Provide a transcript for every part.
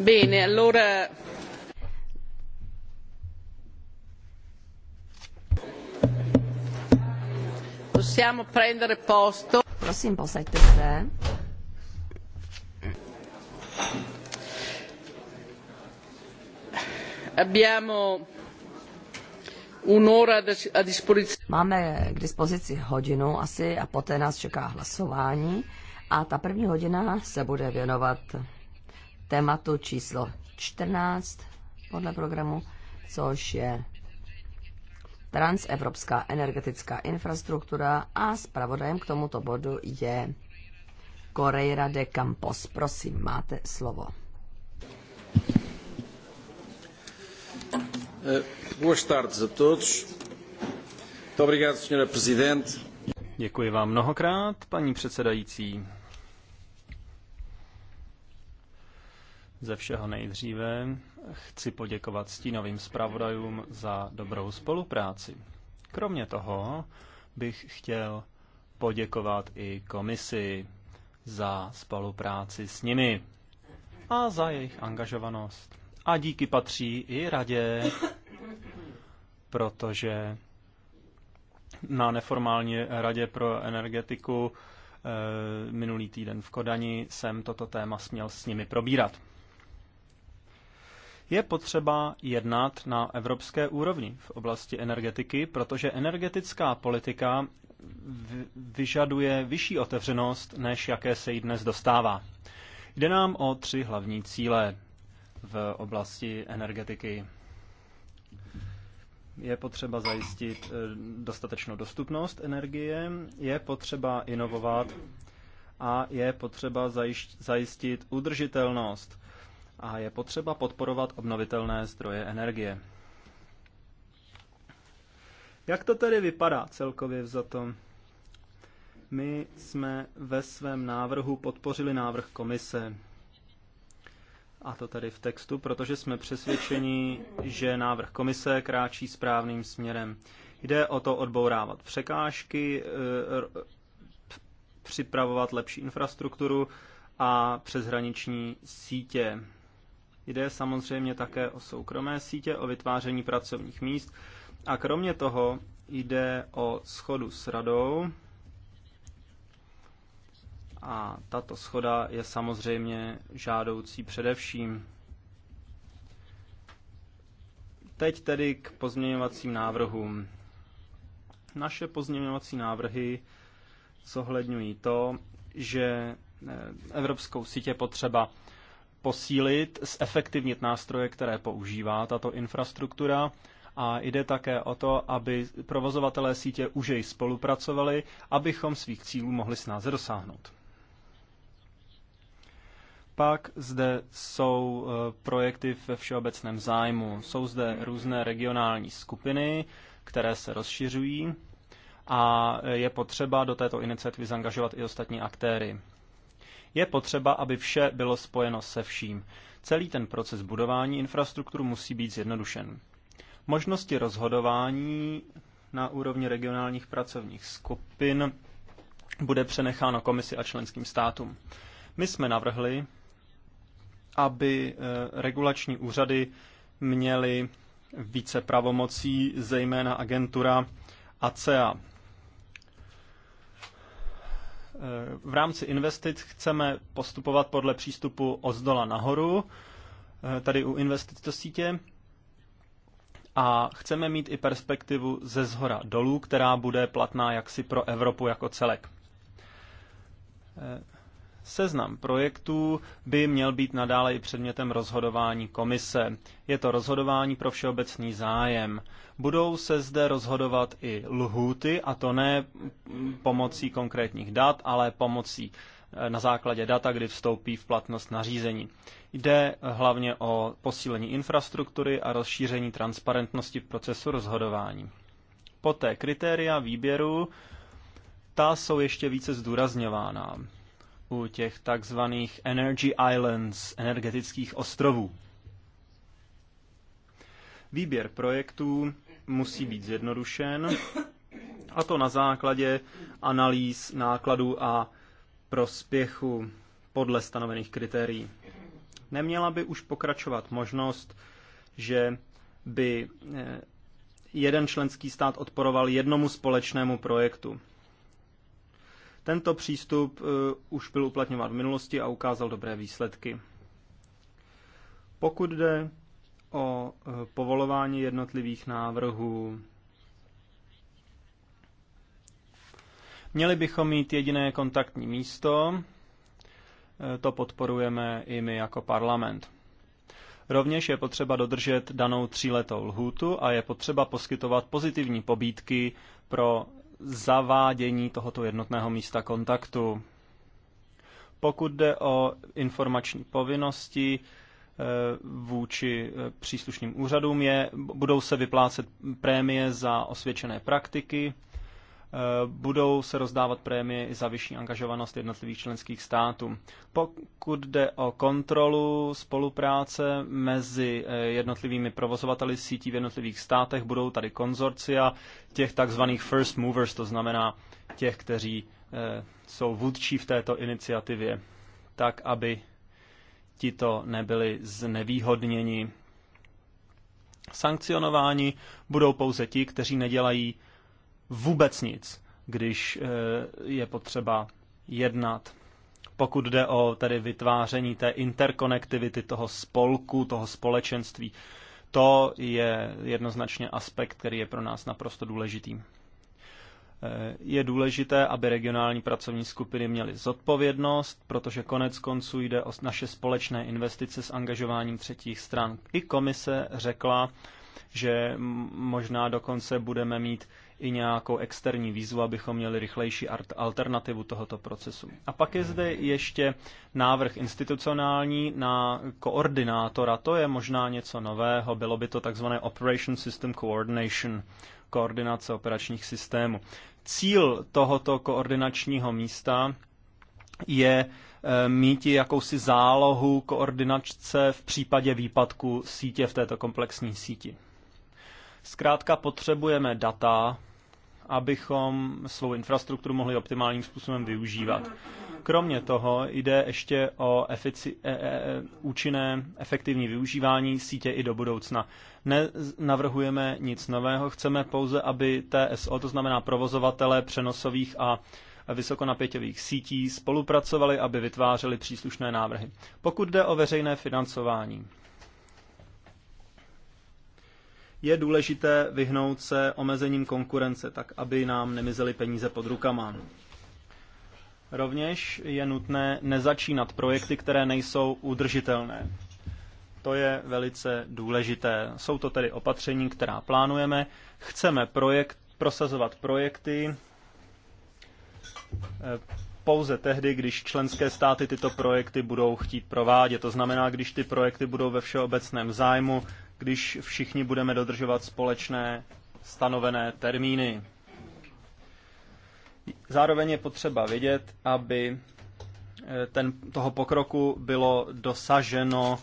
Bene, allora... Possiamo prendere posto. Prosím, posaďte se. Abbiamo un'ora a disposizione. Máme k dispozici hodinu asi a poté nás čeká hlasování a ta první hodina se bude věnovat tématu číslo 14 podle programu, což je transevropská energetická infrastruktura a zpravodajem k tomuto bodu je Correira de Campos. Prosím, máte slovo. Eh, boas tardes a todos. obrigado, Sra. Presidente. Děkuji vám mnohokrát, paní předsedající. Ze všeho nejdříve chci poděkovat stínovým zpravodajům za dobrou spolupráci. Kromě toho bych chtěl poděkovat i komisi za spolupráci s nimi a za jejich angažovanost. A díky patří i radě, protože na neformální radě pro energetiku eh, minulý týden v Kodani jsem toto téma směl s nimi probírat. Je potřeba jednat na evropské úrovni v oblasti energetiky, protože energetická politika vyžaduje vyšší otevřenost, než jaké se jí dnes dostává. Jde nám o tři hlavní cíle v oblasti energetiky. Je potřeba zajistit eh, dostatečnou dostupnost energie, je potřeba inovovat a je potřeba zajistit udržitelnost a je potřeba podporovat obnovitelné zdroje energie. Jak to tedy vypadá celkově za to? My jsme ve svém návrhu podpořili návrh komise, a to tady v textu, protože jsme přesvědčeni, že návrh komise kráčí správným směrem. Jde o to odbourávat překážky, e, připravovat lepší infrastrukturu a přeshraniční sítě. Jde samozřejmě také o soukromé sítě, o vytváření pracovních míst a kromě toho jde o schodu s radou. A tato schoda je samozřejmě žádoucí především. Teď tedy k pozměňovacím návrhům. Naše pozměňovací návrhy zohledňují to, že eh, evropskou sítě potřeba posílit, zefektivnit nástroje, které používá tato infrastruktura. A jde také o to, aby provozovatelé sítě už spolupracovali, abychom svých cílů mohli snáze dosáhnout. Pak zde jsou e, projekty ve všeobecném zájmu. Jsou zde různé regionální skupiny, které se rozšiřují a je potřeba do této iniciativy zangažovat i ostatní aktéry. Je potřeba, aby vše bylo spojeno se vším. Celý ten proces budování infrastruktury musí být zjednodušen. Možnosti rozhodování na úrovni regionálních pracovních skupin bude přenecháno komisi a členským státům. My jsme navrhli, aby e, regulační úřady měly více pravomocí, zejména agentura ACEA, v rámci investic chceme postupovat podle přístupu od zdola nahoru, eh, tady u investic do sítě, a chceme mít i perspektivu ze zhora dolů, která bude platná jaksi pro Evropu jako celek. Eh, Seznam projektů by měl být nadále i předmětem rozhodování komise. Je to rozhodování pro všeobecný zájem. Budou se zde rozhodovat i lhůty, a to ne pomocí konkrétních dat, ale pomocí eh, na základě data, kdy vstoupí v platnost nařízení. Jde hlavně o posílení infrastruktury a rozšíření transparentnosti v procesu rozhodování. Poté kritéria výběru, ta jsou ještě více zdůrazňována u těch takzvaných Energy Islands, energetických ostrovů. Výběr projektů musí být zjednodušen, a to na základě analýz nákladu a prospěchu podle stanovených kritérií. Neměla by už pokračovat možnost, že by eh, jeden členský stát odporoval jednomu společnému projektu. Tento přístup eh, už byl uplatňován v minulosti a ukázal dobré výsledky. Pokud jde o eh, povolování jednotlivých návrhů, měli bychom mít jediné kontaktní místo, eh, to podporujeme i my jako parlament. Rovněž je potřeba dodržet danou tříletou lhůtu a je potřeba poskytovat pozitivní pobídky pro zavádění tohoto jednotného místa kontaktu. Pokud jde o informační povinnosti eh, vůči eh, příslušným úřadům, je, budou se vyplácet prémie za osvědčené praktiky, Eh, budou se rozdávat prémie i za vyšší angažovanost jednotlivých členských států. Pokud jde o kontrolu spolupráce mezi eh, jednotlivými provozovateli sítí v jednotlivých státech, budou tady konzorcia těch takzvaných first movers, to znamená těch, kteří eh, jsou vůdčí v této iniciativě, tak aby tito nebyli znevýhodněni. Sankcionováni budou pouze ti, kteří nedělají vůbec nic, když eh, je potřeba jednat. Pokud jde o tedy vytváření té interkonektivity toho spolku, toho společenství, to je jednoznačně aspekt, který je pro nás naprosto důležitý. Eh, je důležité, aby regionální pracovní skupiny měly zodpovědnost, protože konec konců jde o naše společné investice s angažováním třetích stran. I komise řekla, že možná dokonce budeme mít i nějakou externí výzvu, abychom měli rychlejší alternativu tohoto procesu. A pak je zde ještě návrh institucionální na koordinátora. To je možná něco nového, bylo by to takzvané Operation System Coordination, koordinace operačních systémů. Cíl tohoto koordinačního místa je eh, mít jakousi zálohu koordinačce v případě výpadku sítě v této komplexní síti. Zkrátka potřebujeme data abychom svou infrastrukturu mohli optimálním způsobem využívat. Kromě toho jde ještě o efici- e-, e- e- účinné, efektivní využívání sítě i do budoucna. Nenavrhujeme nic nového, chceme pouze, aby TSO, to znamená provozovatele přenosových a vysokonapěťových sítí spolupracovali, aby vytvářeli příslušné návrhy. Pokud jde o veřejné financování, je důležité vyhnout se omezením konkurence, tak aby nám nemizely peníze pod rukama. Rovněž je nutné nezačínat projekty, které nejsou udržitelné. To je velice důležité. Jsou to tedy opatření, která plánujeme. Chceme projekt, prosazovat projekty eh, pouze tehdy, když členské státy tyto projekty budou chtít provádět. To znamená, když ty projekty budou ve všeobecném zájmu, když všichni budeme dodržovat společné stanovené termíny. Zároveň je potřeba vědět, aby eh, ten, toho pokroku bylo dosaženo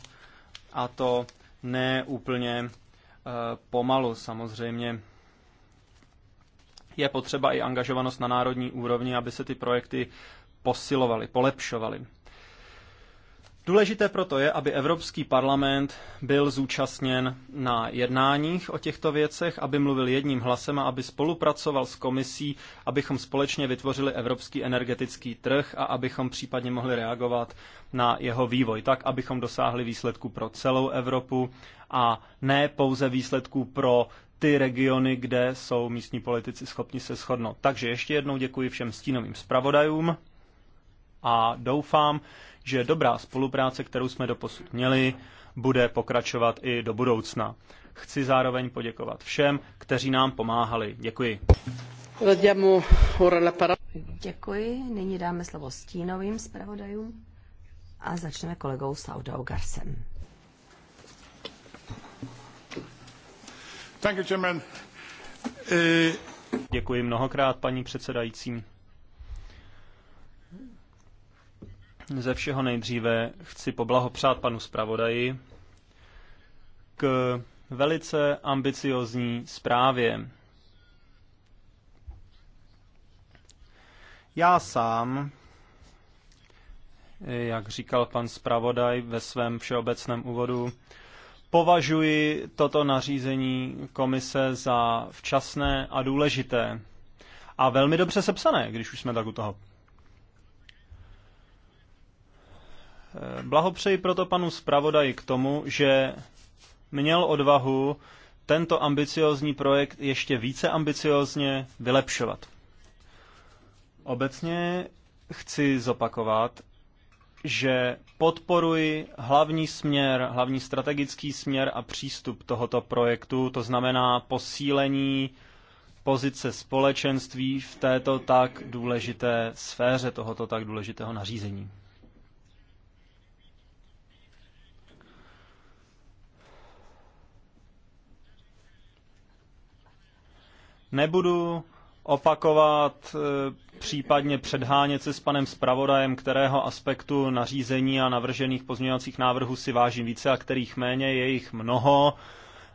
a to ne úplně e, pomalu samozřejmě. Je potřeba i angažovanost na národní úrovni, aby se ty projekty posilovaly, polepšovaly. Důležité proto je, aby Evropský parlament byl zúčastněn na jednáních o těchto věcech, aby mluvil jedním hlasem a aby spolupracoval s komisí, abychom společně vytvořili evropský energetický trh a abychom případně mohli reagovat na jeho vývoj tak, abychom dosáhli výsledku pro celou Evropu a ne pouze výsledků pro ty regiony, kde jsou místní politici schopni se shodnout. Takže ještě jednou děkuji všem stínovým zpravodajům a doufám, že dobrá spolupráce, kterou jsme doposud měli, bude pokračovat i do budoucna. Chci zároveň poděkovat všem, kteří nám pomáhali. Děkuji. Děkuji. Nyní dáme slovo stínovým zpravodajům a začneme kolegou Saudou Garsem. Eh, Děkuji mnohokrát, paní předsedající. Ze všeho nejdříve chci poblahopřát panu zpravodaji k velice ambiciozní zprávě. Já sám, jak říkal pan zpravodaj ve svém všeobecném úvodu, považuji toto nařízení komise za včasné a důležité. A velmi dobře sepsané, když už jsme tak u toho. Blahopřeji proto panu zpravodaji k tomu, že měl odvahu tento ambiciozní projekt ještě více ambiciozně vylepšovat. Obecně chci zopakovat, že podporuji hlavní směr, hlavní strategický směr a přístup tohoto projektu, to znamená posílení pozice společenství v této tak důležité sféře tohoto tak důležitého nařízení. Nebudu opakovat, eh, případně předhánět se s panem zpravodajem, kterého aspektu nařízení a navržených pozměňovacích návrhů si vážím více a kterých méně, je jich mnoho.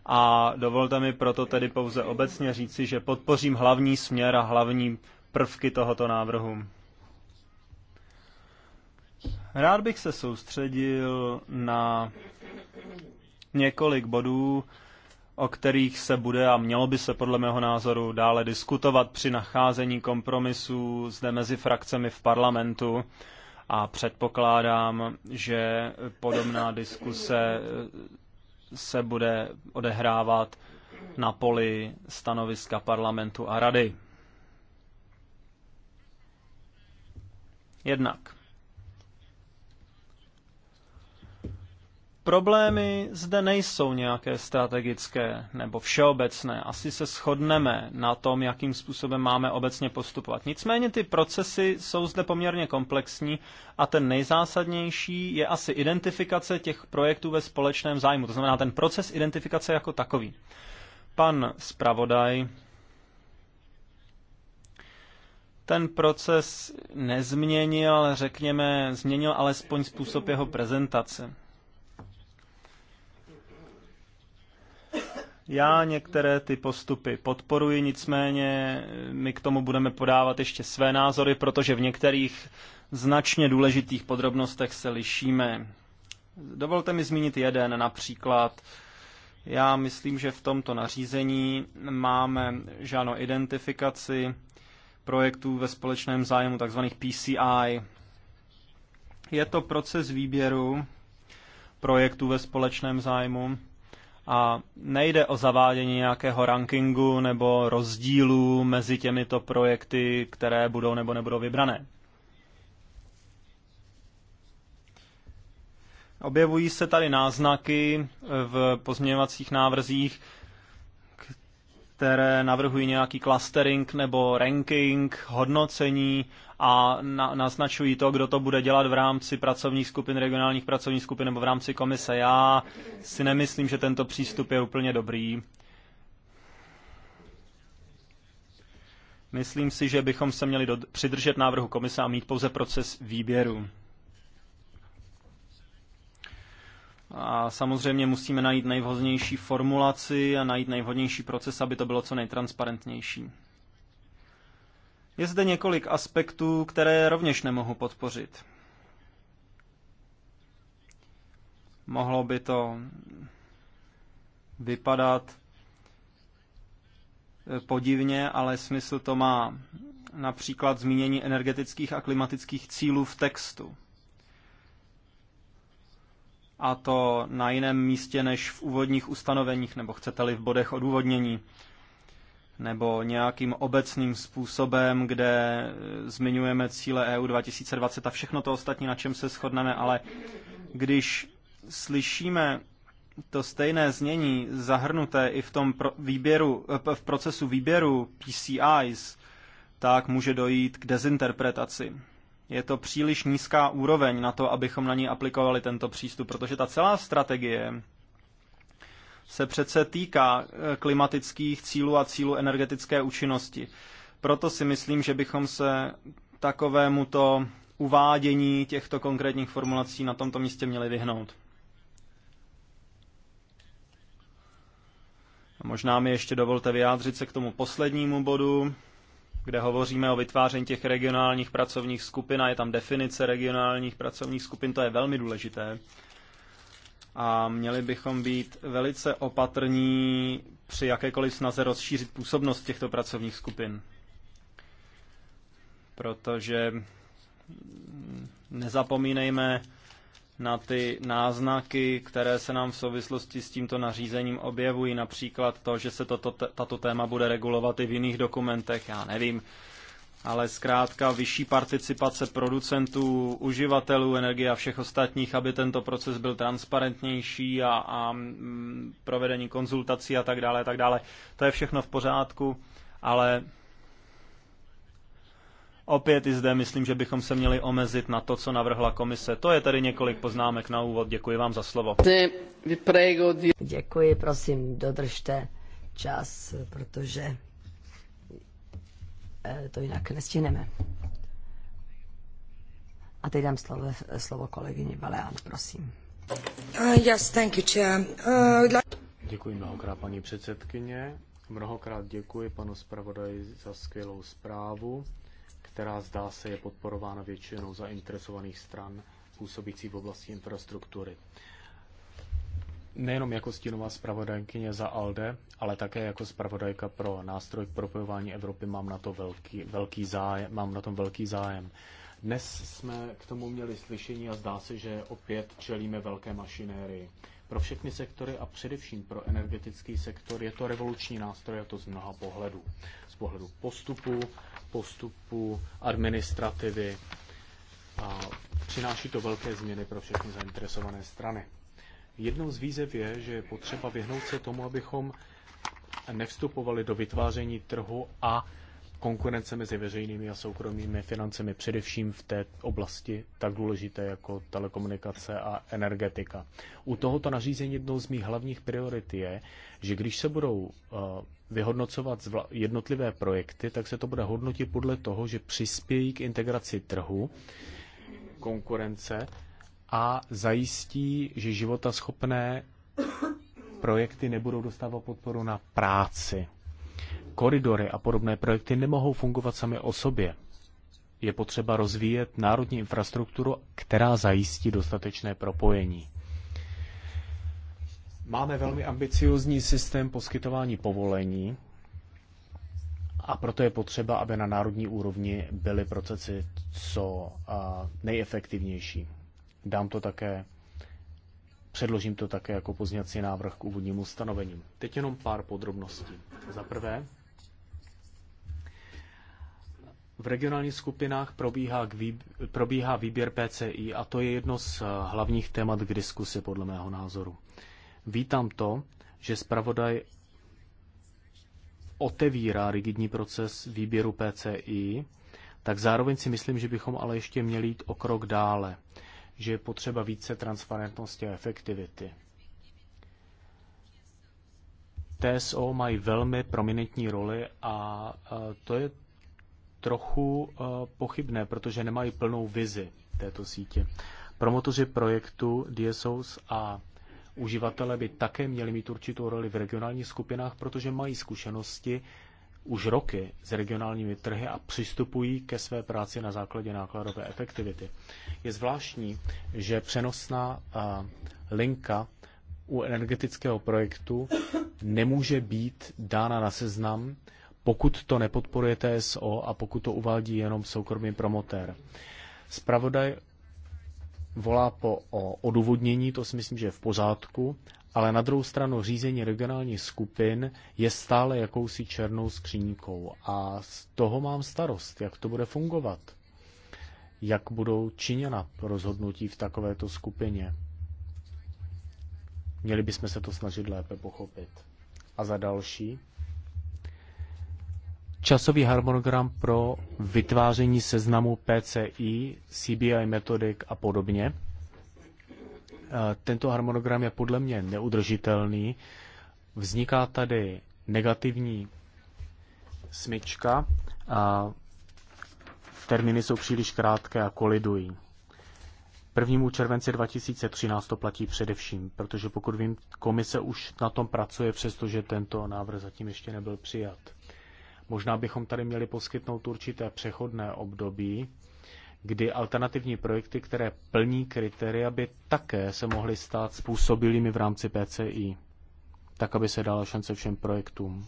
A dovolte mi proto tedy pouze obecně říci, že podpořím hlavní směr a hlavní prvky tohoto návrhu. Rád bych se soustředil na několik bodů, o kterých se bude a mělo by se podle mého názoru dále diskutovat při nacházení kompromisů zde mezi frakcemi v parlamentu a předpokládám, že podobná diskuse eh, se bude odehrávat na poli stanoviska parlamentu a rady. Jednak Problémy zde nejsou nějaké strategické nebo všeobecné. Asi se shodneme na tom, jakým způsobem máme obecně postupovat. Nicméně ty procesy jsou zde poměrně komplexní a ten nejzásadnější je asi identifikace těch projektů ve společném zájmu. To znamená ten proces identifikace jako takový. Pan zpravodaj ten proces nezměnil, řekněme, změnil alespoň způsob jeho prezentace. Já některé ty postupy podporuji, nicméně my k tomu budeme podávat ještě své názory, protože v některých značně důležitých podrobnostech se lišíme. Dovolte mi zmínit jeden například. Já myslím, že v tomto nařízení máme žádnou identifikaci projektů ve společném zájmu, takzvaných PCI. Je to proces výběru projektů ve společném zájmu a nejde o zavádění nějakého rankingu nebo rozdílu mezi těmito projekty, které budou nebo nebudou vybrané. Objevují se tady náznaky v pozměňovacích návrzích, které navrhují nějaký clustering nebo ranking, hodnocení a na, naznačují to, kdo to bude dělat v rámci pracovních skupin, regionálních pracovních skupin nebo v rámci komise. Já si nemyslím, že tento přístup je úplně dobrý. Myslím si, že bychom se měli přidržet návrhu komise a mít pouze proces výběru. A samozřejmě musíme najít nejvhodnější formulaci a najít nejvhodnější proces, aby to bylo co nejtransparentnější. Je zde několik aspektů, které rovněž nemohu podpořit. Mohlo by to vypadat eh, podivně, ale smysl to má. Například zmínění energetických a klimatických cílů v textu a to na jiném místě než v úvodních ustanoveních, nebo chcete-li v bodech odůvodnění, nebo nějakým obecným způsobem, kde eh, zmiňujeme cíle EU 2020 a všechno to ostatní, na čem se shodneme, ale když slyšíme to stejné znění zahrnuté i v tom pro výběru, eh, v procesu výběru PCIs, tak může dojít k dezinterpretaci je to příliš nízká úroveň na to, abychom na ní aplikovali tento přístup, protože ta celá strategie se přece týká eh, klimatických cílů a cílů energetické účinnosti. Proto si myslím, že bychom se takovémuto uvádění těchto konkrétních formulací na tomto místě měli vyhnout. A možná mi ještě dovolte vyjádřit se k tomu poslednímu bodu, kde hovoříme o vytváření těch regionálních pracovních skupin a je tam definice regionálních pracovních skupin, to je velmi důležité. A měli bychom být velice opatrní při jakékoliv snaze rozšířit působnost těchto pracovních skupin. Protože nezapomínejme, na ty náznaky, které se nám v souvislosti s tímto nařízením objevují, například to, že se toto, tato téma bude regulovat i v jiných dokumentech, já nevím. Ale zkrátka vyšší participace producentů, uživatelů energie a všech ostatních, aby tento proces byl transparentnější a, a mm, provedení konzultací a tak dále, tak dále. To je všechno v pořádku, ale Opět i zde myslím, že bychom se měli omezit na to, co navrhla komise. To je tedy několik poznámek na úvod. Děkuji vám za slovo. Děkuji, prosím, dodržte čas, protože eh, to jinak nestihneme. A teď dám slovo, slovo kolegyni Baleán, prosím. Uh, yes, thank you, chair. Uh, Děkuji mnohokrát, paní předsedkyně. Mnohokrát děkuji panu zpravodaji za skvělou zprávu která zdá se je podporována většinou zainteresovaných stran působící v oblasti infrastruktury. Nejenom jako stínová zpravodajkyně za ALDE, ale také jako zpravodajka pro nástroj k propojování Evropy mám na, to velký, velký zájem, mám na tom velký zájem. Dnes jsme k tomu měli slyšení a zdá se, že opět čelíme velké mašinérii. Pro všechny sektory a především pro energetický sektor je to revoluční nástroj a to z mnoha pohledů. Z pohledu postupu, postupu, administrativy a přináší to velké změny pro všechny zainteresované strany. Jednou z výzev je, že je potřeba vyhnout se tomu, abychom nevstupovali do vytváření trhu a konkurence mezi veřejnými a soukromými financemi, především v té oblasti tak důležité jako telekomunikace a energetika. U tohoto nařízení jednou z mých hlavních priorit je, že když se budou eh, vyhodnocovat jednotlivé projekty, tak se to bude hodnotit podle toho, že přispějí k integraci trhu, konkurence a zajistí, že života schopné projekty nebudou dostávat podporu na práci. Koridory a podobné projekty nemohou fungovat sami o sobě. Je potřeba rozvíjet národní infrastrukturu, která zajistí dostatečné propojení. Máme velmi ambiciozní systém poskytování povolení a proto je potřeba, aby na národní úrovni byly procesy co nejefektivnější. Dám to také, předložím to také jako pozněcí návrh k úvodnímu stanovení. Teď jenom pár podrobností. Za prvé, v regionálních skupinách probíhá, výběr, probíhá výběr PCI a to je jedno z hlavních témat k diskusi podle mého názoru. Vítám to, že zpravodaj otevírá rigidní proces výběru PCI, tak zároveň si myslím, že bychom ale ještě měli jít o krok dále, že je potřeba více transparentnosti a efektivity. TSO mají velmi prominentní roli a e, to je trochu e, pochybné, protože nemají plnou vizi této sítě. Promotoři projektu DSOs a Uživatelé by také měli mít určitou roli v regionálních skupinách, protože mají zkušenosti už roky s regionálními trhy a přistupují ke své práci na základě nákladové efektivity. Je zvláštní, že přenosná linka u energetického projektu nemůže být dána na seznam, pokud to nepodporuje TSO a pokud to uvádí jenom soukromý promotér. Spravodaj volá po o odůvodnění, to si myslím, že je v pořádku, ale na druhou stranu řízení regionálních skupin je stále jakousi černou skříníkou a z toho mám starost, jak to bude fungovat, jak budou činěna rozhodnutí v takovéto skupině. Měli bychom se to snažit lépe pochopit. A za další, časový harmonogram pro vytváření seznamu PCI, CBI metodik a podobně. E, tento harmonogram je podle mě neudržitelný. Vzniká tady negativní smyčka a termíny jsou příliš krátké a kolidují. Prvnímu července 2013 to platí především, protože pokud vím, komise už na tom pracuje, přestože tento návrh zatím ještě nebyl přijat. Možná bychom tady měli poskytnout určité přechodné období, kdy alternativní projekty, které plní kritéria, by také se mohly stát způsobilými v rámci PCI, tak aby se dala šance všem projektům.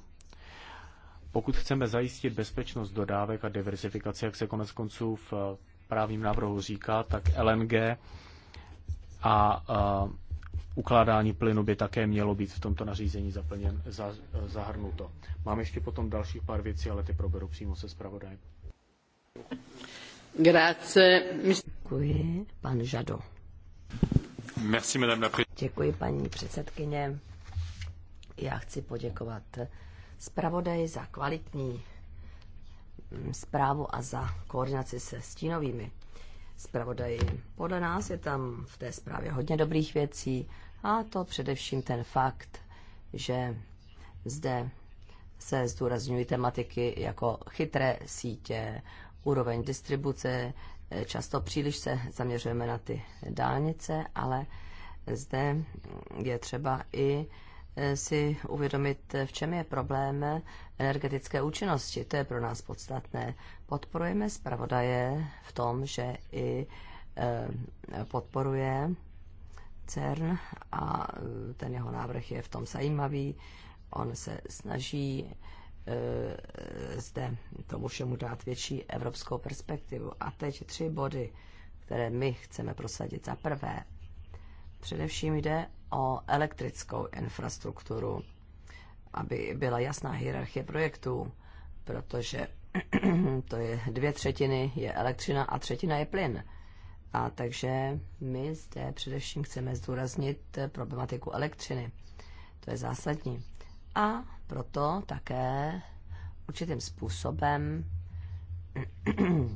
Pokud chceme zajistit bezpečnost dodávek a diversifikaci, jak se konec konců v právním návrhu říká, tak LNG a, a ukládání plynu by také mělo být v tomto nařízení zaplněn, za, zahrnuto. Mám ještě potom dalších pár věcí, ale ty proberu přímo se zpravodajem. Grazie. Děkuji, pan Žado. Merci, madame la Děkuji, paní předsedkyně. Já chci poděkovat zpravodaji za kvalitní mm, zprávu a za koordinaci se stínovými zpravodaji. Podle nás je tam v té zprávě hodně dobrých věcí a to především ten fakt, že zde se zdůrazňují tematiky jako chytré sítě, úroveň distribuce, často příliš se zaměřujeme na ty dálnice, ale zde je třeba i Eh, si uvědomit, v čem je problém energetické účinnosti. To je pro nás podstatné. Podporujeme zpravodaje v tom, že i eh, podporuje CERN a eh, ten jeho návrh je v tom zajímavý. On se snaží zde tomu všemu dát větší evropskou perspektivu. A teď tři body, které my chceme prosadit. Za prvé, především jde o elektrickou infrastrukturu, aby byla jasná hierarchie projektů, protože to je dvě třetiny je elektřina a třetina je plyn. A takže my zde především chceme zdůraznit problematiku elektřiny. To je zásadní. A proto také určitým způsobem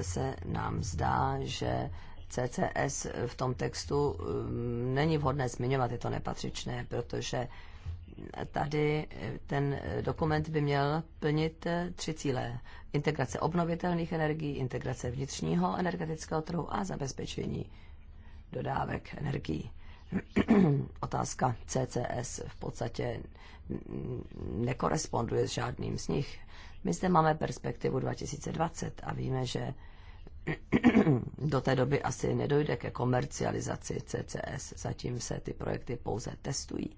se nám zdá, že CCS v tom textu um, není vhodné zmiňovat, je to nepatřičné, protože tady eh, ten eh, dokument by měl plnit eh, tři cíle. Integrace obnovitelných energií, integrace vnitřního energetického trhu a zabezpečení dodávek energií. Otázka CCS v podstatě nekoresponduje s žádným z nich. My zde máme perspektivu 2020 a víme, že do té doby asi nedojde ke komercializaci CCS, zatím se ty projekty pouze testují.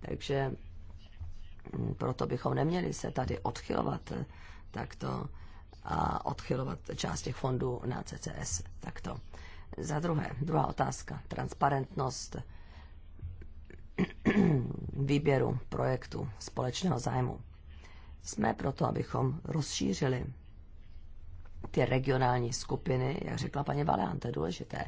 Takže mm, proto bychom neměli se tady odchylovat eh, takto a odchylovat část těch fondů na CCS takto. Za druhé, druhá otázka, transparentnost výběru projektu společného zájmu. Jsme proto, abychom rozšířili ty regionální skupiny, jak řekla paní Valean, to je důležité,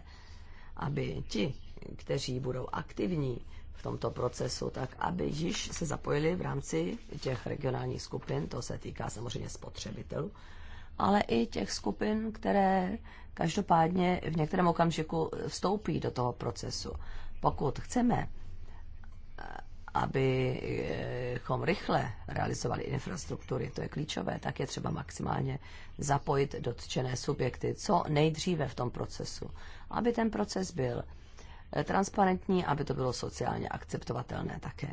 aby ti, kteří budou aktivní v tomto procesu, tak aby již se zapojili v rámci těch regionálních skupin, to se týká samozřejmě spotřebitelů, ale i těch skupin, které každopádně v některém okamžiku vstoupí do toho procesu. Pokud chceme abychom rychle realizovali infrastruktury, to je klíčové, tak je třeba maximálně zapojit dotčené subjekty co nejdříve v tom procesu, aby ten proces byl eh, transparentní, aby to bylo sociálně akceptovatelné také.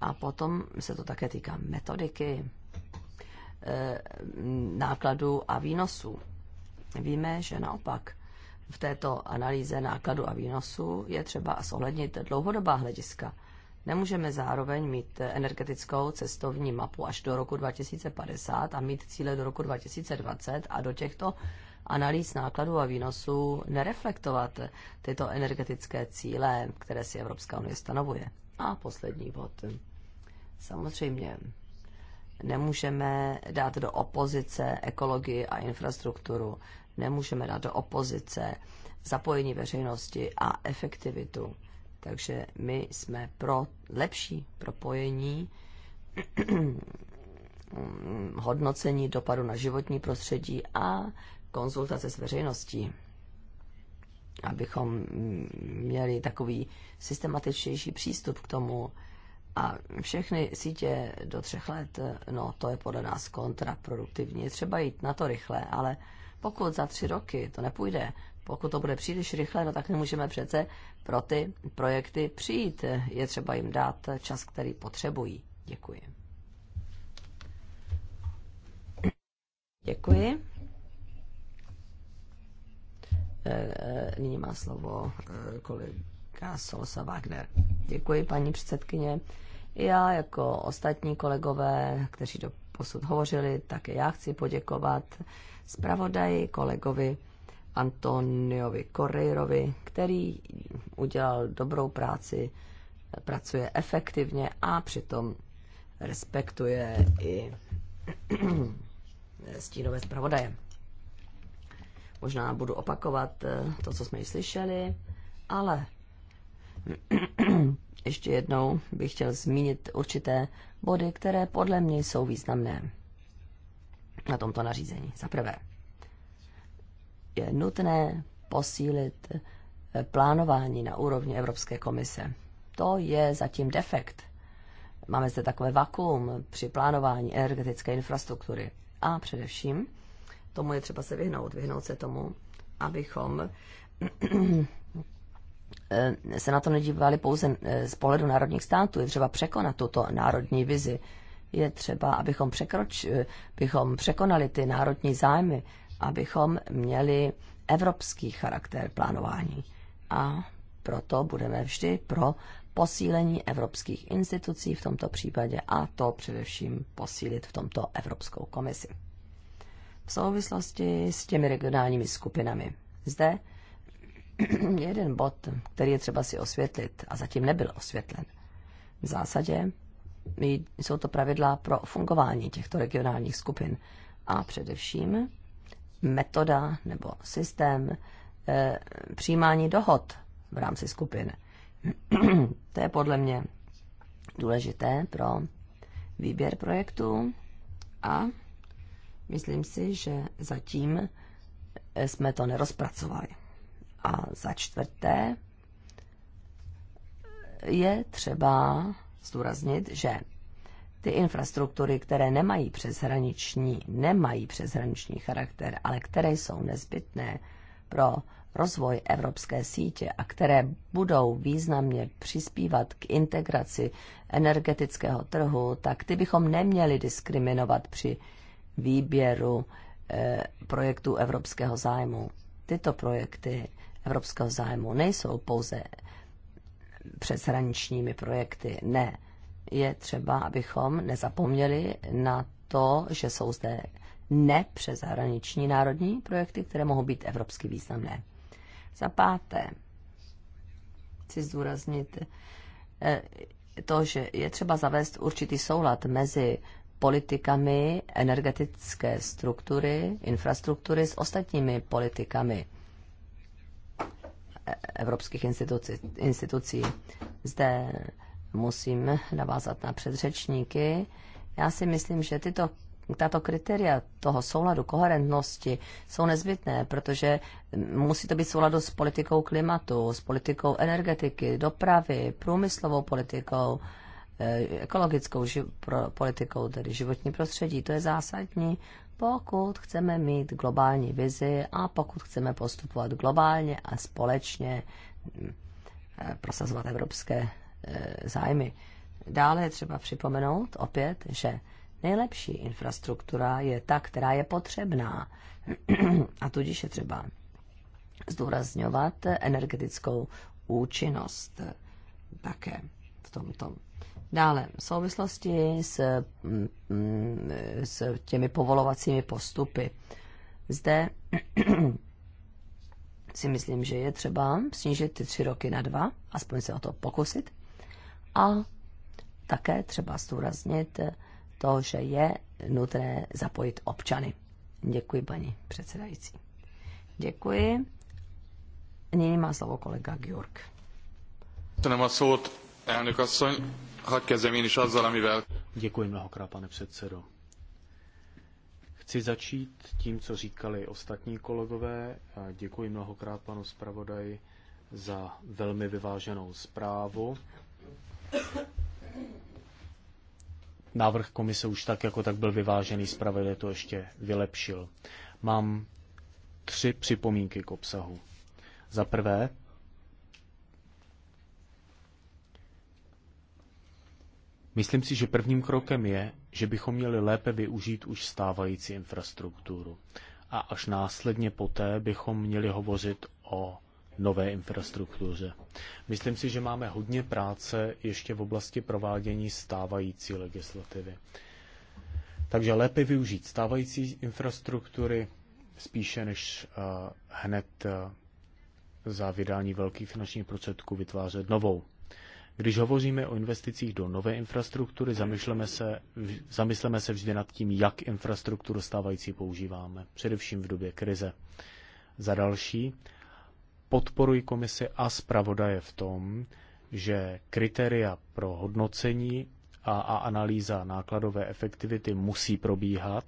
A potom se to také týká metodiky, eh, nákladů a výnosů. Víme, že naopak v této analýze nákladu a výnosu je třeba zohlednit dlouhodobá hlediska – Nemůžeme zároveň mít energetickou cestovní mapu až do roku 2050 a mít cíle do roku 2020 a do těchto analýz nákladů a výnosů nereflektovat tyto energetické cíle, které si Evropská unie stanovuje. A poslední bod. Samozřejmě nemůžeme dát do opozice ekologii a infrastrukturu, nemůžeme dát do opozice zapojení veřejnosti a efektivitu takže my jsme pro lepší propojení hodnocení dopadu na životní prostředí a konzultace s veřejností, abychom měli takový systematičtější přístup k tomu a všechny sítě do třech let, no to je podle nás kontraproduktivní. Je třeba jít na to rychle, ale pokud za tři roky to nepůjde, pokud to bude příliš rychle, no tak nemůžeme přece pro ty projekty přijít. Je třeba jim dát čas, který potřebují. Děkuji. Děkuji. Eh, eh, nyní má slovo eh, kolega Solsa Wagner. Děkuji, paní předsedkyně. Já jako ostatní kolegové, kteří do posud hovořili, také já chci poděkovat zpravodaji, kolegovi Antoniovi Correirovi, který udělal dobrou práci, pracuje efektivně a přitom respektuje i stínové zpravodaje. Možná budu opakovat eh, to, co jsme již slyšeli, ale ještě jednou bych chtěl zmínit určité body, které podle mě jsou významné na tomto nařízení. Za prvé, je nutné posílit eh, plánování na úrovni Evropské komise. To je zatím defekt. Máme zde takové vakuum při plánování energetické infrastruktury. A především tomu je třeba se vyhnout, vyhnout se tomu, abychom eh, se na to nedívali pouze eh, z pohledu národních států. Je třeba překonat tuto národní vizi. Je třeba, abychom, překroč, abychom překonali ty národní zájmy abychom měli evropský charakter plánování. A proto budeme vždy pro posílení evropských institucí v tomto případě a to především posílit v tomto Evropskou komisi. V souvislosti s těmi regionálními skupinami. Zde je jeden bod, který je třeba si osvětlit a zatím nebyl osvětlen. V zásadě jsou to pravidla pro fungování těchto regionálních skupin a především metoda nebo systém eh, přijímání dohod v rámci skupin. to je podle mě důležité pro výběr projektu a myslím si, že zatím eh, jsme to nerozpracovali. A za čtvrté eh, je třeba zdůraznit, že ty infrastruktury, které nemají přeshraniční, nemají přeshraniční charakter, ale které jsou nezbytné pro rozvoj evropské sítě a které budou významně přispívat k integraci energetického trhu, tak ty bychom neměli diskriminovat při výběru e, projektů evropského zájmu. Tyto projekty evropského zájmu nejsou pouze přeshraničními projekty, ne je třeba, abychom nezapomněli na to, že jsou zde nepřezahraniční národní projekty, které mohou být evropsky významné. Za páté, chci zdůraznit eh, to, že je třeba zavést určitý soulad mezi politikami energetické struktury, infrastruktury s ostatními politikami eh, evropských institucí. institucí. Zde musím navázat na předřečníky. Já si myslím, že tyto tato kritéria toho souladu, koherentnosti jsou nezbytné, protože musí to být souladu s politikou klimatu, s politikou energetiky, dopravy, průmyslovou politikou, eh, ekologickou ži- pro- politikou, tedy životní prostředí. To je zásadní, pokud chceme mít globální vizi a pokud chceme postupovat globálně a společně mm, eh, prosazovat evropské Eh, zájmy. Dále je třeba připomenout opět, že nejlepší infrastruktura je ta, která je potřebná. A tudíž je třeba zdůrazňovat energetickou účinnost také v tomto. Dále, v souvislosti s, mm, mm, s těmi povolovacími postupy. Zde si myslím, že je třeba snížit ty tři roky na dva, aspoň se o to pokusit a také třeba zdůraznit to, že je nutné zapojit občany. Děkuji, paní předsedající. Děkuji. Nyní má slovo kolega Georg. Děkuji mnohokrát, pane předsedo. Chci začít tím, co říkali ostatní kolegové. Děkuji mnohokrát panu zpravodaji za velmi vyváženou zprávu Návrh komise už tak jako tak byl vyvážený, zpravodaj to ještě vylepšil. Mám tři připomínky k obsahu. Za prvé, Myslím si, že prvním krokem je, že bychom měli lépe využít už stávající infrastrukturu. A až následně poté bychom měli hovořit o nové infrastruktuře. Myslím si, že máme hodně práce ještě v oblasti provádění stávající legislativy. Takže lépe využít stávající infrastruktury spíše než uh, hned uh, za vydání velkých finančních prostředků vytvářet novou. Když hovoříme o investicích do nové infrastruktury, zamysleme se, zamysleme se vždy nad tím, jak infrastrukturu stávající používáme, především v době krize. Za další, podporuji komisi a zpravodaje v tom, že kritéria pro hodnocení a, a analýza nákladové efektivity musí probíhat.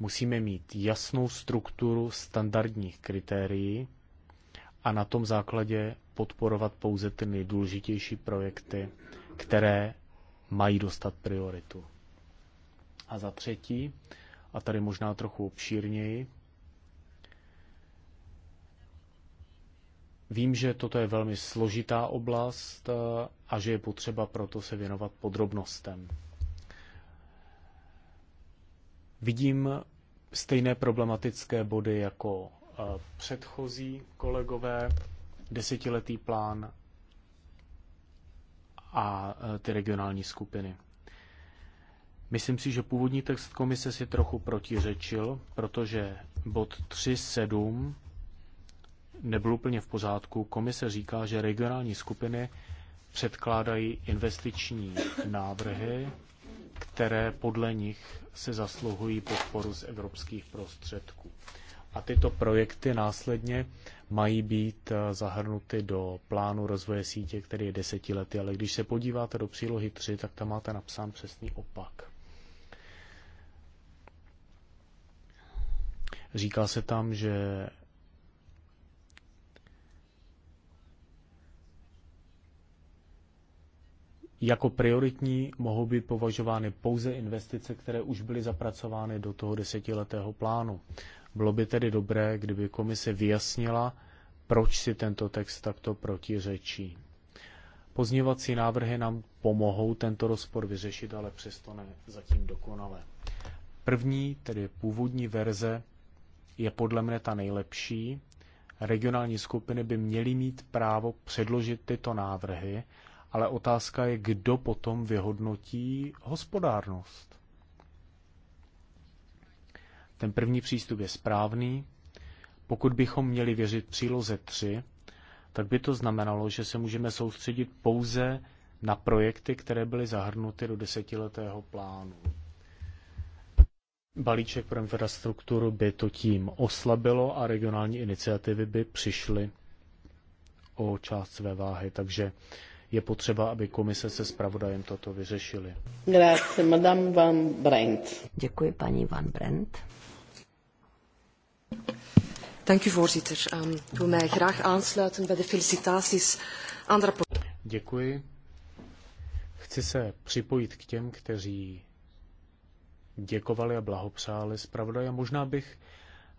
Musíme mít jasnou strukturu standardních kritérií a na tom základě podporovat pouze ty nejdůležitější projekty, které mají dostat prioritu. A za třetí, a tady možná trochu obšírněji, Vím, že toto je velmi složitá oblast eh, a že je potřeba proto se věnovat podrobnostem. Vidím stejné problematické body jako eh, předchozí kolegové, desetiletý plán a eh, ty regionální skupiny. Myslím si, že původní text komise si trochu protiřečil, protože bod nebyl úplně v pořádku. Komise říká, že regionální skupiny předkládají investiční návrhy, které podle nich se zasluhují podporu z evropských prostředků. A tyto projekty následně mají být eh, zahrnuty do plánu rozvoje sítě, který je desetiletý, ale když se podíváte do přílohy 3, tak tam máte napsán přesný opak. Říká se tam, že Jako prioritní mohou být považovány pouze investice, které už byly zapracovány do toho desetiletého plánu. Bylo by tedy dobré, kdyby komise vyjasnila, proč si tento text takto protiřečí. Pozněvací návrhy nám pomohou tento rozpor vyřešit, ale přesto ne zatím dokonale. První, tedy původní verze, je podle mne ta nejlepší. Regionální skupiny by měly mít právo předložit tyto návrhy ale otázka je, kdo potom vyhodnotí hospodárnost. Ten první přístup je správný. Pokud bychom měli věřit příloze 3, tak by to znamenalo, že se můžeme soustředit pouze na projekty, které byly zahrnuty do desetiletého plánu. Balíček pro infrastrukturu by to tím oslabilo a regionální iniciativy by přišly o část své váhy. Takže je potřeba, aby komise se zpravodajem toto vyřešili. Grazie, madame Van Brent. Děkuji, paní Van Brent. Dank u, voorzitter. Ehm, ik wil mij graag aansluiten bij de felicitaties aan de rapport. Děkuji. Chci se připojit k těm, kteří děkovali a blahopřáli A Možná bych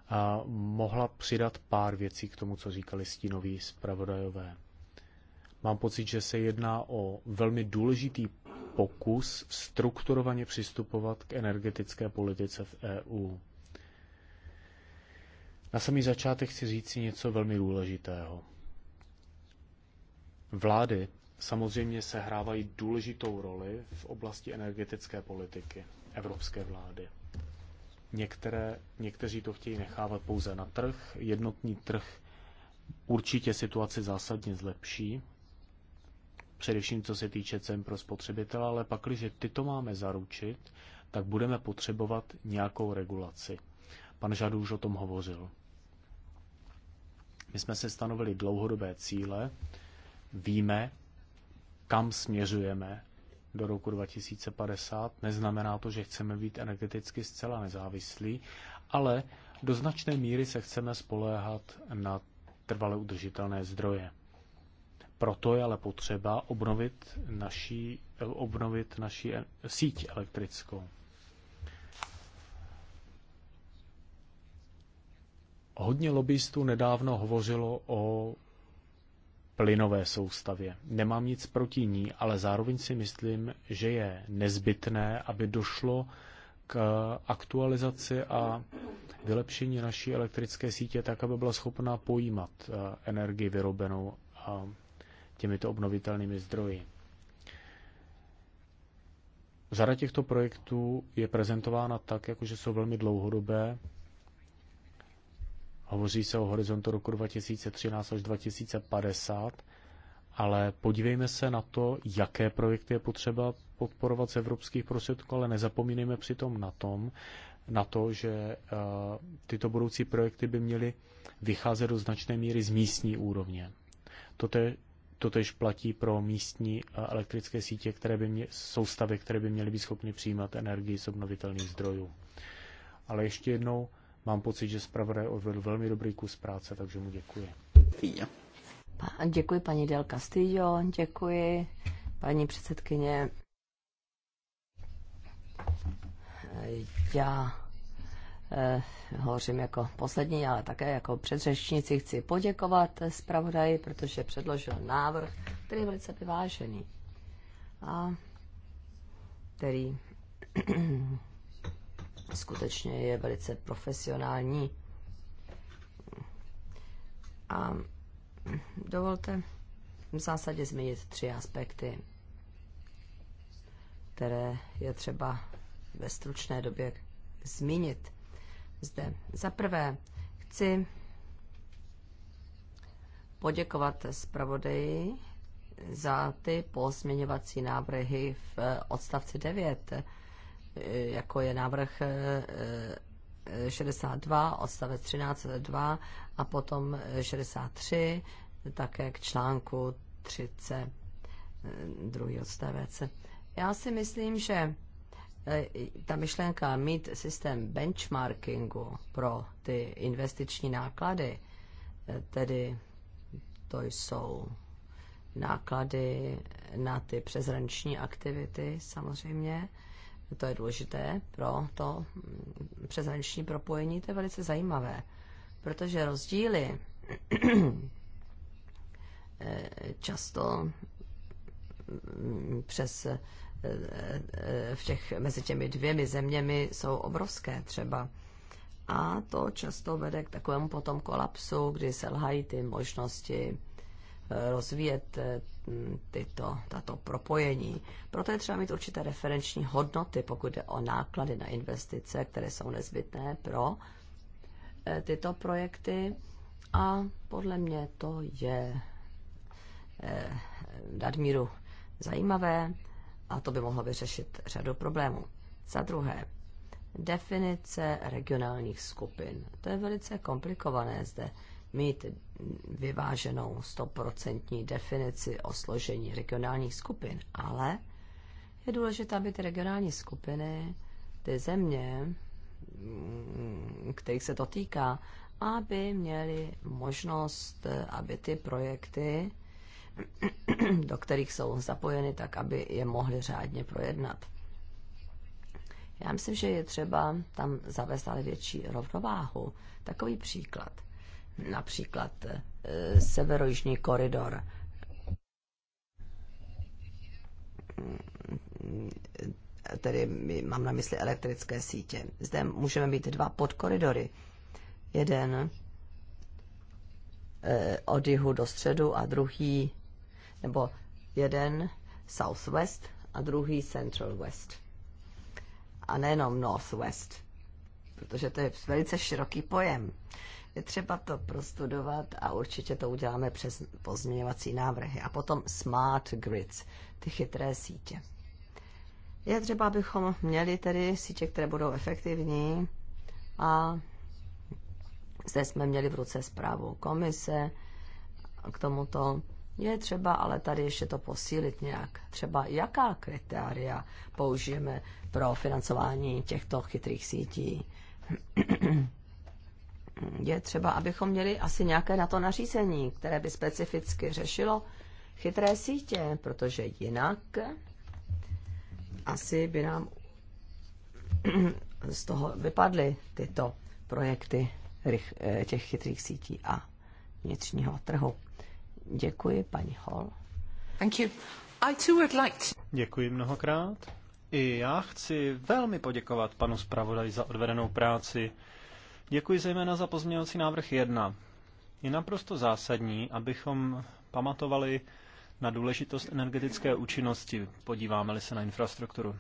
a, mohla přidat pár věcí k tomu, co říkali stínoví zpravodajové. Mám pocit, že se jedná o velmi důležitý pokus strukturovaně přistupovat k energetické politice v EU. Na samý začátek chci říct si něco velmi důležitého. Vlády samozřejmě sehrávají důležitou roli v oblasti energetické politiky evropské vlády. Některé, někteří to chtějí nechávat pouze na trh. Jednotný trh určitě situaci zásadně zlepší, především co se týče cen pro spotřebitele, ale pak, když tyto máme zaručit, tak budeme potřebovat nějakou regulaci. Pan Žadu už o tom hovořil. My jsme se stanovili dlouhodobé cíle, víme, kam směřujeme do roku 2050. Neznamená to, že chceme být energeticky zcela nezávislí, ale do značné míry se chceme spoléhat na trvale udržitelné zdroje. Proto je ale potřeba obnovit naší, obnovit naší síť elektrickou. Hodně lobbystů nedávno hovořilo o plynové soustavě. Nemám nic proti ní, ale zároveň si myslím, že je nezbytné, aby došlo k aktualizaci a vylepšení naší elektrické sítě tak, aby byla schopná pojímat eh, energii vyrobenou těmito obnovitelnými zdroji. Řada těchto projektů je prezentována tak, jakože jsou velmi dlouhodobé. Hovoří se o horizontu roku 2013 až 2050, ale podívejme se na to, jaké projekty je potřeba podporovat z evropských prostředků, ale nezapomínejme přitom na tom, na to, že eh, tyto budoucí projekty by měly vycházet do značné míry z místní úrovně. je Totež platí pro místní elektrické sítě, které by mě, soustavy, které by měly být schopny přijímat energii z obnovitelných zdrojů. Ale ještě jednou, mám pocit, že zpravodaj odvedl velmi dobrý kus práce, takže mu děkuji. Děkuji paní Del Castillo, děkuji paní předsedkyně. Já Eh, hovořím jako poslední, ale také jako předřečníci chci poděkovat zpravodaji, protože předložil návrh, který je velice vyvážený a který skutečně je velice profesionální. A dovolte v zásadě zmínit tři aspekty, které je třeba ve stručné době zmínit zde. Za prvé chci poděkovat zpravodaji za ty pozměňovací návrhy v eh, odstavci 9, eh, jako je návrh 62, eh, odstavec 13.2 a potom 63, také k článku 30, druhý odstavec. Já si myslím, že Eh, ta myšlenka mít systém benchmarkingu pro ty investiční náklady, eh, tedy to jsou náklady na ty přezranční aktivity samozřejmě, to je důležité pro to mm, přezranční propojení, to je velice zajímavé, protože rozdíly eh, často mm, přes v těch, mezi těmi dvěmi zeměmi jsou obrovské třeba. A to často vede k takovému potom kolapsu, kdy selhají ty možnosti eh, rozvíjet eh, tyto, tato propojení. Proto je třeba mít určité referenční hodnoty, pokud jde o náklady na investice, které jsou nezbytné pro eh, tyto projekty. A podle mě to je nadmíru zajímavé a to by mohlo vyřešit řadu problémů. Za druhé, definice regionálních skupin. To je velice komplikované zde mít vyváženou stoprocentní definici o složení regionálních skupin, ale je důležité, aby ty regionální skupiny, ty země, mm, kterých se to týká, aby měli možnost, eh, aby ty projekty do kterých jsou zapojeny, tak aby je mohli řádně projednat. Já myslím, že je třeba tam zavést ale větší rovnováhu. Takový příklad. Například e, severojižní koridor. Tedy mám na mysli elektrické sítě. Zde můžeme mít dva podkoridory. Jeden e, od jihu do středu a druhý nebo jeden Southwest a druhý Central West. A nejenom Northwest, protože to je velice široký pojem. Je třeba to prostudovat a určitě to uděláme přes pozměňovací návrhy. A potom smart grids, ty chytré sítě. Je třeba, abychom měli tedy sítě, které budou efektivní a zde jsme měli v ruce zprávu komise k tomuto je třeba ale tady ještě to posílit nějak. Třeba jaká kritéria použijeme pro financování těchto chytrých sítí? Je třeba, abychom měli asi nějaké na to nařízení, které by specificky řešilo chytré sítě, protože jinak asi by nám z toho vypadly tyto projekty eh, těch chytrých sítí a vnitřního trhu. Děkuji, paní Hall. Thank you. I too would like to... Děkuji mnohokrát. I já chci velmi poděkovat panu zpravodaji za odvedenou práci. Děkuji zejména za pozměňovací návrh 1. Je naprosto zásadní, abychom pamatovali na důležitost energetické účinnosti, podíváme-li se na infrastrukturu.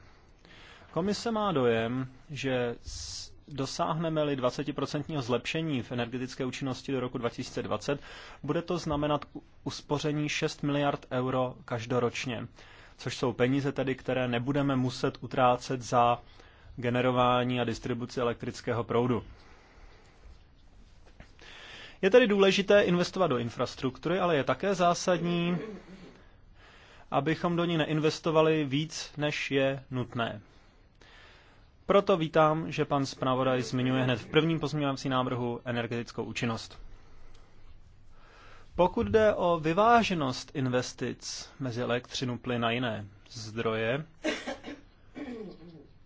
Komise má dojem, že Dosáhneme-li 20% zlepšení v energetické účinnosti do roku 2020, bude to znamenat uspoření 6 miliard euro každoročně, což jsou peníze tedy, které nebudeme muset utrácet za generování a distribuci elektrického proudu. Je tedy důležité investovat do infrastruktury, ale je také zásadní, abychom do ní neinvestovali víc, než je nutné. Proto vítám, že pan zpravodaj zmiňuje hned v prvním pozměňovacím návrhu energetickou účinnost. Pokud jde o vyváženost investic mezi elektřinu, plyn a jiné zdroje,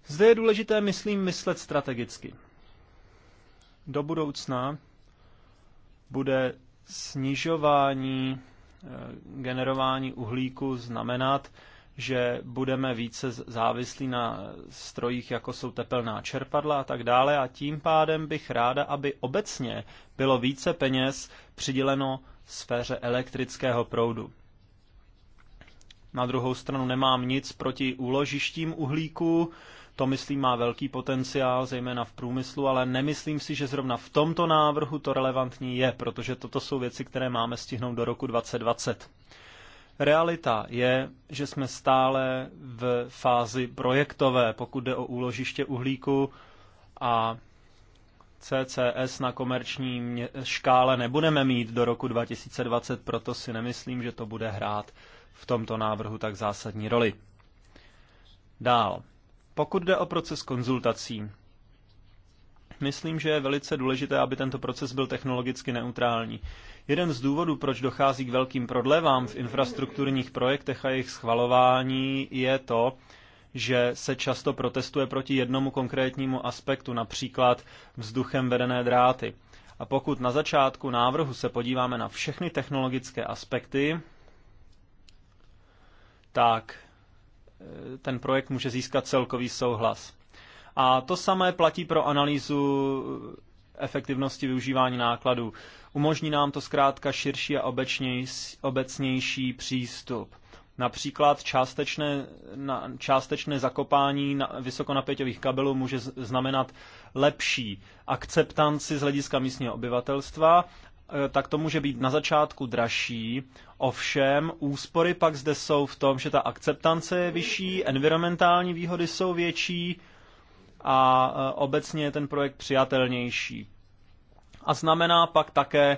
zde je důležité, myslím, myslet strategicky. Do budoucna bude snižování eh, generování uhlíku znamenat že budeme více závislí na strojích, jako jsou tepelná čerpadla a tak dále. A tím pádem bych ráda, aby obecně bylo více peněz přiděleno sféře elektrického proudu. Na druhou stranu nemám nic proti úložištím uhlíku, to myslím má velký potenciál, zejména v průmyslu, ale nemyslím si, že zrovna v tomto návrhu to relevantní je, protože toto jsou věci, které máme stihnout do roku 2020. Realita je, že jsme stále v fázi projektové, pokud jde o úložiště uhlíku a CCS na komerční škále nebudeme mít do roku 2020, proto si nemyslím, že to bude hrát v tomto návrhu tak zásadní roli. Dál. Pokud jde o proces konzultací, Myslím, že je velice důležité, aby tento proces byl technologicky neutrální. Jeden z důvodů, proč dochází k velkým prodlevám v infrastrukturních projektech a jejich schvalování, je to, že se často protestuje proti jednomu konkrétnímu aspektu, například vzduchem vedené dráty. A pokud na začátku návrhu se podíváme na všechny technologické aspekty, tak eh, ten projekt může získat celkový souhlas. A to samé platí pro analýzu eh, efektivnosti využívání nákladů. Umožní nám to zkrátka širší a obecnější přístup. Například částečné, na, částečné zakopání na, vysokonapěťových kabelů může znamenat lepší akceptanci z hlediska místního obyvatelstva, eh, tak to může být na začátku dražší, ovšem úspory pak zde jsou v tom, že ta akceptance je vyšší, environmentální výhody jsou větší, a e, obecně je ten projekt přijatelnější. A znamená pak také e,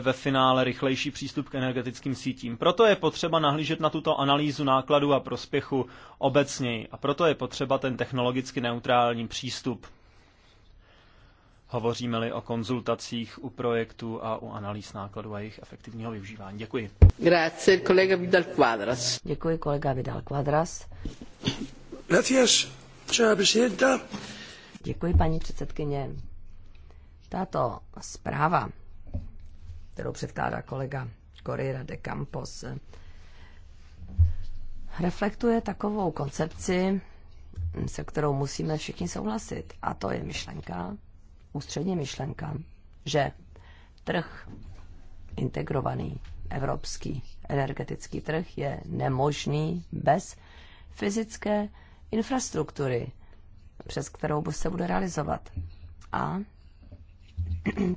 ve finále rychlejší přístup k energetickým sítím. Proto je potřeba nahlížet na tuto analýzu nákladu a prospěchu obecněji a proto je potřeba ten technologicky neutrální přístup. Hovoříme-li o konzultacích u projektů a u analýz nákladů a jejich efektivního využívání. Děkuji. Grazie, kolega Vidal Quadras. Děkuji, kolega Vidal Quadras. Gracias. Děkuji, paní předsedkyně. Tato zpráva, kterou předkládá kolega Correira de Campos, reflektuje takovou koncepci, se kterou musíme všichni souhlasit. A to je myšlenka, ústřední myšlenka, že trh integrovaný evropský energetický trh je nemožný bez fyzické infrastruktury, přes kterou se bude realizovat. A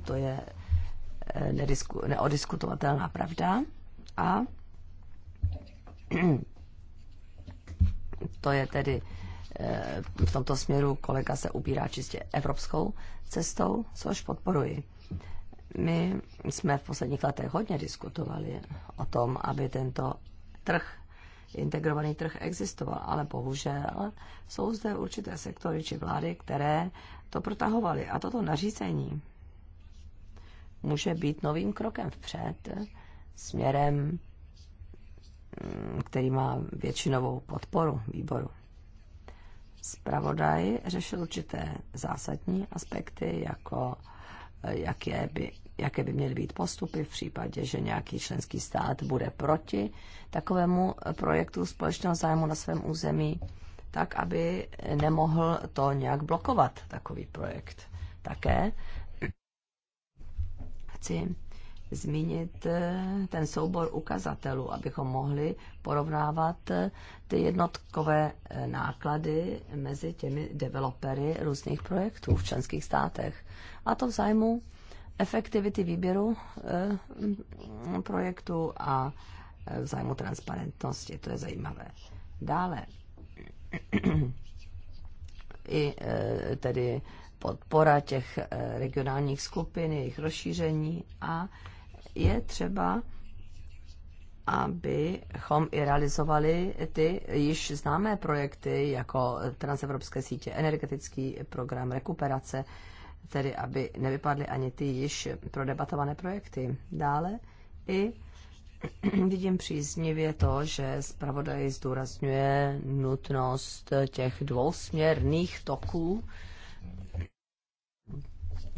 to je eh, neodiskutovatelná pravda. A to je tedy eh, v tomto směru kolega se ubírá čistě evropskou cestou, což podporuji. My jsme v posledních letech hodně diskutovali o tom, aby tento trh integrovaný trh existoval, ale bohužel jsou zde určité sektory či vlády, které to protahovaly. A toto nařízení může být novým krokem vpřed směrem, mm, který má většinovou podporu výboru. Spravodaj řešil určité zásadní aspekty, jako jaké by jaké by měly být postupy v případě, že nějaký členský stát bude proti takovému eh, projektu společného zájmu na svém území, tak aby nemohl to nějak blokovat, takový projekt. Také chci zmínit eh, ten soubor ukazatelů, abychom mohli porovnávat eh, ty jednotkové náklady mezi těmi developery různých projektů v členských státech. A to v zájmu efektivity výběru eh, projektu a eh, zájmu transparentnosti. To je zajímavé. Dále i eh, tedy podpora těch regionálních skupin, jejich rozšíření a je třeba abychom i realizovali ty již známé projekty, jako transevropské sítě, energetický program rekuperace tedy aby nevypadly ani ty již prodebatované projekty. Dále i vidím příznivě to, že zpravodaj zdůrazňuje nutnost těch dvousměrných toků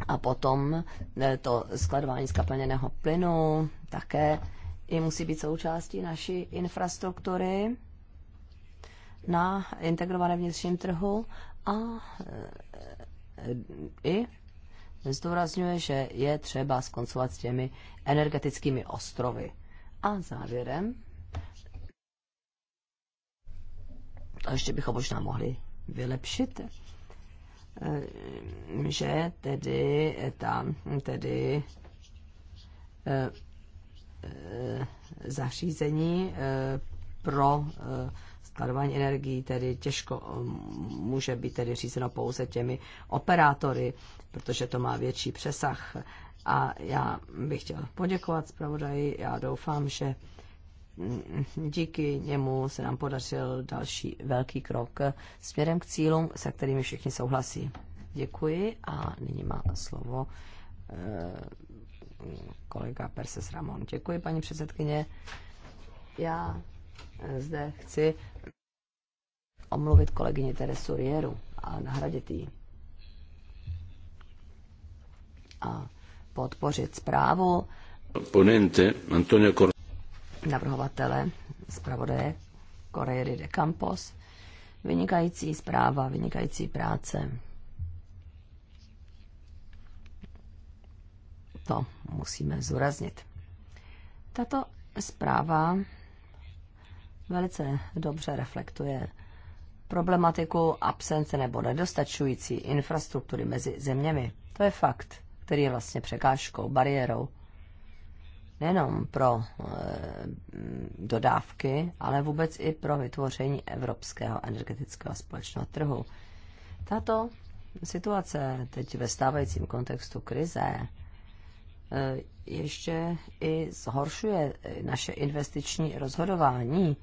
a potom eh, to skladování skapalněného plynu také i musí být součástí naší infrastruktury na integrované vnitřním trhu a eh, i zdůrazňuje, že je třeba skoncovat s těmi energetickými ostrovy. A závěrem, to ještě bychom možná mohli vylepšit, eh, že tedy tam tedy eh, eh, zařízení pro skladování energií tedy těžko um, může být tedy řízeno pouze těmi operátory, protože to má větší přesah. A já bych chtěl poděkovat zpravodaji. Já doufám, že mm, díky němu se nám podařil další velký krok směrem k cílům, se kterými všichni souhlasí. Děkuji a nyní má slovo eh, kolega Perses Ramon. Děkuji, paní předsedkyně. Já zde chci omluvit kolegyni Teresu Rieru a nahradit ji. A podpořit zprávu ponente Antonio Cor- navrhovatele zpravodaje Correiri de Campos. Vynikající zpráva, vynikající práce. To musíme zúraznit. Tato zpráva velice dobře reflektuje problematiku absence nebo nedostačující infrastruktury mezi zeměmi. To je fakt, který je vlastně překážkou, bariérou nejenom pro e, dodávky, ale vůbec i pro vytvoření evropského energetického společného trhu. Tato situace teď ve stávajícím kontextu krize e, ještě i zhoršuje naše investiční rozhodování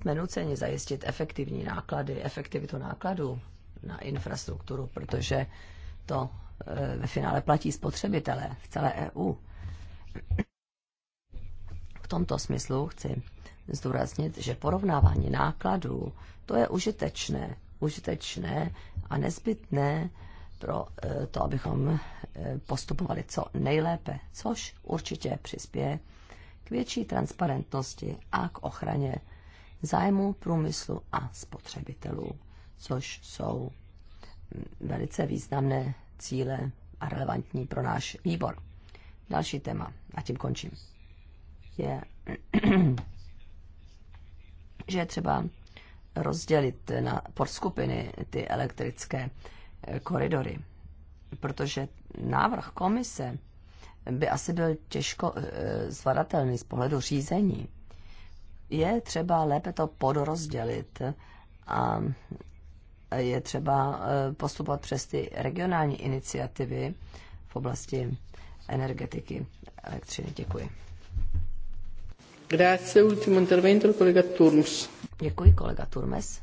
jsme nuceni zajistit efektivní náklady, efektivitu nákladů na infrastrukturu, protože to eh, ve finále platí spotřebitelé v celé EU. V tomto smyslu chci zdůraznit, že porovnávání nákladů to je užitečné, užitečné a nezbytné pro eh, to, abychom eh, postupovali co nejlépe, což určitě přispěje větší transparentnosti a k ochraně zájmu průmyslu a spotřebitelů, což jsou velice významné cíle a relevantní pro náš výbor. Další téma, a tím končím, je, že je třeba rozdělit na podskupiny ty elektrické koridory, protože návrh komise by asi byl těžko e, eh, zvadatelný z pohledu řízení. Je třeba lépe to podrozdělit a je třeba eh, postupovat přes ty regionální iniciativy v oblasti energetiky elektřiny. Děkuji. Grazie, ultimo intervento, kolega Turmes. Děkuji, kolega Turmes.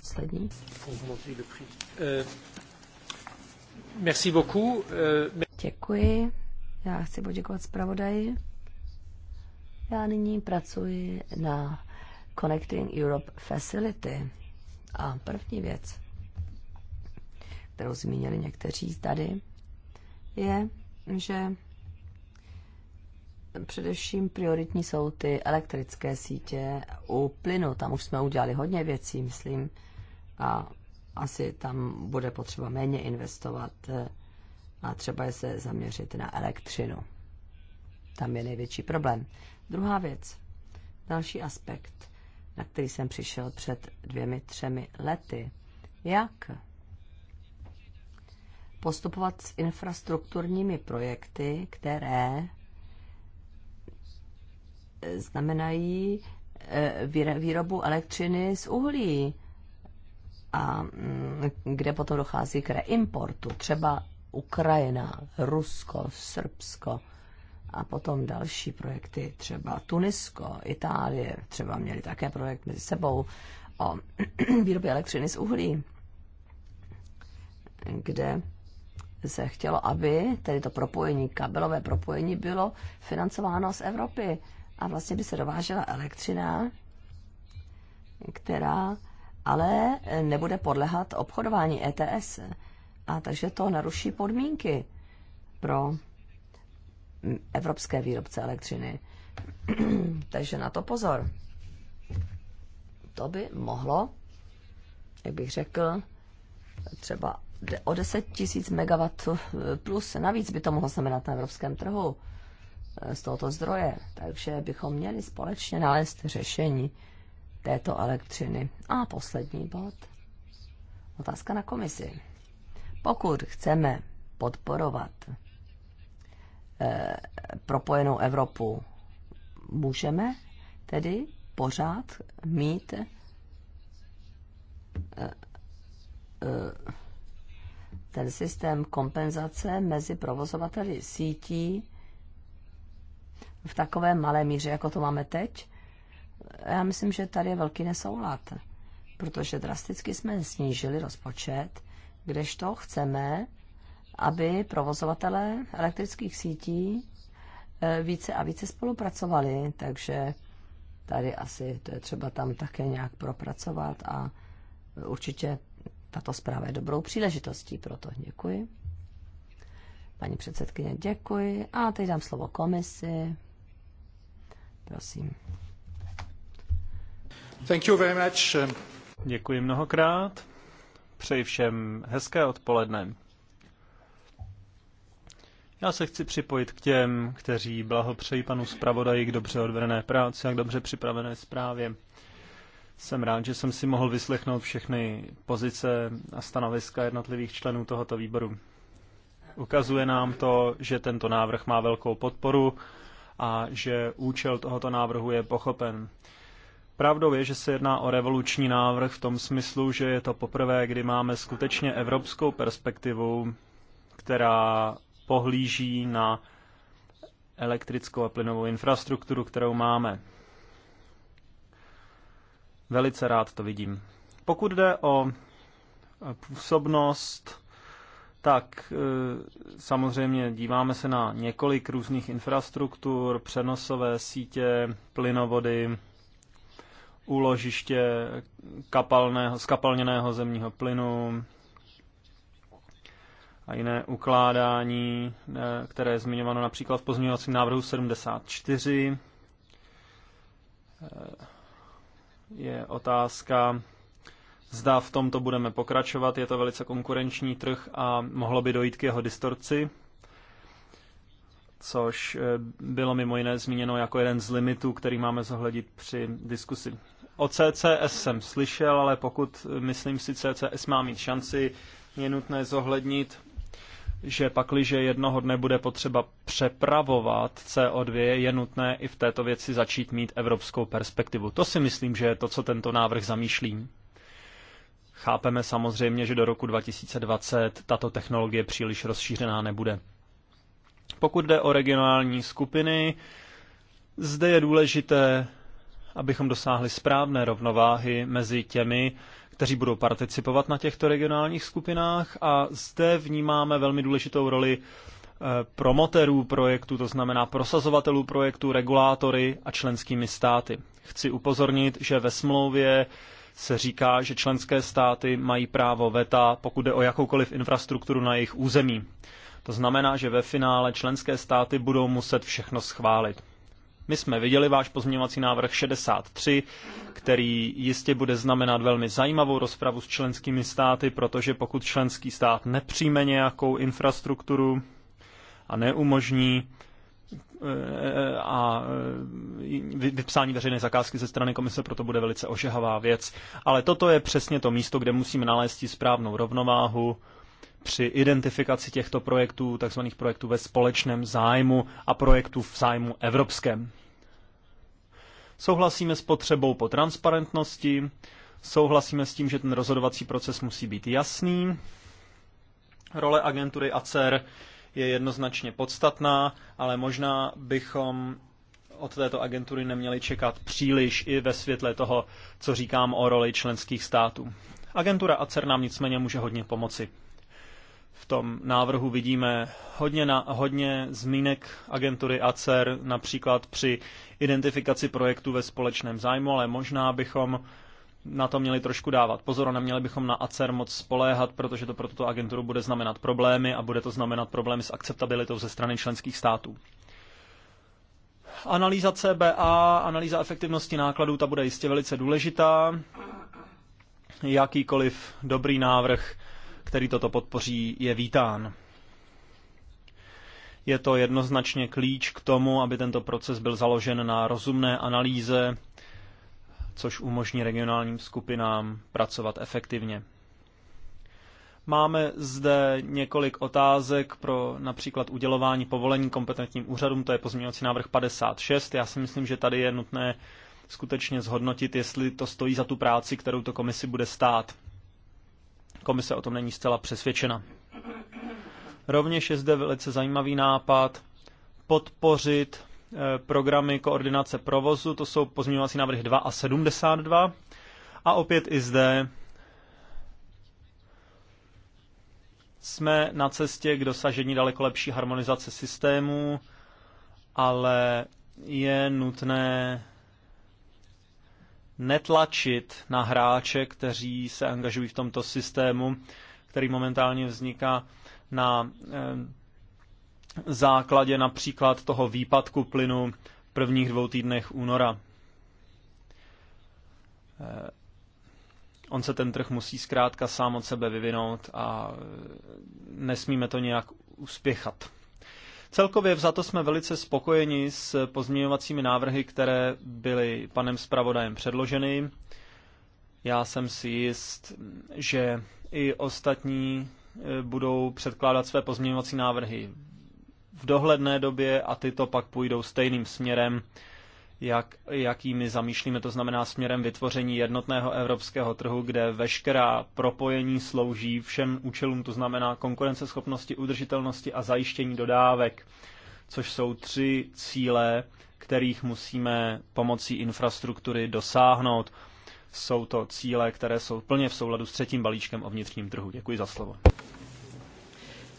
Poslední. Merci beaucoup. Euh, Děkuji. Já chci poděkovat zpravodaji. Já nyní pracuji na Connecting Europe Facility. A první věc, kterou zmínili někteří tady, je, že především prioritní jsou ty elektrické sítě u plynu. Tam už jsme udělali hodně věcí, myslím. A asi tam bude potřeba méně investovat eh, a třeba je se zaměřit na elektřinu. Tam je největší problém. Druhá věc, další aspekt, na který jsem přišel před dvěmi, třemi lety. Jak postupovat s infrastrukturními projekty, které eh, znamenají eh, výrobu elektřiny z uhlí a mm, kde potom dochází k reimportu. Třeba Ukrajina, Rusko, Srbsko a potom další projekty, třeba Tunisko, Itálie, třeba měli také projekt mezi sebou o výrobě elektřiny z uhlí, kde se chtělo, aby tedy to propojení, kabelové propojení bylo financováno z Evropy a vlastně by se dovážela elektřina, která ale nebude podlehat obchodování ETS. A takže to naruší podmínky pro evropské výrobce elektřiny. takže na to pozor. To by mohlo, jak bych řekl, třeba o 10 tisíc MW plus. Navíc by to mohlo znamenat na evropském trhu eh, z tohoto zdroje. Takže bychom měli společně nalézt řešení této elektřiny. A poslední bod. Otázka na komisi. Pokud chceme podporovat eh, propojenou Evropu, můžeme tedy pořád mít eh, eh, ten systém kompenzace mezi provozovateli sítí v takové malé míře, jako to máme teď, já myslím, že tady je velký nesoulad, protože drasticky jsme snížili rozpočet, kdežto chceme, aby provozovatelé elektrických sítí eh, více a více spolupracovali, takže tady asi to je třeba tam také nějak propracovat a určitě tato zpráva je dobrou příležitostí pro to. Děkuji. Paní předsedkyně, děkuji. A teď dám slovo komisi. Prosím. Um, Děkuji mnohokrát. Přeji všem hezké odpoledne. Já se chci připojit k těm, kteří blahopřejí panu zpravodaji k dobře odvedené práci a k dobře připravené zprávě. Jsem rád, že jsem si mohl vyslechnout všechny pozice a stanoviska jednotlivých členů tohoto výboru. Ukazuje nám to, že tento návrh má velkou podporu a že účel tohoto návrhu je pochopen. Pravdou je, že se jedná o revoluční návrh v tom smyslu, že je to poprvé, kdy máme skutečně evropskou perspektivu, která pohlíží na elektrickou a plynovou infrastrukturu, kterou máme. Velice rád to vidím. Pokud jde o působnost, tak e, samozřejmě díváme se na několik různých infrastruktur, přenosové sítě, plynovody, úložiště kapalného, skapalněného zemního plynu a jiné ukládání, eh, které je zmiňováno například v pozměňovacím návrhu 74. Eh, je otázka, zda v tomto budeme pokračovat. Je to velice konkurenční trh a mohlo by dojít k jeho distorci, což eh, bylo mimo jiné zmíněno jako jeden z limitů, který máme zohledit při diskusi. O CCS jsem slyšel, ale pokud, myslím si, CCS má mít šanci, je nutné zohlednit, že pakliže jednoho dne bude potřeba přepravovat CO2, je nutné i v této věci začít mít evropskou perspektivu. To si myslím, že je to, co tento návrh zamýšlí. Chápeme samozřejmě, že do roku 2020 tato technologie příliš rozšířená nebude. Pokud jde o regionální skupiny, zde je důležité abychom dosáhli správné rovnováhy mezi těmi, kteří budou participovat na těchto regionálních skupinách a zde vnímáme velmi důležitou roli eh, promotérů projektu, to znamená prosazovatelů projektu, regulátory a členskými státy. Chci upozornit, že ve smlouvě se říká, že členské státy mají právo veta, pokud jde o jakoukoliv infrastrukturu na jejich území. To znamená, že ve finále členské státy budou muset všechno schválit. My jsme viděli váš pozměňovací návrh 63, který jistě bude znamenat velmi zajímavou rozpravu s členskými státy, protože pokud členský stát nepřijme nějakou infrastrukturu a neumožní eh, a eh, vypsání veřejné zakázky ze strany komise proto bude velice ožehavá věc. Ale toto je přesně to místo, kde musíme nalézt správnou rovnováhu při identifikaci těchto projektů, takzvaných projektů ve společném zájmu a projektů v zájmu evropském. Souhlasíme s potřebou po transparentnosti, souhlasíme s tím, že ten rozhodovací proces musí být jasný. Role agentury ACER je jednoznačně podstatná, ale možná bychom od této agentury neměli čekat příliš i ve světle toho, co říkám o roli členských států. Agentura ACER nám nicméně může hodně pomoci. V tom návrhu vidíme hodně, na, hodně zmínek agentury ACER, například při identifikaci projektů ve společném zájmu, ale možná bychom na to měli trošku dávat pozor a neměli bychom na ACER moc spoléhat, protože to pro tuto agenturu bude znamenat problémy a bude to znamenat problémy s akceptabilitou ze strany členských států. Analýza CBA, analýza efektivnosti nákladů, ta bude jistě velice důležitá. Jakýkoliv dobrý návrh který toto podpoří, je vítán. Je to jednoznačně klíč k tomu, aby tento proces byl založen na rozumné analýze, což umožní regionálním skupinám pracovat efektivně. Máme zde několik otázek pro například udělování povolení kompetentním úřadům, to je pozměňovací návrh 56. Já si myslím, že tady je nutné skutečně zhodnotit, jestli to stojí za tu práci, kterou to komisi bude stát. Komise o tom není zcela přesvědčena. Rovněž je zde velice zajímavý nápad podpořit eh, programy koordinace provozu, to jsou pozměňovací návrhy 2 a 72. A opět i zde jsme na cestě k dosažení daleko lepší harmonizace systémů, ale je nutné netlačit na hráče, kteří se angažují v tomto systému, který momentálně vzniká na eh, základě například toho výpadku plynu v prvních dvou týdnech února. Eh, on se ten trh musí zkrátka sám od sebe vyvinout a eh, nesmíme to nějak uspěchat. Celkově vzato jsme velice spokojeni s pozměňovacími návrhy, které byly panem zpravodajem předloženy. Já jsem si jist, že i ostatní e, budou předkládat své pozměňovací návrhy v dohledné době a tyto pak půjdou stejným směrem jak, jakými zamýšlíme, to znamená směrem vytvoření jednotného evropského trhu, kde veškerá propojení slouží všem účelům, to znamená konkurenceschopnosti, udržitelnosti a zajištění dodávek, což jsou tři cíle, kterých musíme pomocí infrastruktury dosáhnout. Jsou to cíle, které jsou plně v souladu s třetím balíčkem o vnitřním trhu. Děkuji za slovo.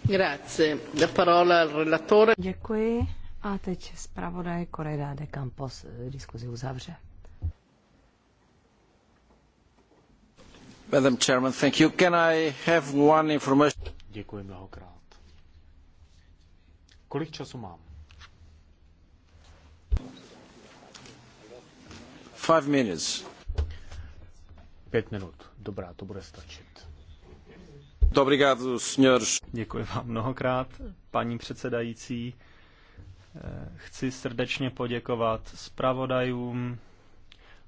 Grazie. La parola al relatore. Děkuji. A teď zpravodaj Koreda de Campos eh, diskuzi uzavře. Madam Chairman, thank you. Can I have one information? Děkuji mnohokrát. Kolik času mám? Five minutes. Pět minut. Dobrá, to bude stačit. Dobrý Děkuji vám mnohokrát, paní předsedající. Chci srdečně poděkovat zpravodajům,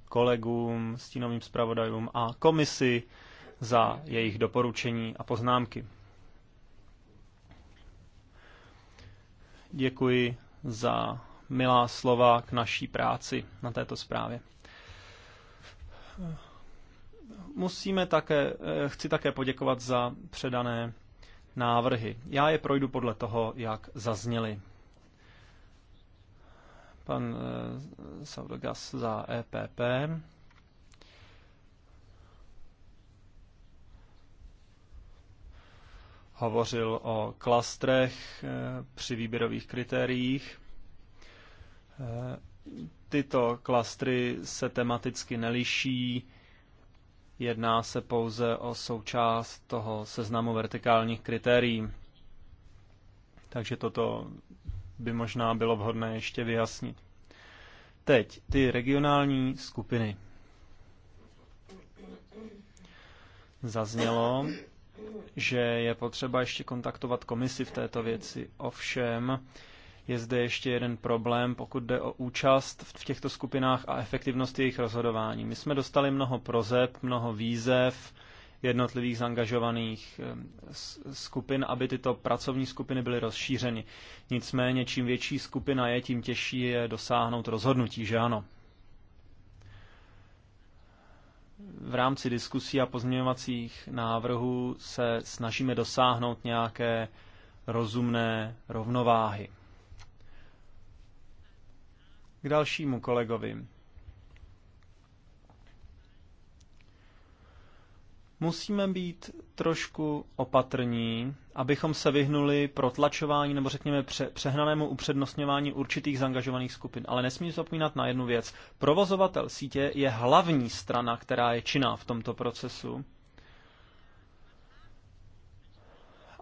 kolegům, stínovým zpravodajům a komisi za jejich doporučení a poznámky. Děkuji za milá slova k naší práci na této zprávě. Musíme také, chci také poděkovat za předané návrhy. Já je projdu podle toho, jak zazněly pan eh, Saudogas za EPP. Hovořil o klastrech eh, při výběrových kritériích. Eh, tyto klastry se tematicky neliší. Jedná se pouze o součást toho seznamu vertikálních kritérií. Takže toto by možná bylo vhodné ještě vyjasnit. Teď ty regionální skupiny. Zaznělo, že je potřeba ještě kontaktovat komisi v této věci. Ovšem, je zde ještě jeden problém, pokud jde o účast v těchto skupinách a efektivnost jejich rozhodování. My jsme dostali mnoho prozeb, mnoho výzev, jednotlivých zangažovaných skupin, aby tyto pracovní skupiny byly rozšířeny. Nicméně, čím větší skupina je, tím těžší je dosáhnout rozhodnutí, že ano? v rámci diskusí a pozměňovacích návrhů se snažíme dosáhnout nějaké rozumné rovnováhy. K dalšímu kolegovi. musíme být trošku opatrní, abychom se vyhnuli protlačování nebo řekněme pře- přehnanému upřednostňování určitých zangažovaných skupin. Ale nesmím zapomínat na jednu věc. Provozovatel sítě je hlavní strana, která je činná v tomto procesu.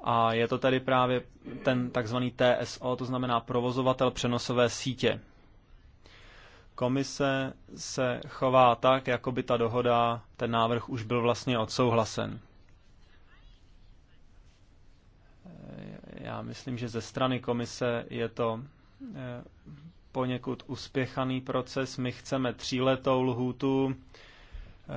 A je to tady právě ten takzvaný TSO, to znamená provozovatel přenosové sítě. Komise se chová tak, jako by ta dohoda, ten návrh už byl vlastně odsouhlasen. Já myslím, že ze strany komise je to eh, poněkud uspěchaný proces. My chceme tříletou lhůtu, eh,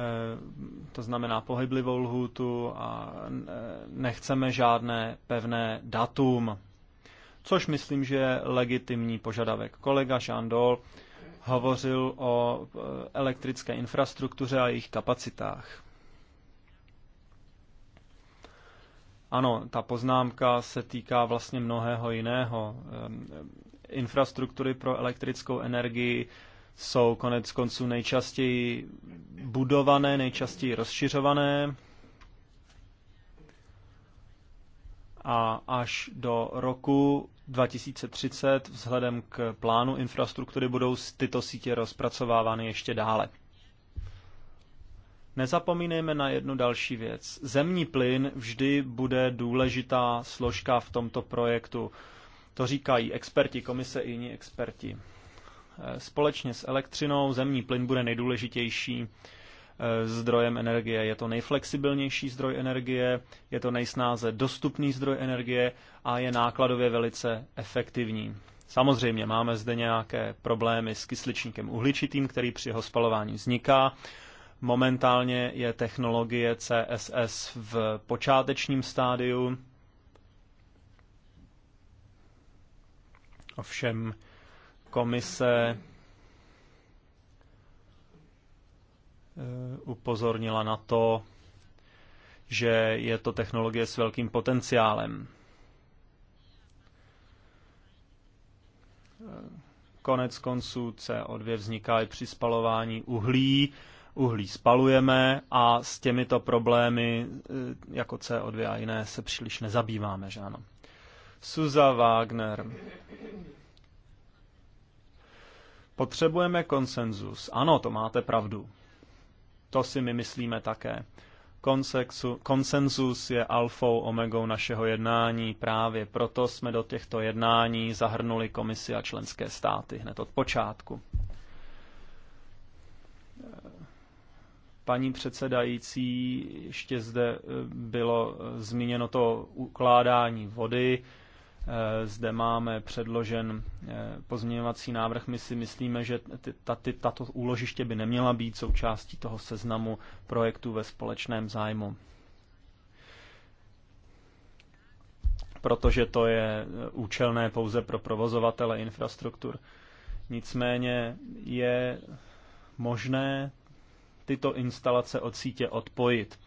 to znamená pohyblivou lhůtu a eh, nechceme žádné pevné datum, což myslím, že je legitimní požadavek. Kolega Jean hovořil o eh, elektrické infrastruktuře a jejich kapacitách. Ano, ta poznámka se týká vlastně mnohého jiného. Ehm, ehm, infrastruktury pro elektrickou energii jsou konec konců nejčastěji budované, nejčastěji rozšiřované. A až do roku 2030 vzhledem k plánu infrastruktury budou tyto sítě rozpracovávány ještě dále. Nezapomínejme na jednu další věc. Zemní plyn vždy bude důležitá složka v tomto projektu. To říkají experti, komise i jiní experti. E, společně s elektřinou zemní plyn bude nejdůležitější Eh, zdrojem energie. Je to nejflexibilnější zdroj energie, je to nejsnáze dostupný zdroj energie a je nákladově velice efektivní. Samozřejmě máme zde nějaké problémy s kysličníkem uhličitým, který při jeho spalování vzniká. Momentálně je technologie CSS v počátečním stádiu. Ovšem komise Eh, upozornila na to, že je to technologie s velkým potenciálem. Eh, konec konců CO2 vzniká i při spalování uhlí. Uhlí spalujeme a s těmito problémy eh, jako CO2 a jiné se příliš nezabýváme, že ano. Suza Wagner. Potřebujeme konsenzus. Ano, to máte pravdu. To si my myslíme také. Konsexu, konsenzus je alfou omegou našeho jednání. Právě proto jsme do těchto jednání zahrnuli komisi a členské státy hned od počátku. Paní předsedající, ještě zde eh, bylo eh, zmíněno to ukládání vody. Eh, zde máme předložen eh, pozměňovací návrh. My si myslíme, že tato, tato úložiště by neměla být součástí toho seznamu projektů ve společném zájmu. Protože to je eh, účelné pouze pro provozovatele infrastruktur. Nicméně je možné tyto instalace od sítě odpojit.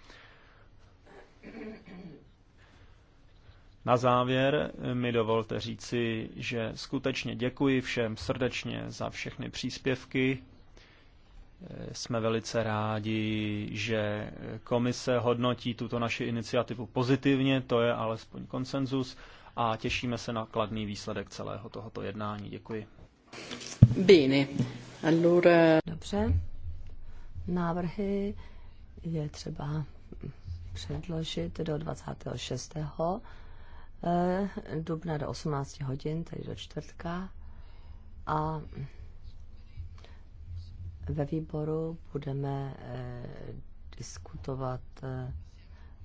Na závěr mi dovolte říci, že skutečně děkuji všem srdečně za všechny příspěvky. Jsme velice rádi, že komise hodnotí tuto naši iniciativu pozitivně, to je alespoň konsenzus a těšíme se na kladný výsledek celého tohoto jednání. Děkuji. Bíny. Allora... Dobře. Návrhy je třeba předložit do 26. Eh, dubna do 18 hodin, tedy do čtvrtka. A ve výboru budeme eh, diskutovat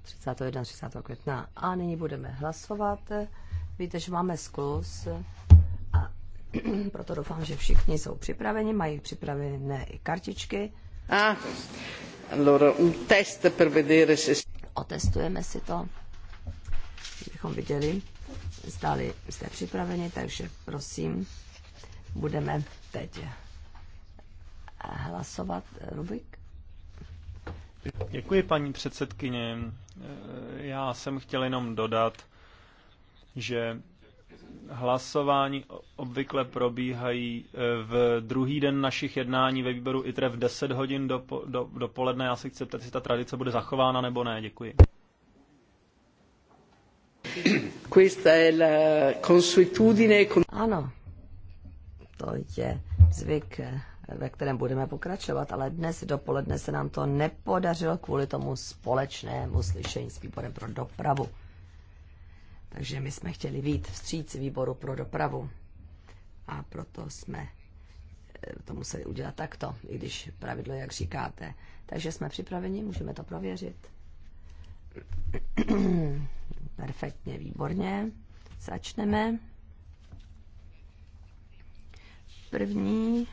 31. Eh, 30. května. A nyní budeme hlasovat. Víte, že máme sklus a proto doufám, že všichni jsou připraveni, mají připravené i kartičky. Ah, allora un test per vedere se... Otestujeme si to bychom viděli, zdali jste připraveni, takže prosím, budeme teď hlasovat. Rubik? Děkuji, paní předsedkyně. Já jsem chtěl jenom dodat, že hlasování obvykle probíhají eh, v druhý den našich jednání ve výboru ITRE v 10 hodin do, dopoledne. Já se chci zeptat, jestli ta tradice bude zachována nebo ne. Děkuji. Questa è la consuetudine. Ano, to je zvyk, ve kterém budeme pokračovat, ale dnes dopoledne se nám to nepodařilo kvůli tomu společnému slyšení s výborem pro dopravu. Takže my jsme chtěli být vstříc výboru pro dopravu a proto jsme eh, to museli udělat takto, i když pravidlo, jak říkáte. Takže jsme připraveni, můžeme to prověřit. Perfektně, výborně. Začneme. První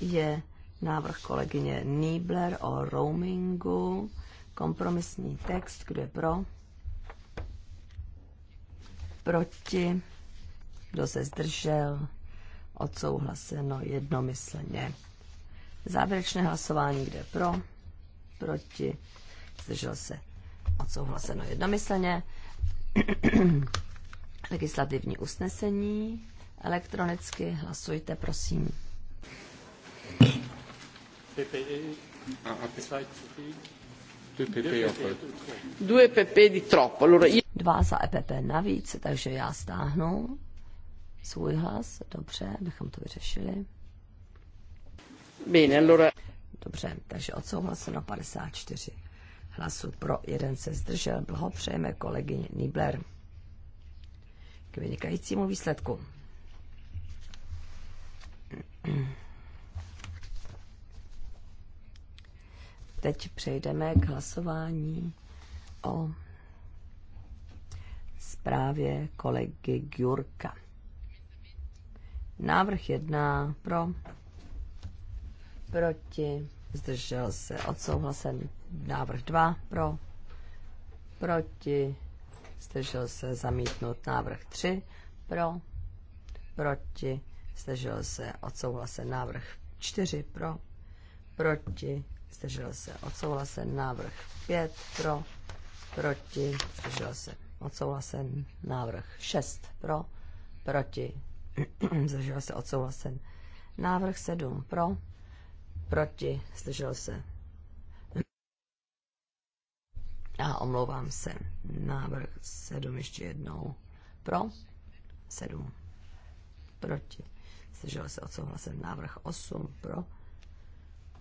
je návrh kolegyně Niebler o roamingu. Kompromisní text, kdo je pro? Proti? Kdo se zdržel? Odsouhlaseno jednomyslně. Závěrečné hlasování, kde pro? proti, zdržel se odsouhlaseno jednomyslně. Legislativní usnesení elektronicky. Hlasujte, prosím. PP di troppo. Dva za EPP navíc, takže já stáhnu svůj hlas. Dobře, abychom to vyřešili. Bene, allora... Dobře, takže odsouhlaseno 54 hlasů pro, jeden se zdržel. Blahopřejeme kolegyně Nibler k vynikajícímu výsledku. Teď přejdeme k hlasování o zprávě kolegy Gjurka. Návrh jedná pro proti, zdržel se odsouhlasen návrh 2 pro, proti, zdržel se zamítnout návrh 3 pro, proti, zdržel se odsouhlasen návrh 4 pro, proti, zdržel se odsouhlasen návrh 5 pro, proti, zdržel se odsouhlasen návrh 6 pro, proti, zdržel se odsouhlasen návrh 7 pro, proti, zdržel se. A omlouvám se, návrh sedm ještě jednou. Pro, Sedm. proti, zdržel se, odsouhlasen návrh 8, pro,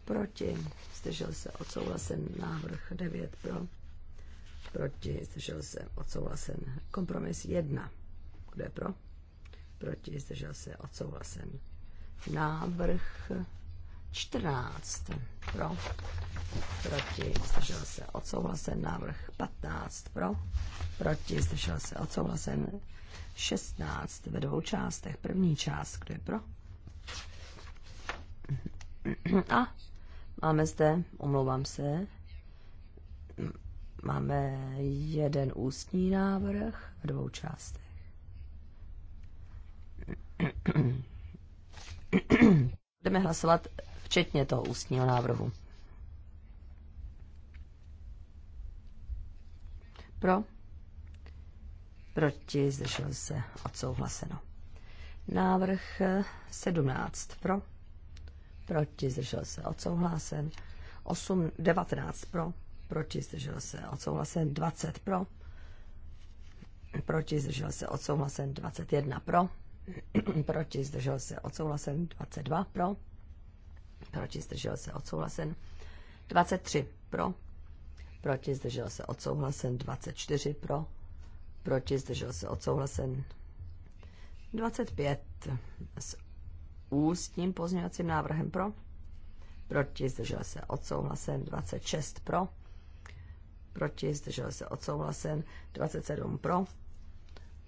proti, zdržel se, odsouhlasen návrh 9, pro, proti, zdržel se, odsouhlasen kompromis 1, kdo je pro, proti, zdržel se, odsouhlasen návrh 14 pro, proti, zdržel se odsouhlasen, návrh 15 pro, proti, zdržel se odsouhlasen, 16 ve dvou částech, první část, kdo je pro? A máme zde, omlouvám se, máme jeden ústní návrh v dvou částech. Budeme hlasovat včetně toho ústního návrhu. Pro? Proti? Zdržel se? Odsouhlaseno. Návrh 17. Pro? Proti? Zdržel se? Odsouhlasen. 8, 19 pro, proti zdržel se, odsouhlasen 20 pro, proti zdržel se, odsouhlasen 21 pro, proti zdržel se, odsouhlasen 22 pro, proti, zdržel se, odsouhlasen. 23 pro, proti, zdržel se, odsouhlasen. 24 pro, proti, zdržel se, odsouhlasen. 25 s ústním pozměňovacím návrhem pro, proti, zdržel se, odsouhlasen. 26 pro, proti, zdržel se, odsouhlasen. 27 pro,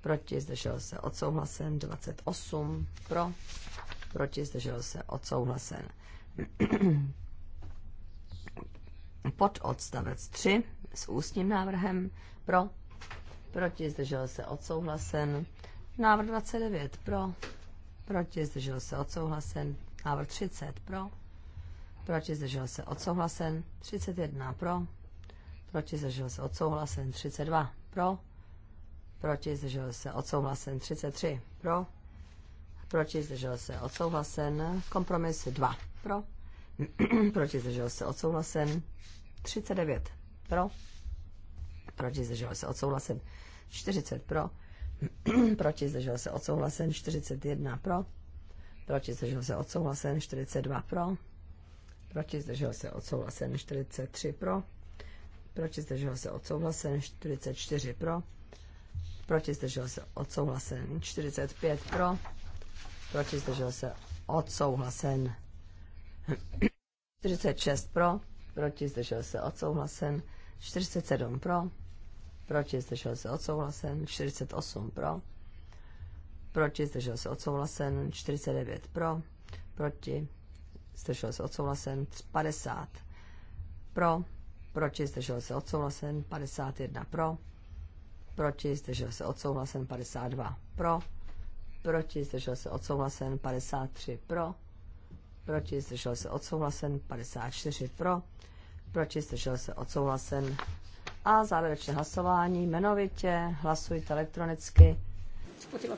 proti, zdržel se, odsouhlasen, 28 pro, proti, zdržel se, odsouhlasen, pod odstavec 3 s ústním návrhem pro, proti zdržel se odsouhlasen, návrh 29 pro, proti zdržel se odsouhlasen, návrh 30 pro, proti zdržel se odsouhlasen, 31 pro, proti zdržel se odsouhlasen, 32 pro, proti zdržel se odsouhlasen, 33 pro, proti zdržel se odsouhlasen, kompromis 2 pro, proti zdržel se odsouhlasen, 39 pro, proti zdržel se odsouhlasen, 40 pro, proti zdržel se odsouhlasen, 41 pro, proti zdržel se odsouhlasen, 42 pro, proti zdržel se odsouhlasen, 43 pro, proti zdržel se odsouhlasen, 44 pro, proti zdržel se odsouhlasen, 45 pro, proti zdržel se odsouhlasen, 46 pro, proti zdržel se odsouhlasen, 47 pro, proti zdržel se odsouhlasen, 48 pro, proti zdržel se odsouhlasen, 49 pro, proti zdržel se odsouhlasen, 50 pro, proti zdržel se odsouhlasen, 51 pro, proti zdržel se odsouhlasen, 52 pro, proti zdržel se odsouhlasen, 53 pro, proti, zdržel se odsouhlasen, 54 pro, proti, zdržel se odsouhlasen. A závěrečné hlasování jmenovitě, hlasujte elektronicky. Poteva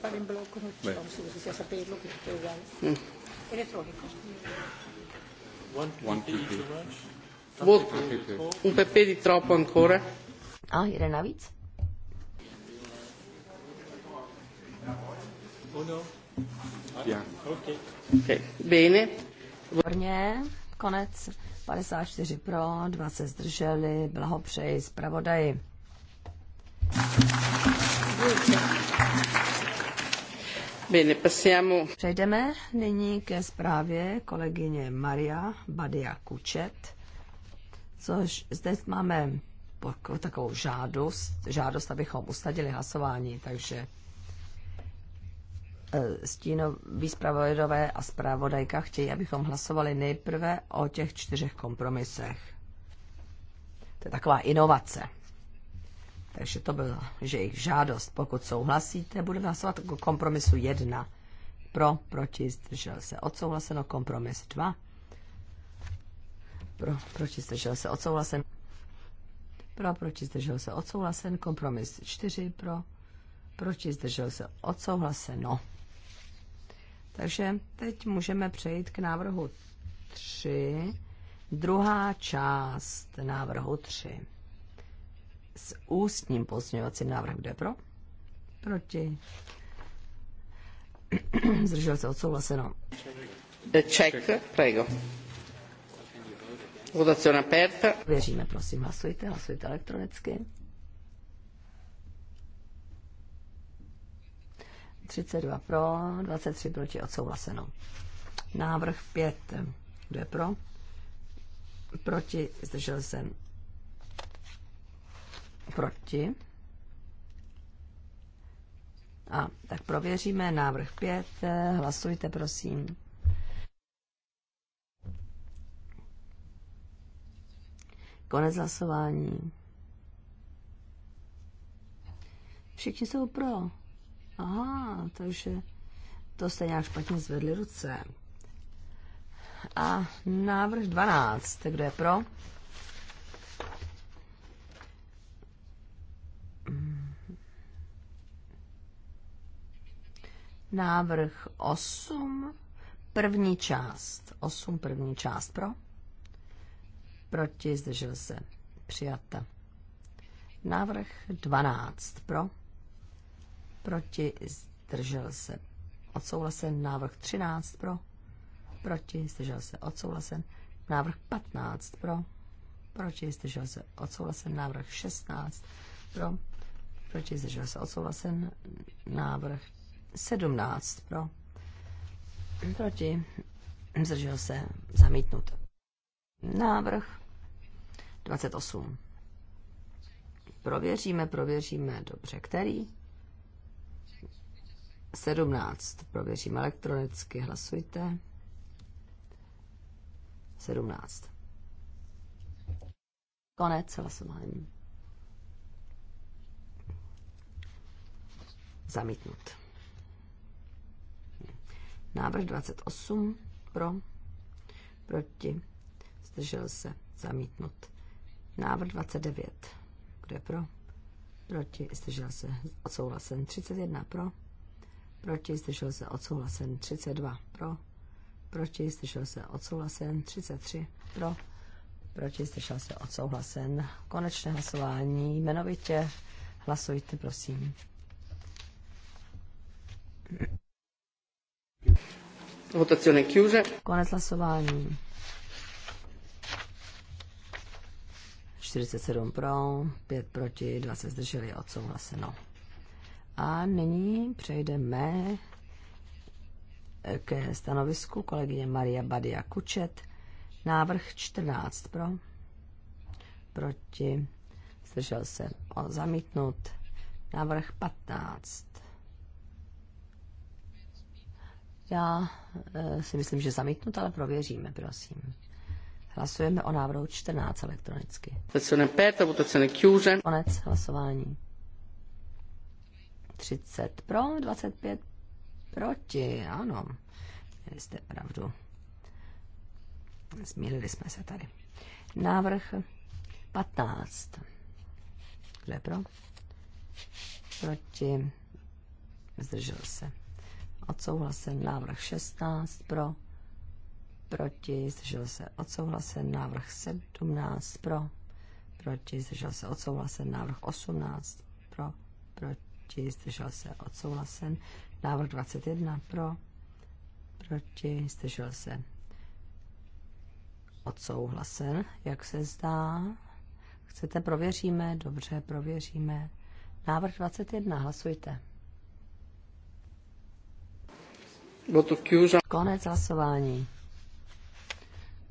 One, two, three. Un pepe di troppo ancora. Ah, jeden navíc. Uno. Yeah. Okay. Okay. Bene. Výborně, konec. 54 pro, dva se zdrželi, blahopřeji zpravodaji. Přejdeme nyní ke zprávě kolegyně Maria Badia Kučet, což zde máme takovou žádost, žádost, abychom usadili hlasování, takže E, stínový zpravodajové a zpravodajka chtějí, abychom hlasovali nejprve o těch čtyřech kompromisech. To je taková inovace. Takže to byla že jejich žádost. Pokud souhlasíte, budeme hlasovat o kompromisu 1. Pro, proti, zdržel se. Odsouhlaseno kompromis 2. Pro, proti, zdržel se. Odsouhlasen. Pro, proti, zdržel se. Odsouhlasen. Kompromis 4. Pro, proti, zdržel se. Odsouhlaseno. Takže teď můžeme přejít k návrhu 3, druhá část návrhu 3. S ústním pozměňovacím návrhem, jde pro? Proti. Zdržel se odsouhlaseno. Ček, prego. Votazione aperta. Věříme, prosím, hlasujte, hlasujte elektronicky. 32 pro, 23 proti, odsouhlaseno. Návrh 5, kdo je pro? Proti, zdržel jsem. Proti. A tak prověříme návrh 5, hlasujte prosím. Konec hlasování. Všichni jsou pro. Aha, takže to jste nějak špatně zvedli ruce. A návrh 12, kdo je pro? Návrh 8, první část. 8, první část pro? Proti, zdržel se. Přijata. Návrh 12 pro? proti, zdržel se odsouhlasen. Návrh 13 pro, proti, zdržel se odsouhlasen. Návrh 15 pro, proti, zdržel se odsouhlasen. Návrh 16 pro, proti, zdržel se odsouhlasen. Návrh 17 pro, proti, zdržel se zamítnut. Návrh 28. Prověříme, prověříme, dobře, který? 17. Prověřím elektronicky. Hlasujte. 17. Konec hlasování. Zamítnut. Návrh 28 pro, proti, zdržel se, zamítnut. Návrh 29, kde pro, proti, zdržel se, odsouhlasen. 31 pro, proti, zdržel se odsouhlasen 32 pro, proti, zdržel se odsouhlasen 33 pro, proti, zdržel se odsouhlasen. Konečné hlasování jmenovitě. Hlasujte, prosím. Votazione chiuse. Konec hlasování. 47 pro, 5 proti, 2 se zdrželi, odsouhlaseno. A nyní přejdeme eh, ke stanovisku kolegyně Maria Badia Kučet. Návrh 14 pro, proti, zdržel se o zamítnut. Návrh 15. Já e, si myslím, že zamítnut, ale prověříme, prosím. Hlasujeme o návrhu 14 elektronicky. Konec hlasování. 30 pro, 25 proti, ano. Měli jste pravdu. Zmílili jsme se tady. Návrh 15. Kdo je pro? Proti. Zdržel se. Odsouhlasen návrh 16 pro. Proti. Zdržel se. Odsouhlasen návrh 17 pro. Proti. Zdržel se. Odsouhlasen návrh 18 pro. Proti proti, zdržel se odsouhlasen. Návrh 21 pro, proti, zdržel se odsouhlasen, jak se zdá. Chcete, prověříme, dobře, prověříme. Návrh 21, hlasujte. Konec hlasování.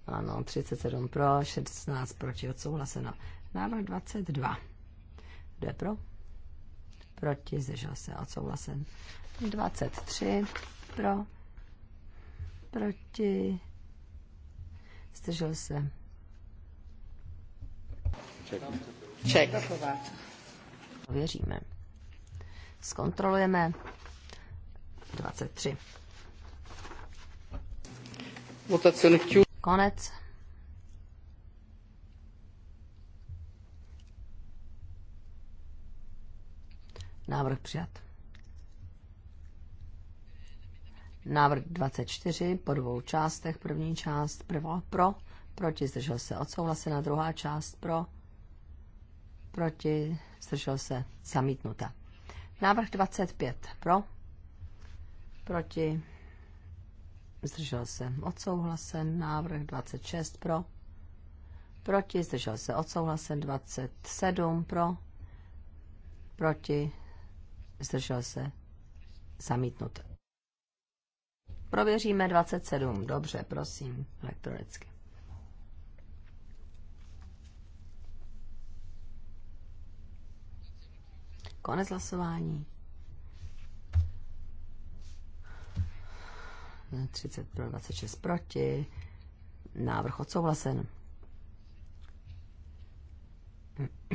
Ano, 37 pro, 16 proti, odsouhlaseno. Návrh 22. Kdo je pro? proti, zdržel se, odsouhlasen. 23 pro, proti, zdržel se. Ček. Ček. Věříme. Zkontrolujeme. 23. Votazione chiusa. Konec. Návrh přijat. Návrh 24 po dvou částech. První část prvo, pro, proti zdržel se odsouhlasena. Druhá část pro, proti zdržel se zamítnuta. Návrh 25 pro, proti zdržel se odsouhlasen. Návrh 26 pro, proti zdržel se odsouhlasen. 27 pro, proti zdržel se, zamítnut. Prověříme 27, dobře, prosím, elektronicky. Konec hlasování. 30 pro 26 proti. Návrh odsouhlasen.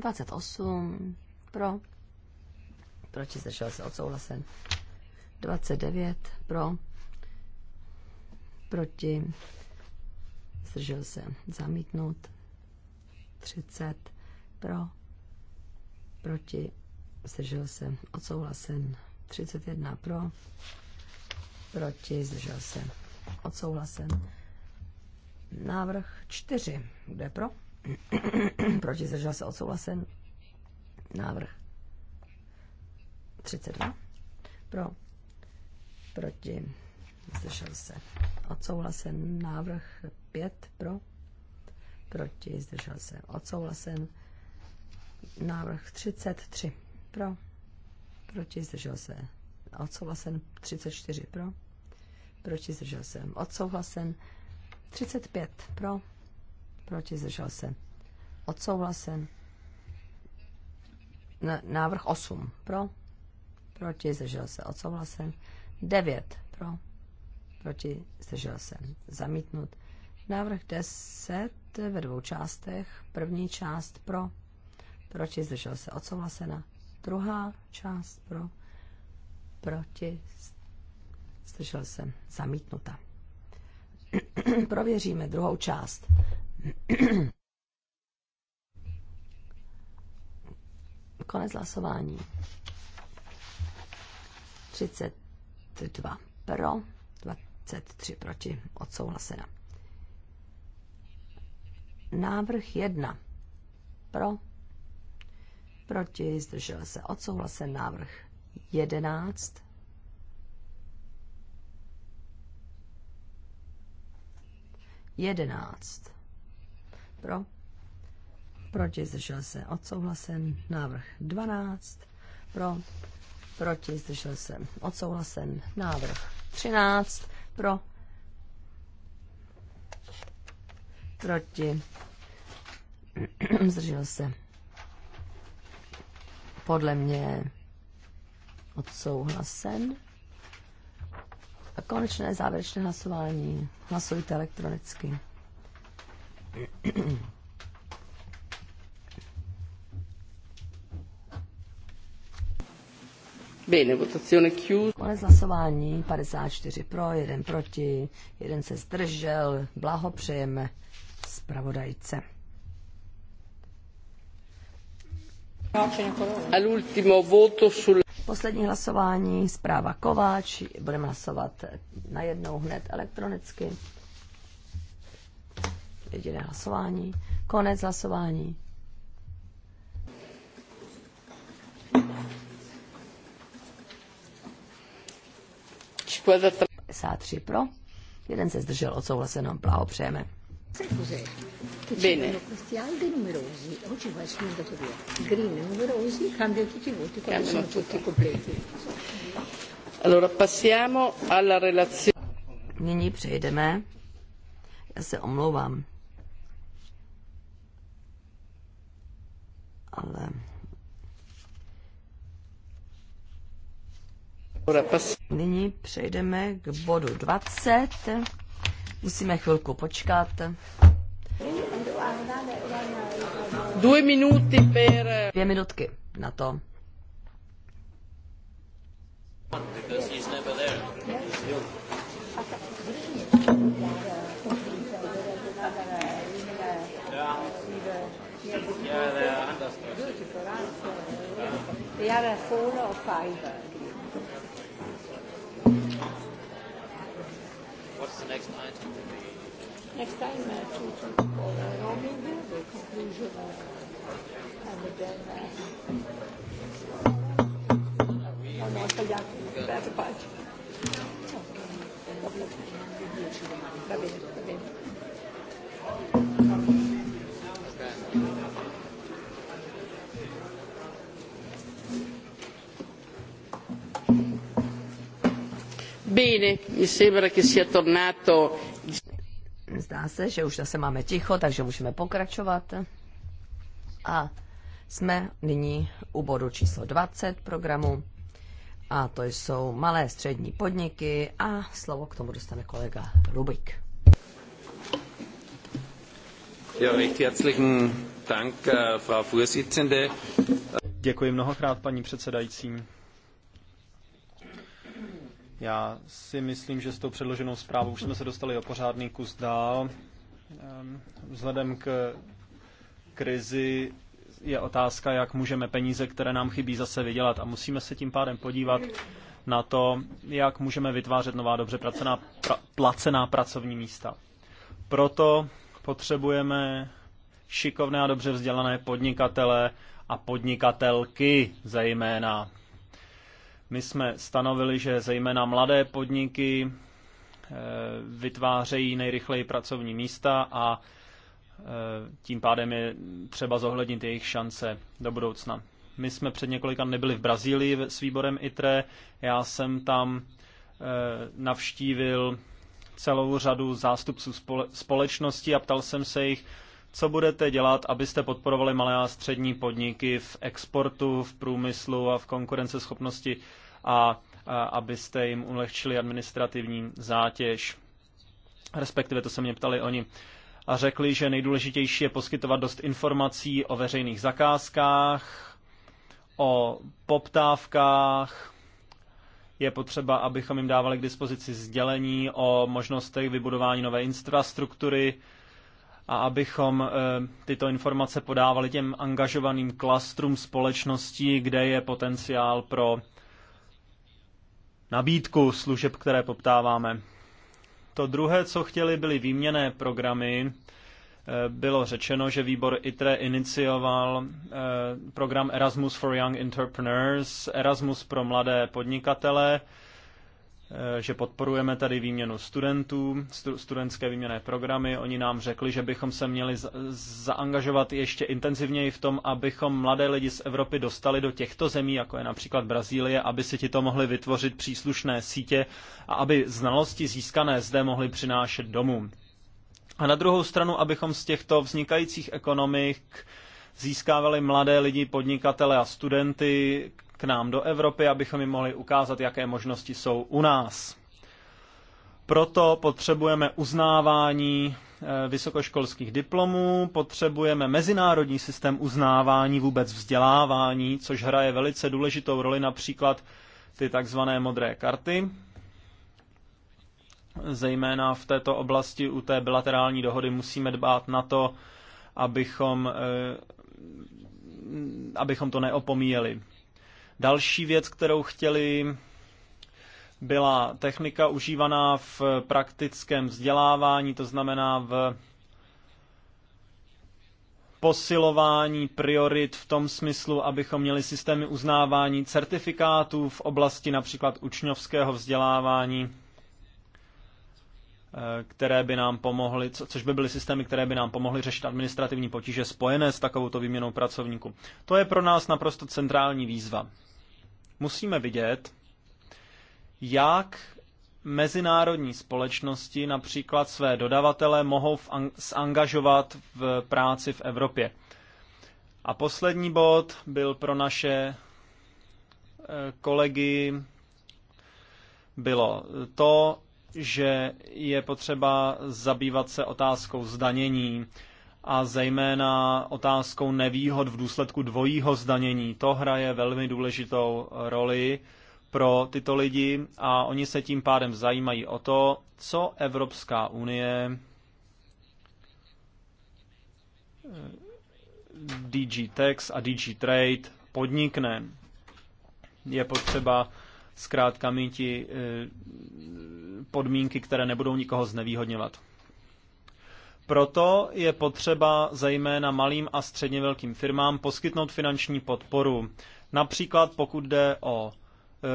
Dvacet osm pro, proti zdržel se odsouhlasen. 29 pro, proti zdržel se zamítnout. 30 pro, proti zdržel se odsouhlasen. 31 pro, proti zdržel se odsouhlasen. Návrh 4. Kde pro? Proti zdržel se odsouhlasen. Návrh 32. Pro. Proti. Zdržel se. Odsouhlasen. Návrh 5. Pro. Proti. Zdržel se. Odsouhlasen. Návrh 33. Pro. Proti. Zdržel se. Odsouhlasen. 34. Pro. Proti. Zdržel se. Odsouhlasen. 35. Pro. Proti. Zdržel se. Odsouhlasen návrh 8 pro, proti, zdržel se odsouhlasen, 9 pro, proti, zdržel se zamítnut, návrh 10 ve dvou částech, první část pro, proti, zdržel se odsouhlasena, druhá část pro, proti, zdržel se zamítnuta. Prověříme druhou část. Konec hlasování. 32 pro, 23 proti, odsouhlasena. Návrh 1 pro, proti, zdržel se, odsouhlasen návrh 11 11 pro, proti, zdržel se, odsouhlasen. Návrh 12, pro, proti, zdržel se, odsouhlasen. Návrh 13, pro, proti, zdržel se. Podle mě odsouhlasen. A konečné závěrečné hlasování. Hlasujte elektronicky. Bene, votazione chiusa. Konec hlasování, 54 pro, 1 proti, 1 se zdržel. Blahopřejeme zpravodajce. All'ultimo voto sul... Poslední hlasování, zpráva Kováč, budeme hlasovat najednou hned elektronicky. Jediné hlasování, konec hlasování. 53 pro, jeden se zdržel odsouhlaseno, blahopřejeme. Bene. Nyní přejdeme. Já se omlouvám. Ale... Nyní přejdeme k bodu 20. Musíme chvilku počkat. Dvě minuty per... Dvě minutky na to. Yeah, they er are. They are four or five. What's the next item? Next item uh, to talk about Nairobi, the conclusion of, and then uh, we, no, no, tagliato, beata pagina. Va bene, va bene. Bene, mi sembra che sia tornato... Zdá se, že už zase máme ticho, takže můžeme pokračovat. A jsme nyní u bodu číslo 20 programu. A to jsou malé střední podniky a slovo k tomu dostane kolega Rubik. Ja, recht herzlichen Dank, äh, Frau Vorsitzende. Děkuji mnohokrát, paní předsedající. Já si myslím, že s tou předloženou zprávou už jsme se dostali o pořádný kus dál. Ehm, vzhledem k krizi je otázka, jak můžeme peníze, které nám chybí, zase vydělat. A musíme se tím pádem podívat na to, jak můžeme vytvářet nová dobře pracená, pra, placená pracovní místa. Proto potřebujeme šikovné a dobře vzdělané podnikatele a podnikatelky zejména, my jsme stanovili, že zejména mladé podniky eh, vytvářejí nejrychleji pracovní místa a eh, tím pádem je třeba zohlednit jejich šance do budoucna. My jsme před několika dny byli v Brazílii s výborem ITRE. Já jsem tam eh, navštívil celou řadu zástupců společnosti a ptal jsem se jich, co budete dělat, abyste podporovali malé a střední podniky v exportu, v průmyslu a v konkurenceschopnosti a, a abyste jim ulehčili administrativní zátěž? Respektive to se mě ptali oni a řekli, že nejdůležitější je poskytovat dost informací o veřejných zakázkách, o poptávkách, je potřeba, abychom jim dávali k dispozici sdělení o možnostech vybudování nové infrastruktury, a abychom eh, tyto informace podávali těm angažovaným klastrům společností, kde je potenciál pro nabídku služeb, které poptáváme. To druhé, co chtěli, byly výměné programy. Eh, bylo řečeno, že výbor ITRE inicioval eh, program Erasmus for Young Entrepreneurs, Erasmus pro mladé podnikatele, Eh, že podporujeme tady výměnu studentů, stu, studentské výměné programy. Oni nám řekli, že bychom se měli za, zaangažovat ještě intenzivněji v tom, abychom mladé lidi z Evropy dostali do těchto zemí, jako je například Brazílie, aby si ti to mohli vytvořit příslušné sítě a aby znalosti získané zde mohli přinášet domů. A na druhou stranu, abychom z těchto vznikajících ekonomik získávali mladé lidi, podnikatele a studenty, k nám do Evropy, abychom jim mohli ukázat, jaké možnosti jsou u nás. Proto potřebujeme uznávání eh, vysokoškolských diplomů, potřebujeme mezinárodní systém uznávání vůbec vzdělávání, což hraje velice důležitou roli například ty takzvané modré karty, zejména v této oblasti u té bilaterální dohody musíme dbát na to, abychom, eh, abychom to neopomíjeli. Další věc, kterou chtěli, byla technika užívaná v praktickém vzdělávání, to znamená v posilování priorit v tom smyslu, abychom měli systémy uznávání certifikátů v oblasti například učňovského vzdělávání, eh, které by nám pomohly, což by byly systémy, které by nám pomohly řešit administrativní potíže spojené s takovouto výměnou pracovníků. To je pro nás naprosto centrální výzva. Musíme vidět, jak mezinárodní společnosti například své dodavatele mohou zangažovat v práci v Evropě. A poslední bod byl pro naše eh, kolegy bylo to, že je potřeba zabývat se otázkou zdanění a zejména otázkou nevýhod v důsledku dvojího zdanění. To hraje velmi důležitou roli pro tyto lidi a oni se tím pádem zajímají o to, co Evropská unie eh, DG Tax a DG Trade podnikne. Je potřeba zkrátka mít eh, podmínky, které nebudou nikoho znevýhodňovat. Proto je potřeba zejména malým a středně velkým firmám poskytnout finanční podporu. Například pokud jde o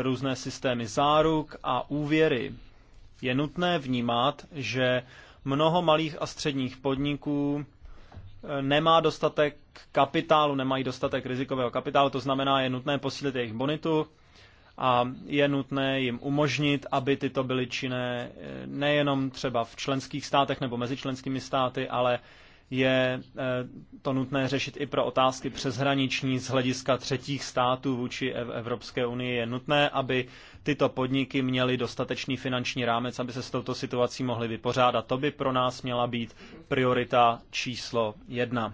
různé systémy záruk a úvěry. Je nutné vnímat, že mnoho malých a středních podniků eh, nemá dostatek kapitálu, nemají dostatek rizikového kapitálu, to znamená, je nutné posílit jejich bonitu a je nutné jim umožnit, aby tyto byly činné eh, nejenom třeba v členských státech nebo mezi členskými státy, ale je eh, to nutné řešit i pro otázky přeshraniční z hlediska třetích států vůči Evropské unii. Je nutné, aby tyto podniky měly dostatečný finanční rámec, aby se s touto situací mohly vypořádat. To by pro nás měla být priorita číslo jedna.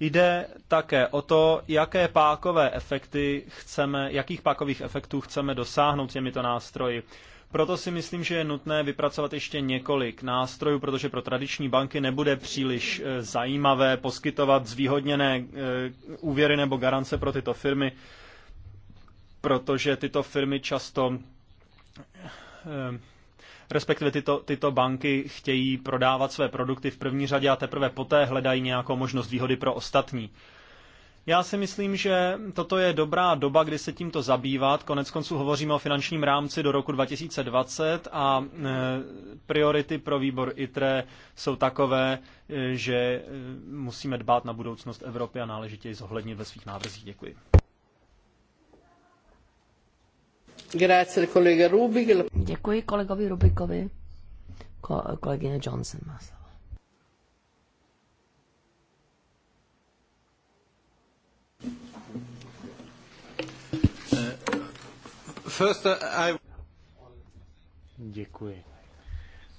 Jde také o to, jaké pákové efekty chceme, jakých pákových efektů chceme dosáhnout těmito nástroji. Proto si myslím, že je nutné vypracovat ještě několik nástrojů, protože pro tradiční banky nebude příliš e, zajímavé poskytovat zvýhodněné e, úvěry nebo garance pro tyto firmy, protože tyto firmy často e, respektive tyto, tyto banky chtějí prodávat své produkty v první řadě a teprve poté hledají nějakou možnost výhody pro ostatní. Já si myslím, že toto je dobrá doba, kdy se tímto zabývat. Konec konců hovoříme o finančním rámci do roku 2020 a e, priority pro výbor ITRE jsou takové, e, že e, musíme dbát na budoucnost Evropy a náležitě ji zohlednit ve svých návrzích. Děkuji. Děkuji kolegovi Rubikovi. Ko- kolegyně Johnson má slovo. Eh, first, eh, I... Děkuji.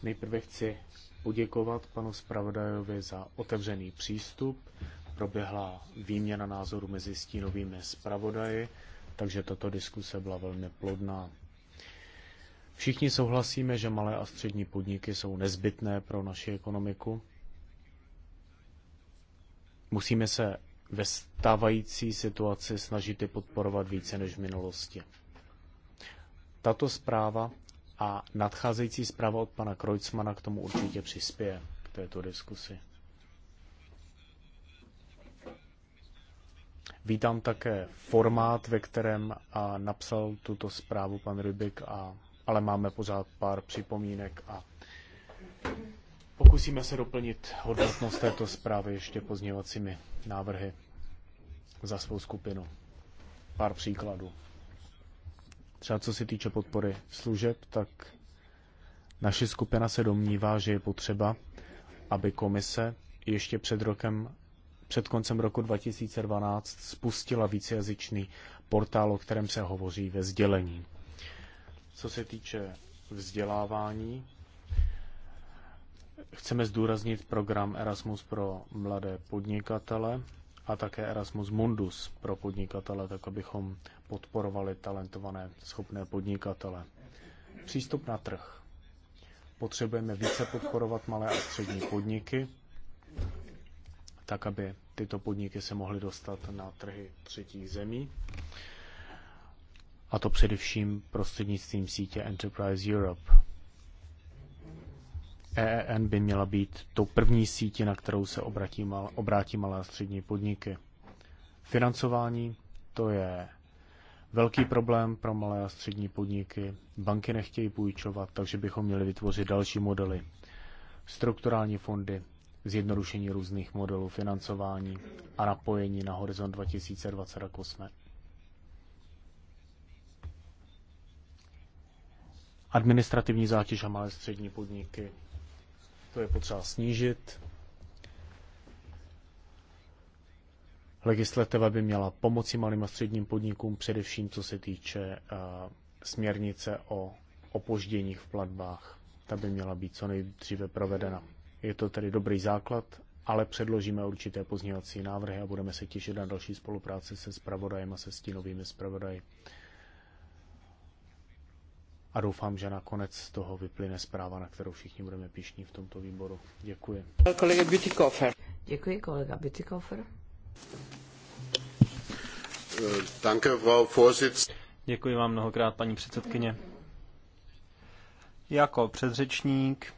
Nejprve chci poděkovat panu zpravodajovi za otevřený přístup. Proběhla výměna názorů mezi stínovými zpravodaji takže tato diskuse byla velmi plodná. Všichni souhlasíme, že malé a střední podniky jsou nezbytné pro naši ekonomiku. Musíme se ve stávající situaci snažit je podporovat více než v minulosti. Tato zpráva a nadcházející zpráva od pana Kreutzmana k tomu určitě přispěje k této diskusi. Vítám také formát, ve kterém a napsal tuto zprávu pan Rybik, a, ale máme pořád pár připomínek a pokusíme se doplnit hodnotnost této zprávy ještě pozněvacími návrhy za svou skupinu. Pár příkladů. Třeba co se týče podpory služeb, tak naše skupina se domnívá, že je potřeba, aby komise ještě před rokem před koncem roku 2012 spustila vícejazyčný portál, o kterém se hovoří ve sdělení. Co se týče vzdělávání, chceme zdůraznit program Erasmus pro mladé podnikatele a také Erasmus Mundus pro podnikatele, tak abychom podporovali talentované, schopné podnikatele. Přístup na trh. Potřebujeme více podporovat malé a střední podniky, tak aby tyto podniky se mohly dostat na trhy třetích zemí. A to především prostřednictvím sítě Enterprise Europe. EEN by měla být tou první sítí, na kterou se obratí, mal, obrátí malé a střední podniky. Financování to je velký problém pro malé a střední podniky. Banky nechtějí půjčovat, takže bychom měli vytvořit další modely. Strukturální fondy, zjednodušení různých modelů financování a napojení na Horizon 2020 a Kosme. Administrativní zátěž a malé střední podniky, to je potřeba snížit. Legislativa by měla pomoci malým a středním podnikům, především co se týče eh, směrnice o opožděních v platbách. Ta by měla být co nejdříve provedena. Je to tedy dobrý základ, ale předložíme určité pozměňovací návrhy a budeme se těšit na další spolupráci se zpravodajem a se stínovými zpravodaji. A doufám, že nakonec z toho vyplyne zpráva, na kterou všichni budeme pišní v tomto výboru. Děkuji. Kolega Bütikofer. Děkuji, kolega Bütikofer. Danke, Frau Vorsitz. Děkuji vám mnohokrát, paní předsedkyně. Jako předřečník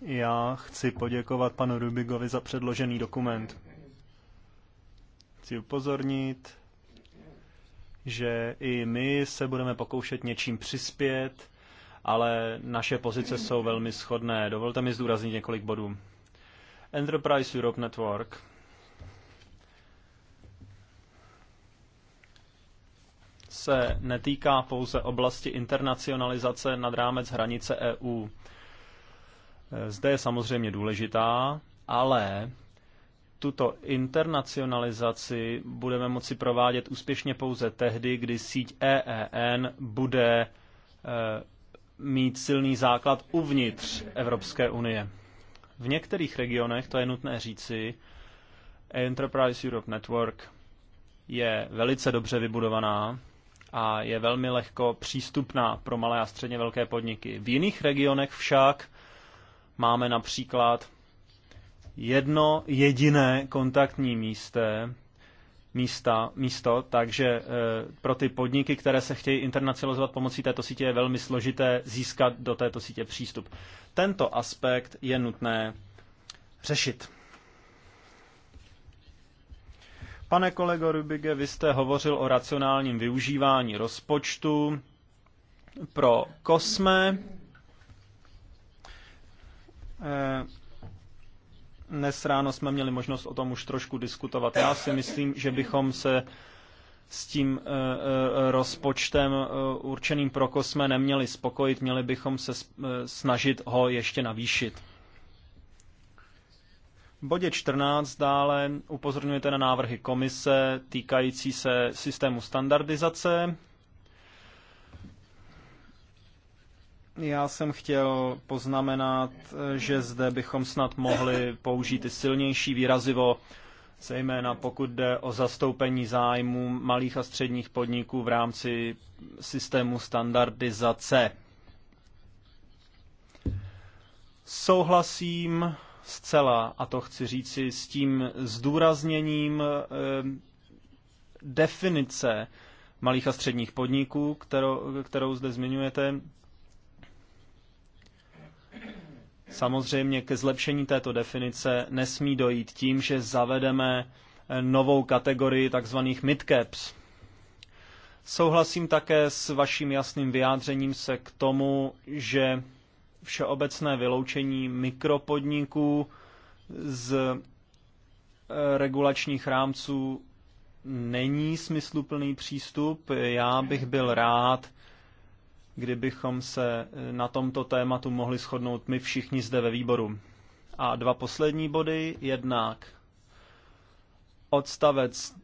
já chci poděkovat panu Rubigovi za předložený dokument. Chci upozornit, že i my se budeme pokoušet něčím přispět, ale naše pozice jsou velmi shodné. Dovolte mi zdůraznit několik bodů. Enterprise Europe Network. se netýká pouze oblasti internacionalizace nad rámec hranice EU. Eh, zde je samozřejmě důležitá, ale tuto internacionalizaci budeme moci provádět úspěšně pouze tehdy, kdy síť EEN bude eh, mít silný základ uvnitř Evropské unie. V některých regionech, to je nutné říci, Enterprise Europe Network je velice dobře vybudovaná a je velmi lehko přístupná pro malé a středně velké podniky. V jiných regionech však Máme například jedno jediné kontaktní místo, místa, místo takže eh, pro ty podniky, které se chtějí internacionalizovat pomocí této sítě, je velmi složité získat do této sítě přístup. Tento aspekt je nutné řešit. Pane kolego Rubige, vy jste hovořil o racionálním využívání rozpočtu pro kosme Eh, dnes ráno jsme měli možnost o tom už trošku diskutovat. Já si myslím, že bychom se s tím eh, eh, rozpočtem určeným pro kosme neměli spokojit, měli bychom se snažit ho ještě navýšit. V bodě 14 dále upozorňujete na návrhy komise týkající se systému standardizace. Já jsem chtěl poznamenat, že zde bychom snad mohli použít i silnější výrazivo, zejména pokud jde o zastoupení zájmů malých a středních podniků v rámci systému standardizace. Souhlasím zcela, a to chci říci s tím zdůrazněním eh, definice malých a středních podniků, kterou, kterou zde zmiňujete, Samozřejmě ke zlepšení této definice nesmí dojít tím, že zavedeme novou kategorii tzv. midcaps. Souhlasím také s vaším jasným vyjádřením se k tomu, že všeobecné vyloučení mikropodniků z eh, regulačních rámců není smysluplný přístup. Já bych byl rád, kdybychom se eh, na tomto tématu mohli shodnout my všichni zde ve výboru. A dva poslední body, jednak odstavec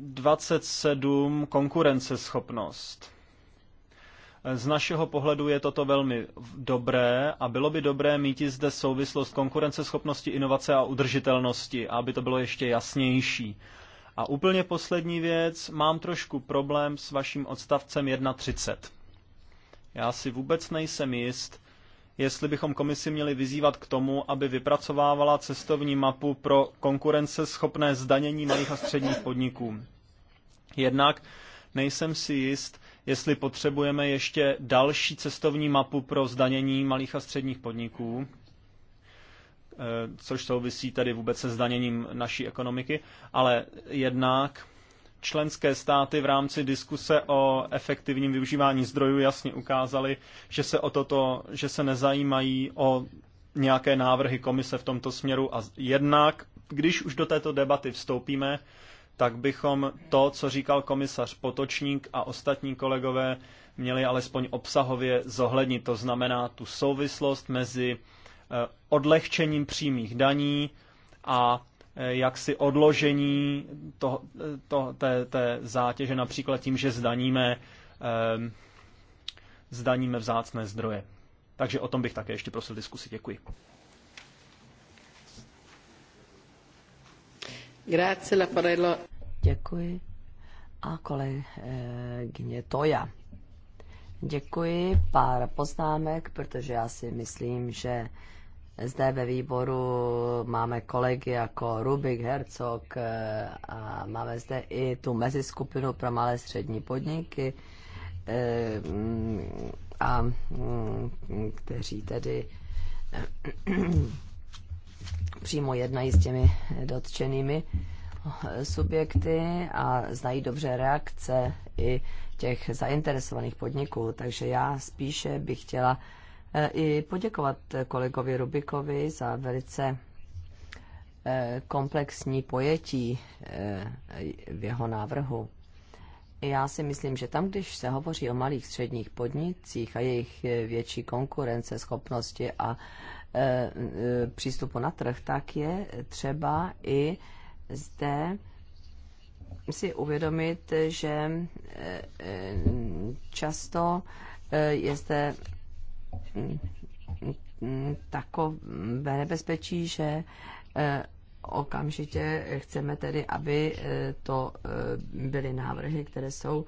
27 eh, konkurenceschopnost. Eh, z našeho pohledu je toto velmi dobré a bylo by dobré mít zde souvislost konkurenceschopnosti, inovace a udržitelnosti, aby to bylo ještě jasnější. A úplně poslední věc, mám trošku problém s vaším odstavcem 1.30. Já si vůbec nejsem jist, jestli bychom komisi měli vyzývat k tomu, aby vypracovávala cestovní mapu pro konkurenceschopné zdanění malých a středních podniků. Jednak nejsem si jist, jestli potřebujeme ještě další cestovní mapu pro zdanění malých a středních podniků, eh, což souvisí tedy vůbec se zdaněním naší ekonomiky, ale jednak členské státy v rámci diskuse o efektivním využívání zdrojů jasně ukázaly, že se o toto, že se nezajímají o nějaké návrhy komise v tomto směru a jednak, když už do této debaty vstoupíme, tak bychom to, co říkal komisař Potočník a ostatní kolegové, měli alespoň obsahově zohlednit. To znamená tu souvislost mezi eh, odlehčením přímých daní a Eh, jaksi odložení to, eh, to, té, té zátěže, například tím, že zdaníme, eh, zdaníme vzácné zdroje. Takže o tom bych také ještě prosil diskusi. Děkuji. Děkuji. A kolegyně Toja. Děkuji, pár poznámek, protože já si myslím, že zde ve výboru máme kolegy jako Rubik, Hercog eh, a máme zde i tu meziskupinu pro malé střední podniky, eh, a mm, kteří tedy eh, přímo jednají s těmi dotčenými subjekty a znají dobře reakce i těch zainteresovaných podniků. Takže já spíše bych chtěla i poděkovat kolegovi Rubikovi za velice eh, komplexní pojetí eh, v jeho návrhu. Já si myslím, že tam, když se hovoří o malých středních podnicích a jejich eh, větší konkurence, schopnosti a přístupu na trh, tak je třeba i zde si uvědomit, že často je zde takové nebezpečí, že eh, okamžitě chceme tedy, aby eh, to eh, byly návrhy, které jsou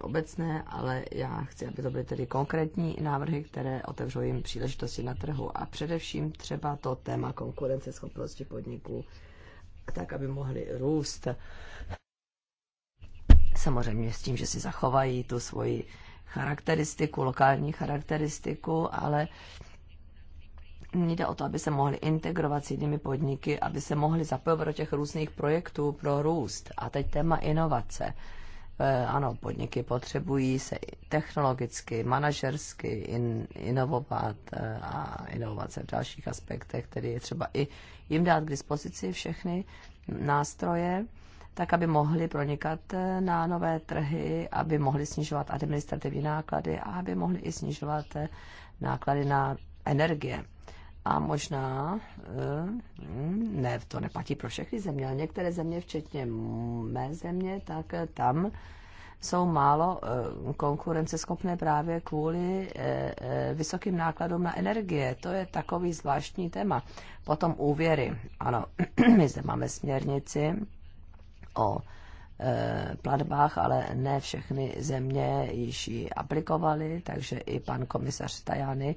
obecné, ale já chci, aby to byly tedy konkrétní návrhy, které otevřou jim příležitosti na trhu a především třeba to téma konkurenceschopnosti podniků, tak aby mohly růst samozřejmě s tím, že si zachovají tu svoji charakteristiku, lokální charakteristiku, ale jde o to, aby se mohli integrovat s jinými podniky, aby se mohli zapojovat do těch různých projektů pro růst. A teď téma inovace. Eh, ano, podniky potřebují se technologicky, manažersky in, inovovat eh, a inovace v dalších aspektech, tedy je třeba i jim dát k dispozici všechny nástroje, tak aby mohli pronikat eh, na nové trhy, aby mohli snižovat administrativní náklady a aby mohli i snižovat eh, náklady na energie. A možná, eh, ne, to neplatí pro všechny země, ale některé země, včetně mé země, tak tam jsou málo konkurenceschopné právě kvůli vysokým nákladům na energie. To je takový zvláštní téma. Potom úvěry. Ano, my zde máme směrnici o e, platbách, ale ne všechny země již ji aplikovaly, takže i pan komisař Tajany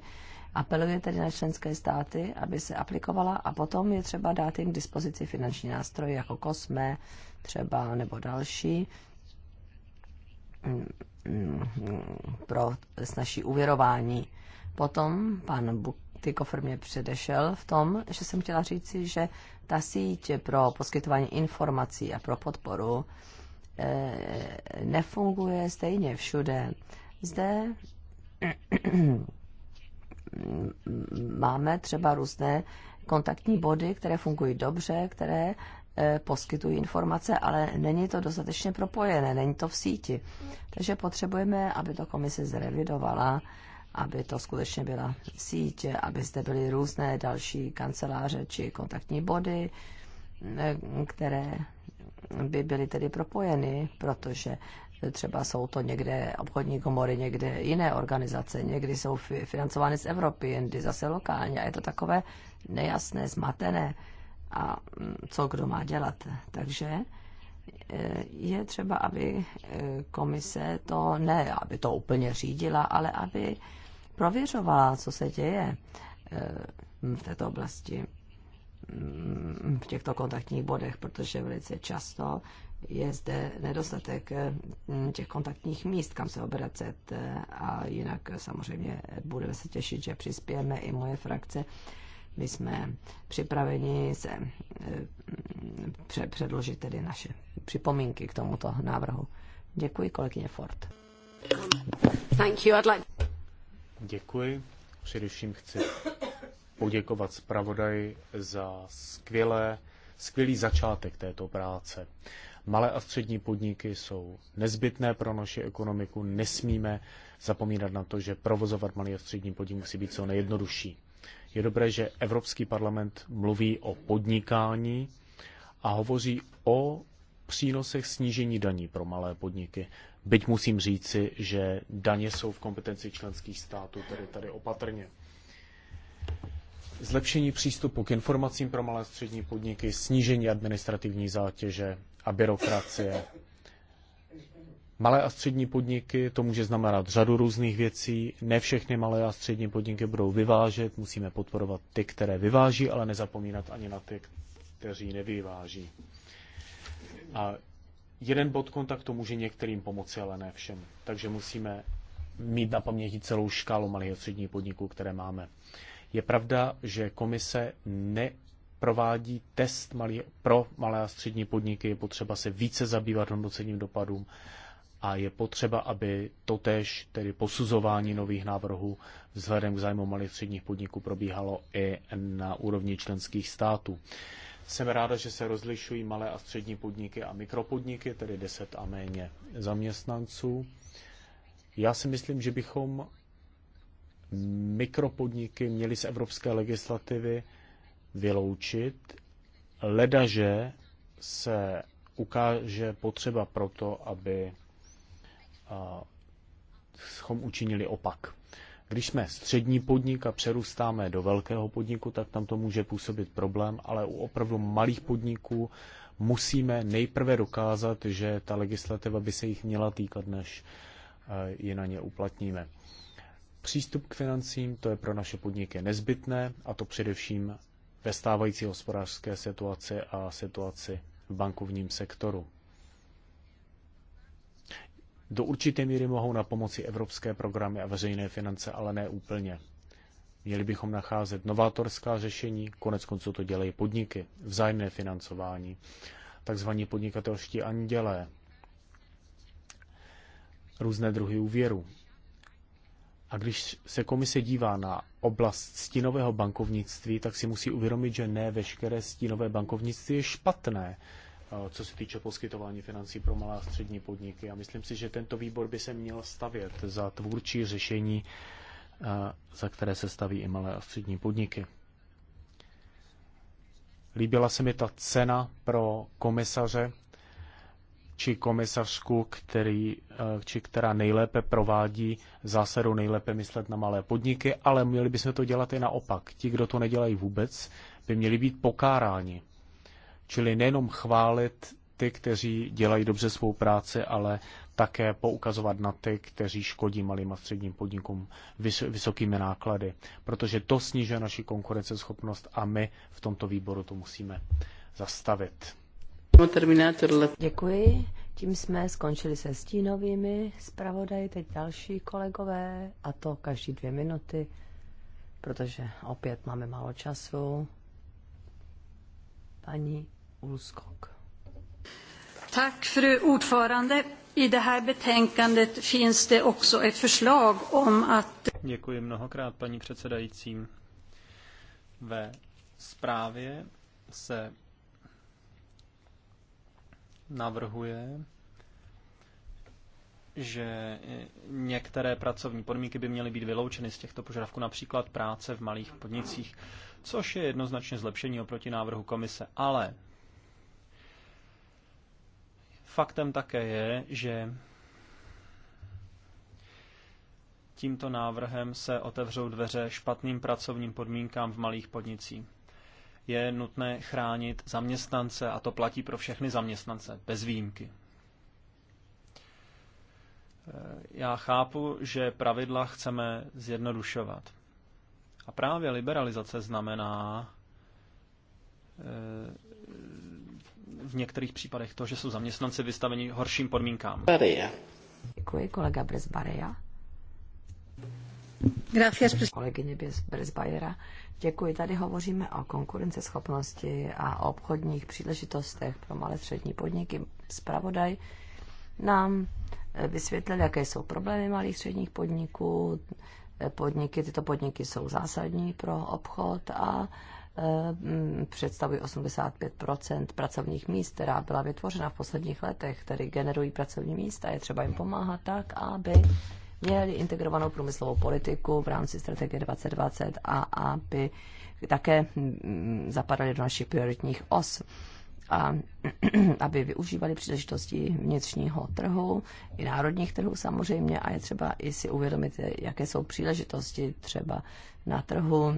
apeluje tedy na členské státy, aby se aplikovala a potom je třeba dát jim k dispozici finanční nástroj jako kosme třeba nebo další mm, mm, pro snažší uvěrování. Potom pan Butikofer mě předešel v tom, že jsem chtěla říci, že ta síť pro poskytování informací a pro podporu eh, nefunguje stejně všude. Zde máme třeba různé kontaktní body, které fungují dobře, které eh, poskytují informace, ale není to dostatečně propojené, není to v síti. Takže potřebujeme, aby to komise zrevidovala aby to skutečně byla síť, abyste byly různé další kanceláře či kontaktní body, které by byly tedy propojeny, protože třeba jsou to někde obchodní komory, někde jiné organizace, někdy jsou financovány z Evropy, jindy zase lokálně a je to takové nejasné, zmatené a co kdo má dělat. Takže eh, je třeba, aby eh, komise to ne, aby to úplně řídila, ale aby prověřovala, co se děje eh, v této oblasti, mm, v těchto kontaktních bodech, protože velice často je zde nedostatek eh, mm, těch kontaktních míst, kam se obracet eh, a jinak samozřejmě budeme se těšit, že přispějeme i moje frakce. My jsme připraveni se mm, předložit tedy naše připomínky k tomuto návrhu. Děkuji, kolegyně Ford. Thank you. I'd like... Děkuji. Především chci poděkovat zpravodaji za skvělé, skvělý začátek této práce. Malé a střední podniky jsou nezbytné pro naši ekonomiku. Nesmíme zapomínat na to, že provozovat malý a střední podnik musí být co nejjednodušší. Je dobré, že Evropský parlament mluví o podnikání a hovoří o přínosech snížení daní pro malé podniky. Byť musím říci, že daně jsou v kompetenci členských států, tedy tady opatrně. Zlepšení přístupu k informacím pro malé a střední podniky, snížení administrativní zátěže a byrokracie. Malé a střední podniky, to může znamenat řadu různých věcí. Ne všechny malé a střední podniky budou vyvážet, musíme podporovat ty, které vyváží, ale nezapomínat ani na ty, kteří nevyváží. A jeden bod kontaktu může některým pomoci, ale ne všem. Takže musíme mít na paměti celou škálu malých a středních podniků, které máme. Je pravda, že komise neprovádí test malý, pro malé a střední podniky, je potřeba se více zabývat hodnocením dopadům a je potřeba, aby totež, tedy posuzování nových návrhů vzhledem k zájmu malých a středních podniků probíhalo i na úrovni členských států. Jsem ráda, že se rozlišují malé a střední podniky a mikropodniky, tedy 10 a méně zaměstnanců. Já si myslím, že bychom mikropodniky měli z evropské legislativy vyloučit, ledaže se ukáže potřeba proto, aby schom učinili opak. Když jsme střední podnik a přerůstáme do velkého podniku, tak tam to může působit problém, ale u opravdu malých podniků musíme nejprve dokázat, že ta legislativa by se jich měla týkat, než eh, je na ně uplatníme. Přístup k financím, to je pro naše podniky nezbytné, a to především ve stávající hospodářské situaci a situaci v bankovním sektoru do určité míry mohou na pomoci evropské programy a veřejné finance, ale ne úplně. Měli bychom nacházet novátorská řešení, konec konců to dělají podniky, vzájemné financování, takzvaní podnikatelští andělé, různé druhy úvěru. A když se komise dívá na oblast stínového bankovnictví, tak si musí uvědomit, že ne veškeré stínové bankovnictví je špatné co se týče poskytování financí pro malé a střední podniky. A myslím si, že tento výbor by se měl stavět za tvůrčí řešení, eh, za které se staví i malé a střední podniky. Líbila se mi ta cena pro komisaře či komisařku, který, eh, či která nejlépe provádí zásadu nejlépe myslet na malé podniky, ale měli bychom to dělat i naopak. Ti, kdo to nedělají vůbec, by měli být pokáráni. Čili nejenom chválit ty, kteří dělají dobře svou práci, ale také poukazovat na ty, kteří škodí malým a středním podnikům vysokými náklady, protože to snižuje naši konkurenceschopnost a my v tomto výboru to musíme zastavit. Děkuji. Tím jsme skončili se stínovými zpravodaji, teď další kolegové, a to každý dvě minuty, protože opět máme málo času. Paní fru ordförande. I det här betänkandet finns det också ett förslag om att... Děkuji mnohokrát, paní předsedající. Ve zprávě se navrhuje, že některé pracovní podmínky by měly být vyloučeny z těchto požadavků, například práce v malých podnicích, což je jednoznačně zlepšení oproti návrhu komise. Ale Faktem také je, že tímto návrhem se otevřou dveře špatným pracovním podmínkám v malých podnicích. Je nutné chránit zaměstnance a to platí pro všechny zaměstnance, bez výjimky. Eh, já chápu, že pravidla chceme zjednodušovat. A právě liberalizace znamená eh, v některých případech to, že jsou zaměstnanci vystaveni horším podmínkám. Děkuji, kolega Bresbarea. kolegyně Bresbajera. Děkuji. Tady hovoříme o konkurenceschopnosti a o obchodních příležitostech pro malé střední podniky. Spravodaj nám eh, vysvětlil, jaké jsou problémy malých středních podniků. Eh, podniky, tyto podniky jsou zásadní pro obchod a představují 85 pracovních míst, která byla vytvořena v posledních letech, které generují pracovní místa. Je třeba jim pomáhat tak, aby měli integrovanou průmyslovou politiku v rámci strategie 2020 a aby také mm, zapadali do našich prioritních os a aby využívali příležitosti vnitřního trhu i národních trhů samozřejmě a je třeba i si uvědomit, jaké jsou příležitosti třeba na trhu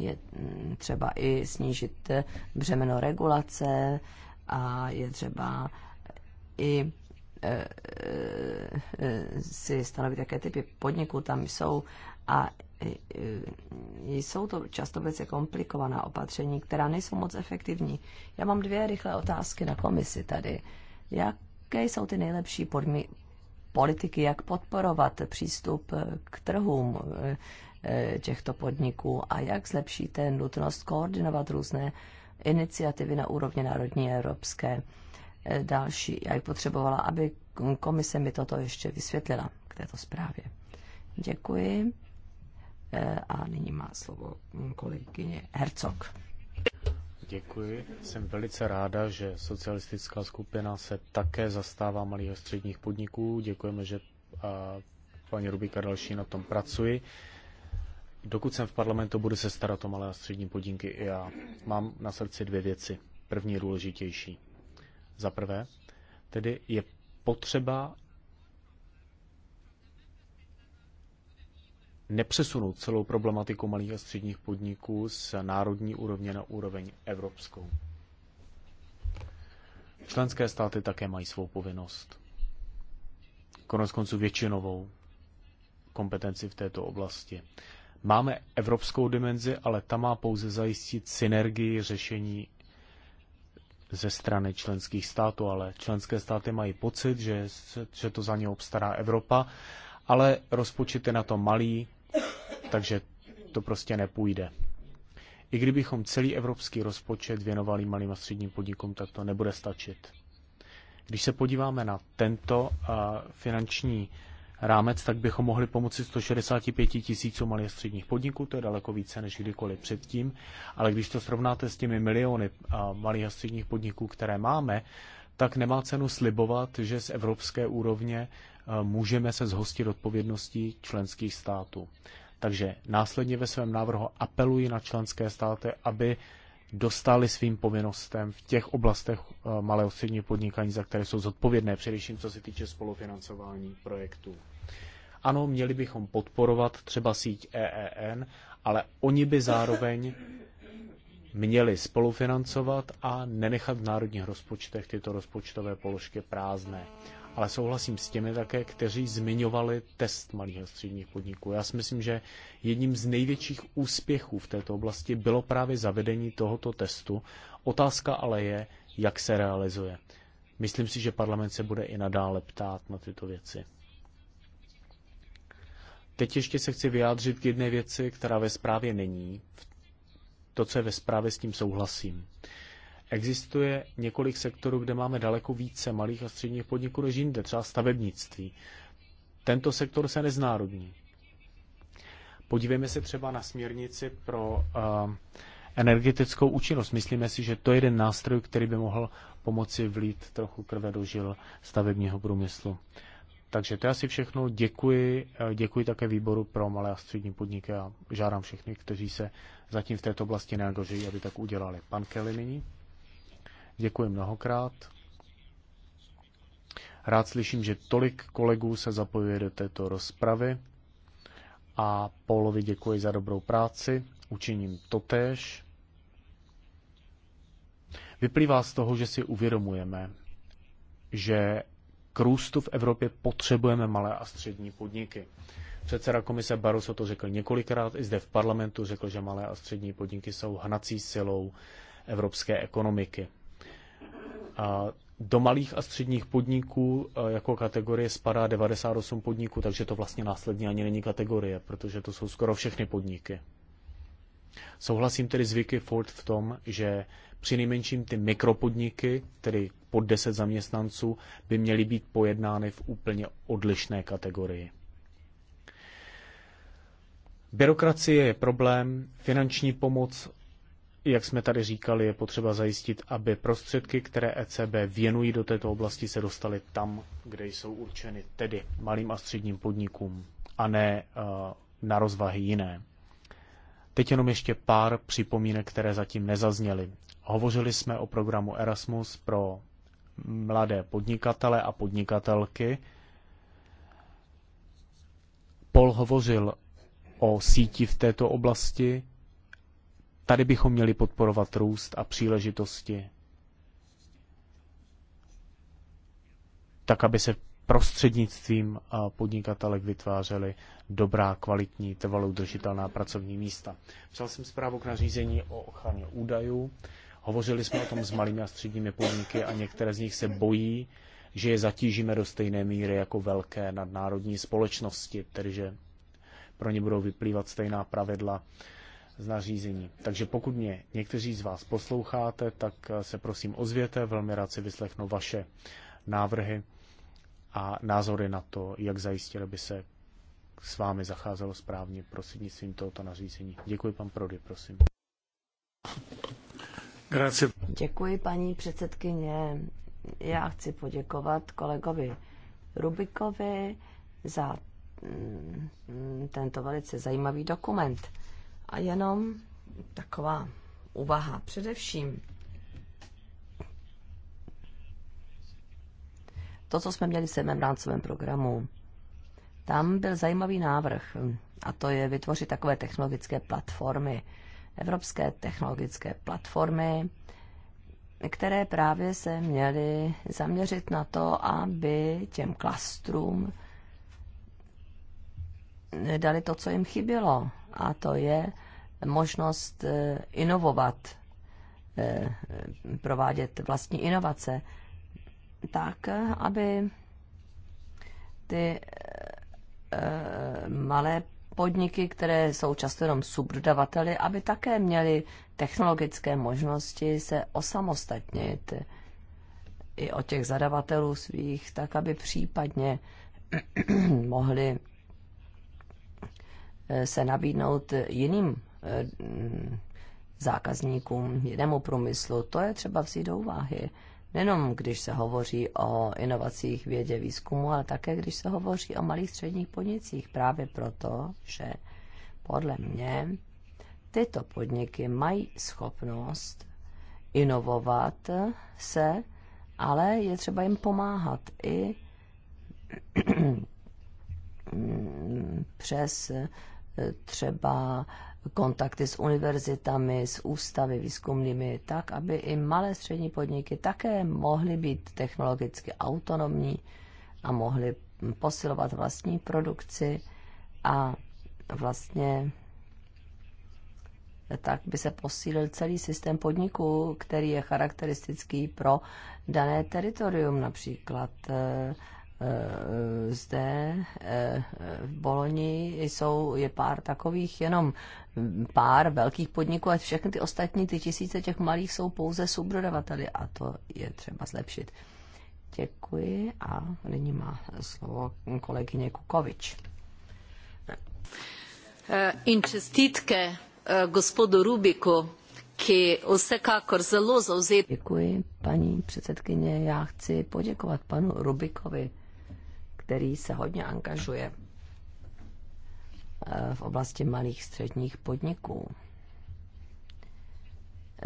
je mm, třeba i snížit břemeno regulace a je třeba i e, e, si stanovit, jaké typy podniků tam jsou a e, jsou to často velice komplikovaná opatření, která nejsou moc efektivní. Já mám dvě rychlé otázky na komisi tady. Jaké jsou ty nejlepší podmi- politiky, jak podporovat přístup k trhům, E, těchto podniků a jak zlepšíte nutnost koordinovat různé iniciativy na úrovni národní a evropské. E, další, já bych potřebovala, aby komise mi toto ještě vysvětlila k této zprávě. Děkuji. E, a nyní má slovo kolegyně Hercog. Děkuji. Jsem velice ráda, že socialistická skupina se také zastává malých a středních podniků. Děkujeme, že paní Rubika další na tom pracuji. Dokud jsem v parlamentu, budu se starat o malé a střední podniky i já. Mám na srdci dvě věci. První je důležitější. Za prvé, tedy je potřeba nepřesunout celou problematiku malých a středních podniků z národní úrovně na úroveň evropskou. Členské státy také mají svou povinnost. Konec konců většinovou kompetenci v této oblasti. Máme evropskou dimenzi, ale ta má pouze zajistit synergii řešení ze strany členských států, ale členské státy mají pocit, že, že to za ně obstará Evropa, ale rozpočet je na to malý, takže to prostě nepůjde. I kdybychom celý evropský rozpočet věnovali malým a středním podnikům, tak to nebude stačit. Když se podíváme na tento finanční rámec, tak bychom mohli pomoci 165 tisícům malých středních podniků, to je daleko více než kdykoliv předtím, ale když to srovnáte s těmi miliony malých a středních podniků, které máme, tak nemá cenu slibovat, že z evropské úrovně můžeme se zhostit odpovědností členských států. Takže následně ve svém návrhu apeluji na členské státy, aby dostali svým povinnostem v těch oblastech malého středního podnikání, za které jsou zodpovědné, především co se týče spolufinancování projektů. Ano, měli bychom podporovat třeba síť EEN, ale oni by zároveň měli spolufinancovat a nenechat v národních rozpočtech tyto rozpočtové položky prázdné. Ale souhlasím s těmi také, kteří zmiňovali test malých a středních podniků. Já si myslím, že jedním z největších úspěchů v této oblasti bylo právě zavedení tohoto testu. Otázka ale je, jak se realizuje. Myslím si, že parlament se bude i nadále ptát na tyto věci. Teď ještě se chci vyjádřit k jedné věci, která ve zprávě není. To, co je ve zprávě, s tím souhlasím. Existuje několik sektorů, kde máme daleko více malých a středních podniků než jinde, třeba stavebnictví. Tento sektor se neznárodní. Podívejme se třeba na směrnici pro uh, energetickou účinnost. Myslíme si, že to je jeden nástroj, který by mohl pomoci vlít trochu krve do žil stavebního průmyslu. Uh, takže to je asi všechno. Děkuji. Eh, děkuji také výboru pro malé a střední podniky a žádám všechny, kteří se zatím v této oblasti neangažují, aby tak udělali. Pan Kelly nyní. Děkuji mnohokrát. Rád slyším, že tolik kolegů se zapojuje do této rozpravy a Paulovi děkuji za dobrou práci. Učiním totéž. Vyplývá z toho, že si uvědomujeme, že k růstu v Evropě potřebujeme malé a střední podniky. Předseda komise Barroso to řekl několikrát, i zde v parlamentu řekl, že malé a střední podniky jsou hnací silou evropské ekonomiky. A do malých a středních podniků e, jako kategorie spadá 98 podniků, takže to vlastně následně ani není kategorie, protože to jsou skoro všechny podniky. Souhlasím tedy s Vicky Ford v tom, že při nejmenším ty mikropodniky, tedy pod 10 zaměstnanců by měly být pojednány v úplně odlišné kategorii. Byrokracie je problém, finanční pomoc, jak jsme tady říkali, je potřeba zajistit, aby prostředky, které ECB věnují do této oblasti, se dostaly tam, kde jsou určeny, tedy malým a středním podnikům, a ne eh, na rozvahy jiné. Teď jenom ještě pár připomínek, které zatím nezazněly. Hovořili jsme o programu Erasmus pro mladé podnikatele a podnikatelky. Pol hovořil o síti v této oblasti. Tady bychom měli podporovat růst a příležitosti, tak aby se prostřednictvím podnikatelek vytvářely dobrá, kvalitní, trvalou držitelná pracovní místa. Přijal jsem zprávu k nařízení o ochraně údajů. Hovořili jsme o tom s malými a středními podniky a některé z nich se bojí, že je zatížíme do stejné míry jako velké nadnárodní společnosti, tedy že pro ně budou vyplývat stejná pravidla z nařízení. Takže pokud mě někteří z vás posloucháte, tak se prosím ozvěte, velmi rád si vyslechnu vaše návrhy a názory na to, jak zajistili by se s vámi zacházelo správně prostřednictvím tohoto nařízení. Děkuji, pan Prody, prosím. Grazie. Děkuji, paní předsedkyně. Já chci poděkovat kolegovi Rubikovi za mm, tento velice zajímavý dokument. A jenom taková úvaha. Především to, co jsme měli v sedmém rámcovém programu, tam byl zajímavý návrh, a to je vytvořit takové technologické platformy, evropské technologické platformy, které právě se měly zaměřit na to, aby těm klastrům dali to, co jim chybělo, a to je možnost eh, inovovat, eh, provádět vlastní inovace, tak, aby ty eh, malé podniky, které jsou často jenom subdodavateli, aby také měly technologické možnosti se osamostatnit i od těch zadavatelů svých, tak aby případně mohli eh, se nabídnout jiným eh, zákazníkům, jinému průmyslu. To je třeba vzít do úvahy nejenom když se hovoří o inovacích vědě výzkumu, ale také když se hovoří o malých středních podnicích. Právě proto, že podle mě tyto podniky mají schopnost inovovat se, ale je třeba jim pomáhat i přes třeba kontakty s univerzitami, s ústavy výzkumnými, tak, aby i malé střední podniky také mohly být technologicky autonomní a mohly posilovat vlastní produkci a vlastně tak by se posílil celý systém podniků, který je charakteristický pro dané teritorium, například eh, Eh, zde eh, v Boloni jsou, je pár takových jenom hm, pár velkých podniků a všechny ty ostatní, ty tisíce těch malých jsou pouze subdodavateli a to je třeba zlepšit. Děkuji a nyní má slovo kolegyně Kukovič. Eh, in čestitke gospodu Rubiku, ki vsekakor zelo zauzet. Děkuji, paní předsedkyně. Já chci poděkovat panu Rubikovi který se hodně angažuje eh, v oblasti malých středních podniků.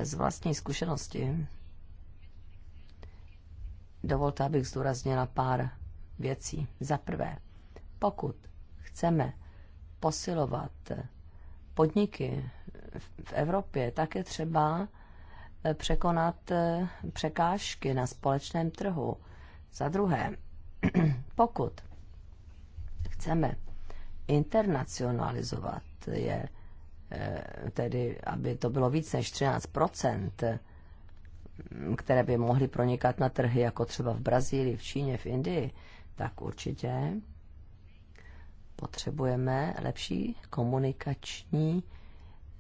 Z vlastní zkušenosti dovolte, abych zdůraznila pár věcí. Za prvé, pokud chceme posilovat podniky v Evropě, tak je třeba eh, překonat eh, překážky na společném trhu. Za druhé, Pokud chceme internacionalizovat je, eh, tedy aby to bylo víc než 13 mm, které by mohly pronikat na trhy, jako třeba v Brazílii, v Číně, v Indii, tak určitě potřebujeme lepší komunikační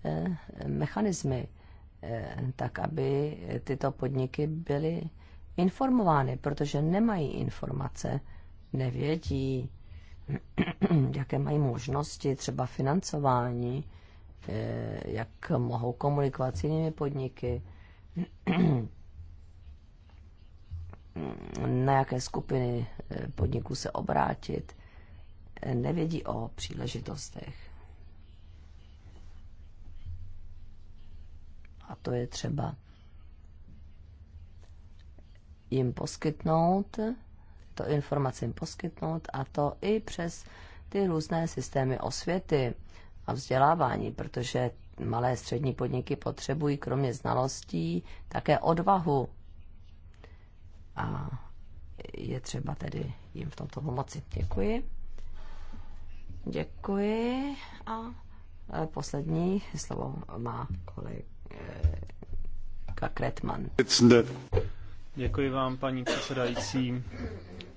eh, mechanismy, eh, tak aby tyto podniky byly informovány, protože nemají informace nevědí, jaké mají možnosti třeba financování, eh, jak mohou komunikovat s jinými podniky, na jaké skupiny eh, podniků se obrátit, eh, nevědí o příležitostech. A to je třeba jim poskytnout to informacím poskytnout a to i přes ty různé systémy osvěty a vzdělávání, protože malé střední podniky potřebují kromě znalostí také odvahu. A je třeba tedy jim v tomto pomoci. Děkuji. Děkuji. A e, poslední slovo má kolega Kretman. Děkuji vám, paní předsedající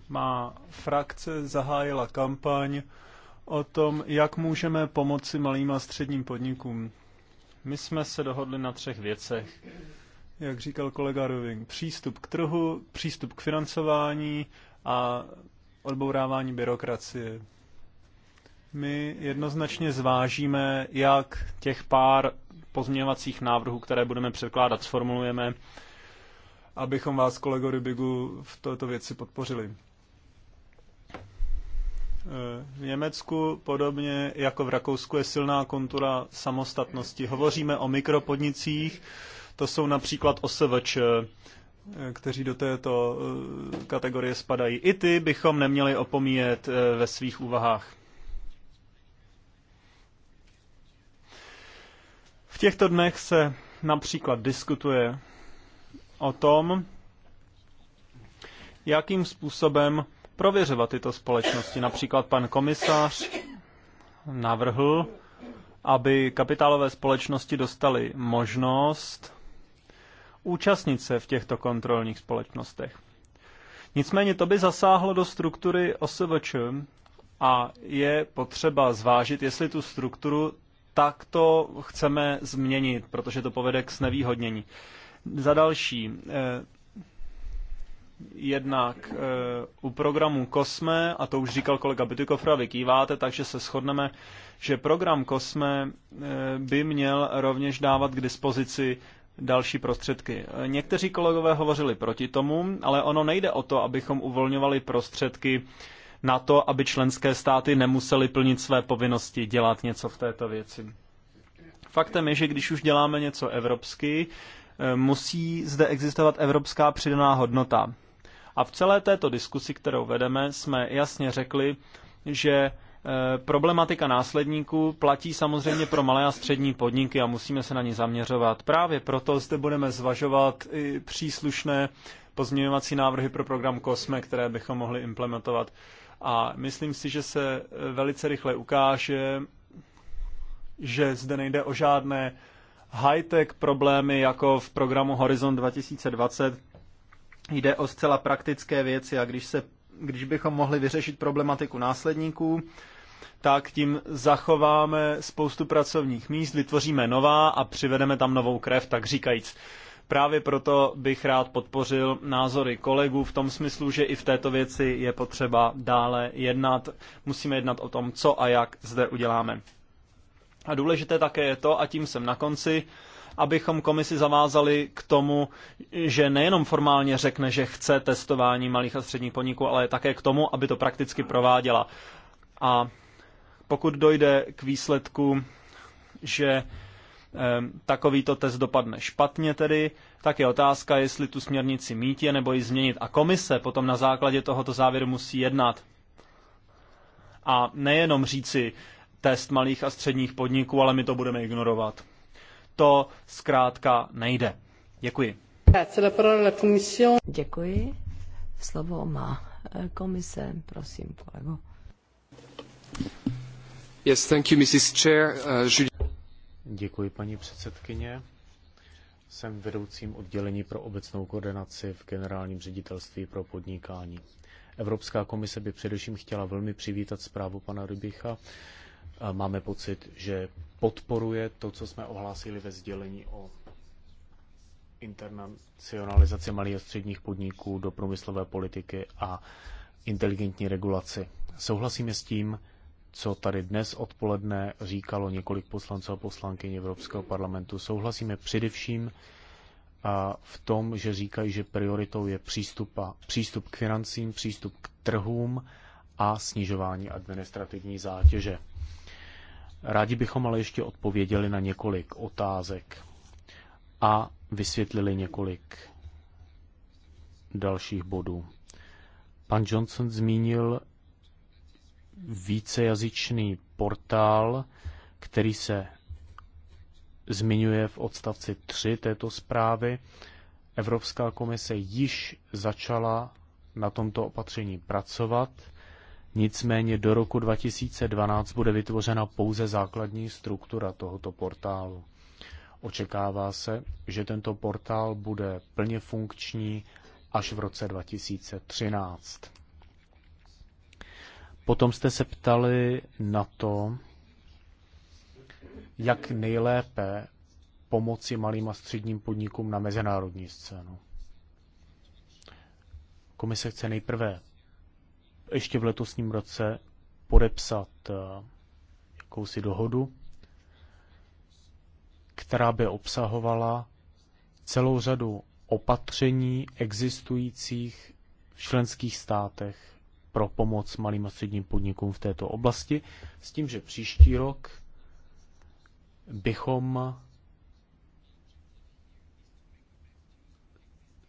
má frakce zahájila kampaň o tom, jak můžeme pomoci malým a středním podnikům. My jsme se dohodli na třech věcech. Jak říkal kolega Roving, přístup k trhu, přístup k financování a odbourávání byrokracie. My jednoznačně zvážíme, jak těch pár pozměňovacích návrhů, které budeme překládat, sformulujeme, abychom vás, kolego Rybigu, v této věci podpořili. V Německu, podobně jako v Rakousku, je silná kontura samostatnosti. Hovoříme o mikropodnicích, to jsou například OSVČ, eh, kteří do této eh, kategorie spadají. I ty bychom neměli opomíjet eh, ve svých úvahách. V těchto dnech se například diskutuje o tom, jakým způsobem prověřovat tyto společnosti. Například pan komisař navrhl, aby kapitálové společnosti dostaly možnost účastnit se v těchto kontrolních společnostech. Nicméně to by zasáhlo do struktury OSVČ a je potřeba zvážit, jestli tu strukturu takto chceme změnit, protože to povede k znevýhodnění. Za další, eh, jednak eh, u programu Kosme, a to už říkal kolega Bytykofra, vy kýváte, takže se shodneme, že program Kosme eh, by měl rovněž dávat k dispozici další prostředky. Eh, někteří kolegové hovořili proti tomu, ale ono nejde o to, abychom uvolňovali prostředky na to, aby členské státy nemusely plnit své povinnosti dělat něco v této věci. Faktem je, že když už děláme něco evropsky, musí zde existovat evropská přidaná hodnota. A v celé této diskusi, kterou vedeme, jsme jasně řekli, že e, problematika následníků platí samozřejmě pro malé a střední podniky a musíme se na ní zaměřovat. Právě proto zde budeme zvažovat i příslušné pozměňovací návrhy pro program COSME, které bychom mohli implementovat. A myslím si, že se e, velice rychle ukáže, že zde nejde o žádné high-tech problémy jako v programu Horizon 2020, Jde o zcela praktické věci a když, se, když bychom mohli vyřešit problematiku následníků, tak tím zachováme spoustu pracovních míst, vytvoříme nová a přivedeme tam novou krev, tak říkajíc. Právě proto bych rád podpořil názory kolegů v tom smyslu, že i v této věci je potřeba dále jednat. Musíme jednat o tom, co a jak zde uděláme. A důležité také je to, a tím jsem na konci, abychom komisi zavázali k tomu, že nejenom formálně řekne, že chce testování malých a středních podniků, ale také k tomu, aby to prakticky prováděla. A pokud dojde k výsledku, že takovýto test dopadne špatně tedy, tak je otázka, jestli tu směrnici je nebo ji změnit. A komise potom na základě tohoto závěru musí jednat. A nejenom říci test malých a středních podniků, ale my to budeme ignorovat to zkrátka nejde. Děkuji. Děkuji. Slovo má eh, komise, prosím, kolego. Yes, thank you, Mrs. Chair. Uh, Děkuji, paní předsedkyně. Jsem vedoucím oddělení pro obecnou koordinaci v Generálním ředitelství pro podnikání. Evropská komise by především chtěla velmi přivítat zprávu pana Rybicha. Eh, Máme pocit, že podporuje to, co jsme ohlásili ve sdělení o internacionalizaci malých a středních podniků do průmyslové politiky a inteligentní regulaci. Souhlasíme s tím, co tady dnes odpoledne říkalo několik poslanců a poslankyň Evropského parlamentu. Souhlasíme především v tom, že říkají, že prioritou je přístupa, přístup k financím, přístup k trhům a snižování administrativní zátěže. Rádi bychom ale ještě odpověděli na několik otázek a vysvětlili několik dalších bodů. Pan Johnson zmínil vícejazyčný portál, který se zmiňuje v odstavci 3 této zprávy. Evropská komise již začala na tomto opatření pracovat Nicméně do roku 2012 bude vytvořena pouze základní struktura tohoto portálu. Očekává se, že tento portál bude plně funkční až v roce 2013. Potom jste se ptali na to, jak nejlépe pomoci malým a středním podnikům na mezinárodní scénu. Komise chce nejprve ještě v letosním roce podepsat eh, jakousi dohodu, která by obsahovala celou řadu opatření existujících v členských státech pro pomoc malým a středním podnikům v této oblasti, s tím, že příští rok bychom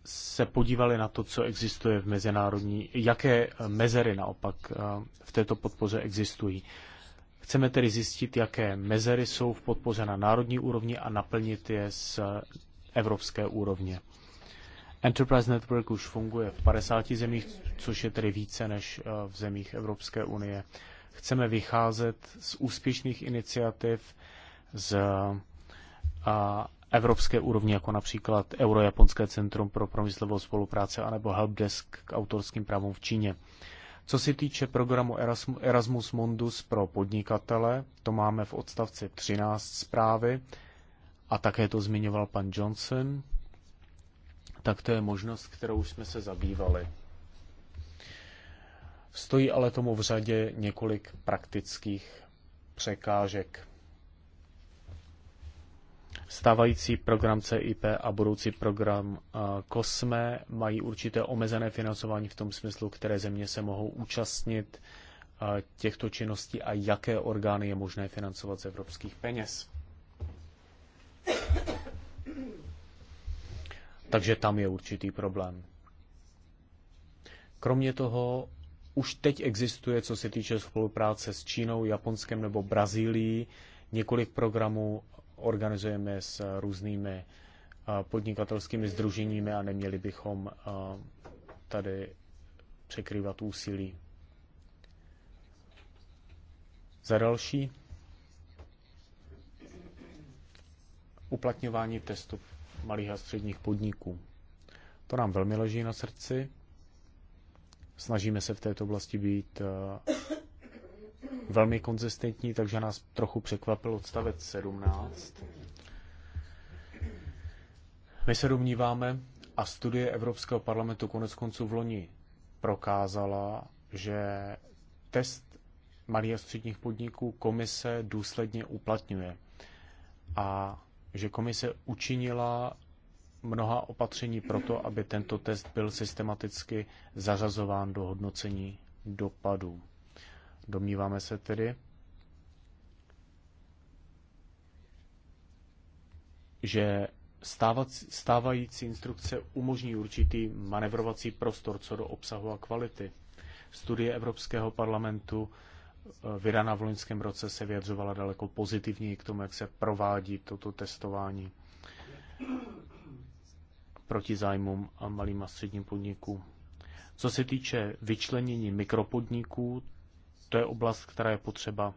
se podívali na to, co existuje v mezinárodní, jaké mezery naopak eh, v této podpoře existují. Chceme tedy zjistit, jaké mezery jsou v podpoře na národní úrovni a naplnit je z evropské úrovně. Enterprise Network už funguje v 50 zemích, což je tedy více než eh, v zemích Evropské unie. Chceme vycházet z úspěšných iniciativ, z a, eh, evropské úrovni, jako například Eurojaponské centrum pro promyslovou spolupráci anebo helpdesk k autorským právům v Číně. Co se týče programu Erasmus Mundus pro podnikatele, to máme v odstavci 13 zprávy a také to zmiňoval pan Johnson, tak to je možnost, kterou jsme se zabývali. Stojí ale tomu v řadě několik praktických překážek. Stávající program CIP a budoucí program COSME mají určité omezené financování v tom smyslu, které země se mohou účastnit těchto činností a jaké orgány je možné financovat z evropských peněz. Takže tam je určitý problém. Kromě toho už teď existuje, co se týče spolupráce s Čínou, Japonskem nebo Brazílií, několik programů organizujeme s různými eh, podnikatelskými združeními a neměli bychom eh, tady překrývat úsilí. Za další, uplatňování testu malých a středních podniků. To nám velmi leží na srdci. Snažíme se v této oblasti být eh, velmi konzistentní, takže nás trochu překvapil odstavec 17. My se domníváme, a studie Evropského parlamentu konec konců v loni prokázala, že test malých a středních podniků komise důsledně uplatňuje a že komise učinila mnoha opatření pro to, aby tento test byl systematicky zařazován do hodnocení dopadů. Domníváme se tedy, že stávající instrukce umožní určitý manevrovací prostor co do obsahu a kvality. Studie Evropského parlamentu eh, vydaná v loňském roce se vyjadřovala daleko pozitivněji k tomu, jak se provádí toto testování proti zájmům a malým a středním podnikům. Co se týče vyčlenění mikropodniků, to je oblast, která je potřeba,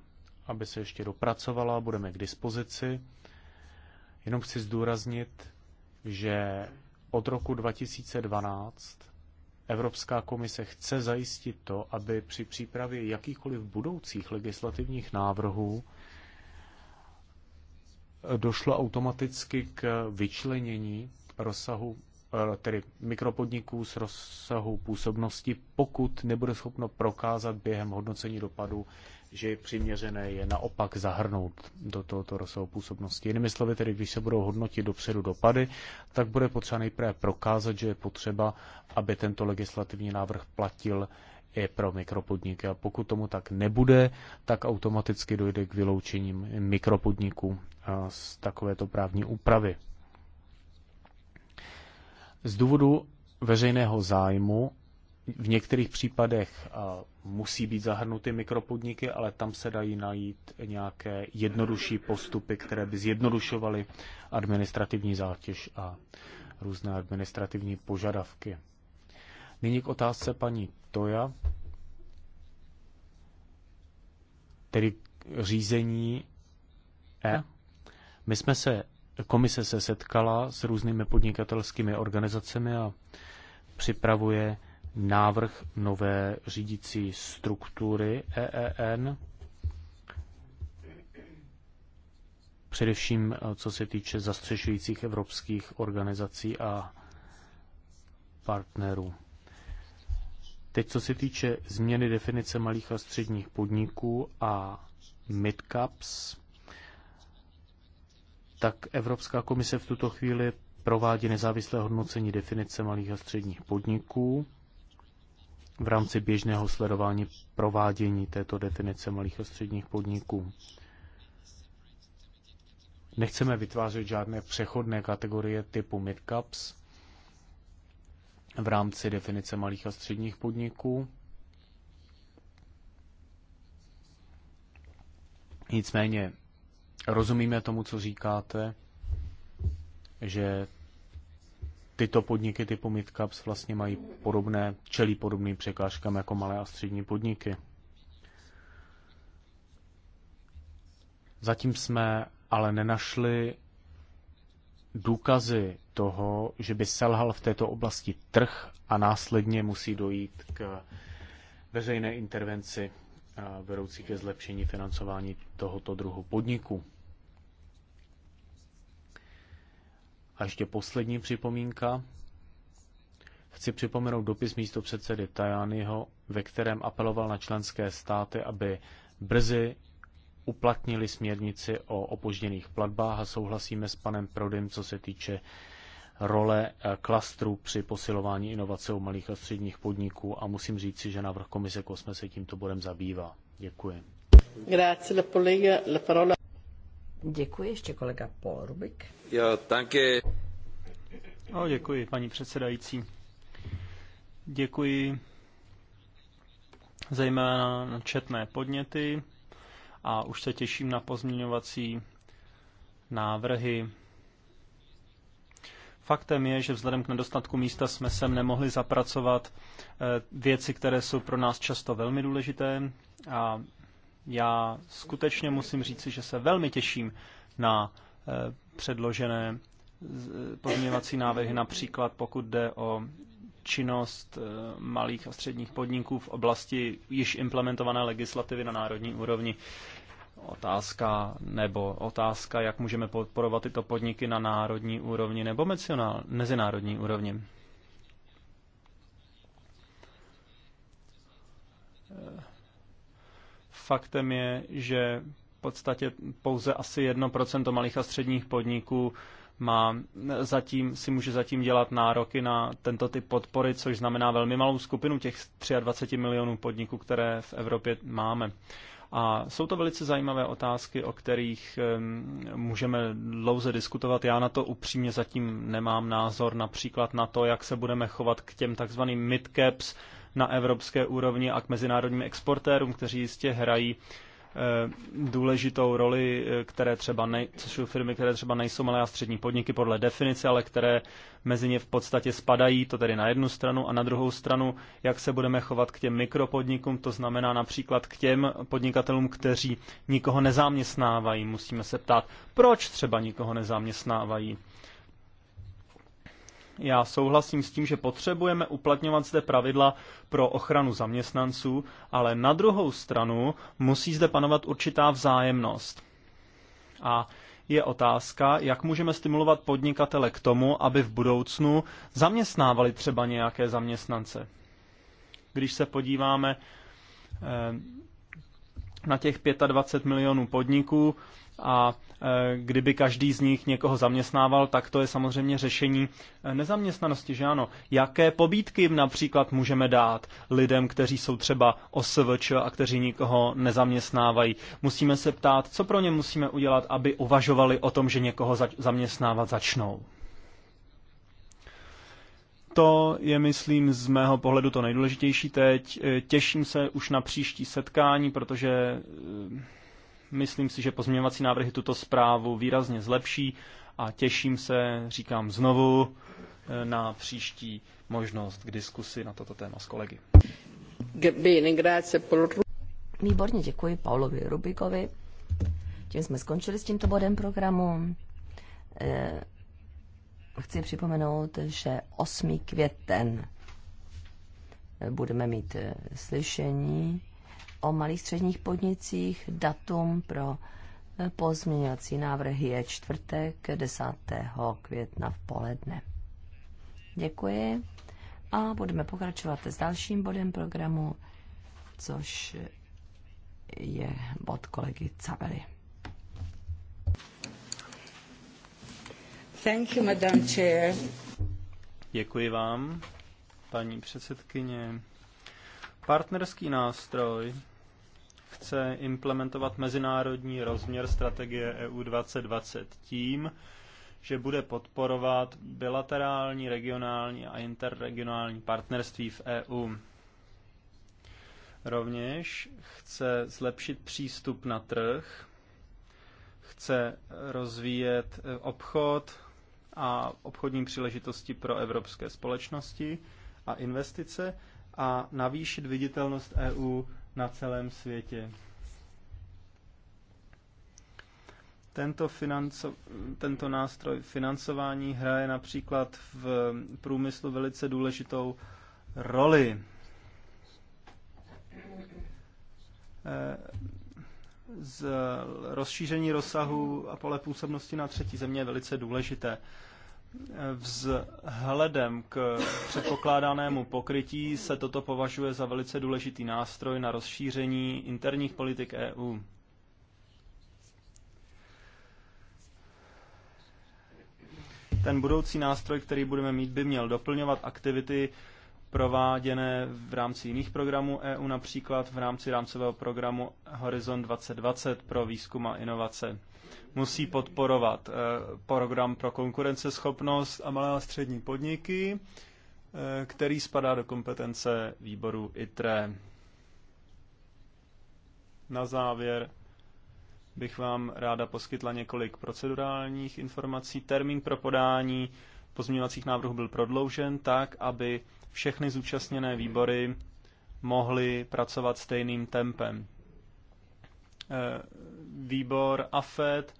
aby se ještě dopracovala, budeme k dispozici. Jenom chci zdůraznit, že od roku 2012 Evropská komise chce zajistit to, aby při přípravě jakýchkoliv budoucích legislativních návrhů došlo automaticky k vyčlenění rozsahu Eh, tedy mikropodniků s rozsahu působnosti, pokud nebude schopno prokázat během hodnocení dopadu, že je přiměřené je naopak zahrnout do tohoto rozsahu působnosti. Jinými slovy, tedy když se budou hodnotit dopředu dopady, tak bude potřeba nejprve prokázat, že je potřeba, aby tento legislativní návrh platil i pro mikropodniky. A pokud tomu tak nebude, tak automaticky dojde k vyloučení mikropodniků eh, z takovéto právní úpravy. Z důvodu veřejného zájmu v některých případech musí být zahrnuty mikropodniky, ale tam se dají najít nějaké jednodušší postupy, které by zjednodušovaly administrativní zátěž a různé administrativní požadavky. Nyní k otázce paní Toja, tedy řízení E. My jsme se Komise se setkala s různými podnikatelskými organizacemi a připravuje návrh nové řídící struktury EEN, především eh, co se týče zastřešujících evropských organizací a partnerů. Teď co se týče změny definice malých a středních podniků a midcaps, tak Evropská komise v tuto chvíli provádí nezávislé hodnocení definice malých a středních podniků v rámci běžného sledování provádění této definice malých a středních podniků. Nechceme vytvářet žádné přechodné kategorie typu midcaps v rámci definice malých a středních podniků. Nicméně Rozumíme tomu, co říkáte, že tyto podniky typu midcaps vlastně mají podobné, čelí podobným překážkám jako malé a střední podniky. Zatím jsme ale nenašli důkazy toho, že by selhal v této oblasti trh a následně musí dojít k veřejné intervenci vedoucí ke zlepšení financování tohoto druhu podniku. A ještě poslední připomínka. Chci připomenout dopis místo předsedy Tajányho, ve kterém apeloval na členské státy, aby brzy uplatnili směrnici o opožděných platbách a souhlasíme s panem Prodym, co se týče role eh, klastru při posilování inovace u malých a středních podniků a musím říci, že návrh komise Kosme se tímto bodem zabývá. Děkuji. Děkuji ještě kolega Paul Rubik. Já taky. No, děkuji, paní předsedající. Děkuji zejména na četné podněty a už se těším na pozměňovací návrhy. Faktem je, že vzhledem k nedostatku místa jsme sem nemohli zapracovat eh, věci, které jsou pro nás často velmi důležité a já skutečně musím říci, že se velmi těším na eh, předložené eh, pozměňovací návrhy, například pokud jde o činnost eh, malých a středních podniků v oblasti již implementované legislativy na národní úrovni. Otázka nebo otázka, jak můžeme podporovat tyto podniky na národní úrovni nebo mezinárodní úrovni. Faktem je, že v podstatě pouze asi 1% malých a středních podniků má zatím, si může zatím dělat nároky na tento typ podpory, což znamená velmi malou skupinu těch 23 milionů podniků, které v Evropě máme. A jsou to velice zajímavé otázky, o kterých můžeme dlouze diskutovat. Já na to upřímně zatím nemám názor, například na to, jak se budeme chovat k těm takzvaným midcaps, na evropské úrovni a k mezinárodním exportérům, kteří jistě hrají eh, důležitou roli, eh, které třeba ne, což jsou firmy, které třeba nejsou malé a střední podniky podle definice, ale které mezi ně v podstatě spadají, to tedy na jednu stranu a na druhou stranu, jak se budeme chovat k těm mikropodnikům, to znamená například k těm podnikatelům, kteří nikoho nezaměstnávají. Musíme se ptát, proč třeba nikoho nezaměstnávají. Já souhlasím s tím, že potřebujeme uplatňovat zde pravidla pro ochranu zaměstnanců, ale na druhou stranu musí zde panovat určitá vzájemnost. A je otázka, jak můžeme stimulovat podnikatele k tomu, aby v budoucnu zaměstnávali třeba nějaké zaměstnance. Když se podíváme eh, na těch 25 milionů podniků, a e, kdyby každý z nich někoho zaměstnával, tak to je samozřejmě řešení e, nezaměstnanosti, že ano. Jaké pobídky jim například můžeme dát lidem, kteří jsou třeba OSVČ a kteří nikoho nezaměstnávají? Musíme se ptát, co pro ně musíme udělat, aby uvažovali o tom, že někoho zač- zaměstnávat začnou. To je, myslím, z mého pohledu to nejdůležitější teď. E, těším se už na příští setkání, protože Myslím si, že pozměňovací návrhy tuto zprávu výrazně zlepší a těším se, říkám znovu, eh, na příští možnost k diskusi na toto téma s kolegy. Výborně děkuji Paulovi Rubikovi. Tím jsme skončili s tímto bodem programu. Eh, chci připomenout, že 8. květen budeme mít eh, slyšení o malých středních podnicích. Datum pro eh, pozměňovací návrhy je čtvrtek 10. května v poledne. Děkuji a budeme pokračovat s dalším bodem programu, což je bod kolegy Cabely. Thank you, Madam Chair. Děkuji vám, paní předsedkyně. Partnerský nástroj chce implementovat mezinárodní rozměr strategie EU 2020 tím, že bude podporovat bilaterální, regionální a interregionální partnerství v EU. Rovněž chce zlepšit přístup na trh, chce rozvíjet e, obchod a obchodní příležitosti pro evropské společnosti a investice a navýšit viditelnost EU na celém světě. Tento, financo, tento nástroj financování hraje například v průmyslu velice důležitou roli. Eh, z rozšíření rozsahu a pole působnosti na třetí země je velice důležité. Vzhledem k předpokládanému pokrytí se toto považuje za velice důležitý nástroj na rozšíření interních politik EU. Ten budoucí nástroj, který budeme mít, by měl doplňovat aktivity prováděné v rámci jiných programů EU, například v rámci rámcového programu Horizon 2020 pro výzkum a inovace. Musí podporovat eh, program pro konkurenceschopnost a malé a střední podniky, eh, který spadá do kompetence výboru ITRE. Na závěr bych vám ráda poskytla několik procedurálních informací. Termín pro podání pozměňovacích návrhů byl prodloužen tak, aby všechny zúčastněné výbory mohly pracovat stejným tempem. Eh, výbor AFED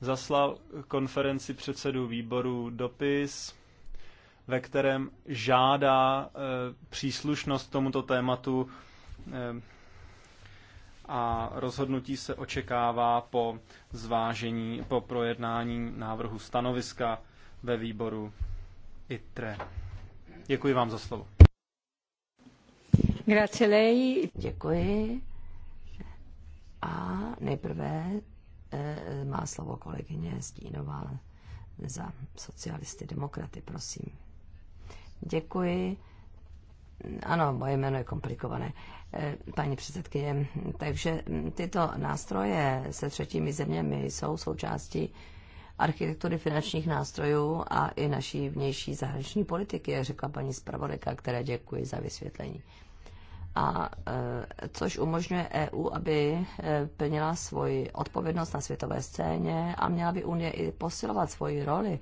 zaslal konferenci předsedů výboru dopis, ve kterém žádá eh, příslušnost tomuto tématu eh, a rozhodnutí se očekává po zvážení, po projednání návrhu stanoviska ve výboru ITRE. Děkuji vám za slovo. Grazie Děkuji. A nejprve eh, má slovo kolegyně Stínová za socialisty demokraty, prosím. Děkuji. Ano, moje jméno je komplikované, eh, paní předsedkyně. Takže mm, tyto nástroje se třetími zeměmi jsou součástí architektury finančních nástrojů a i naší vnější zahraniční politiky, jak řekla paní zpravodajka, které děkuji za vysvětlení. A e, což umožňuje EU, aby e, plnila svoji odpovědnost na světové scéně a měla by Unie i posilovat svoji roli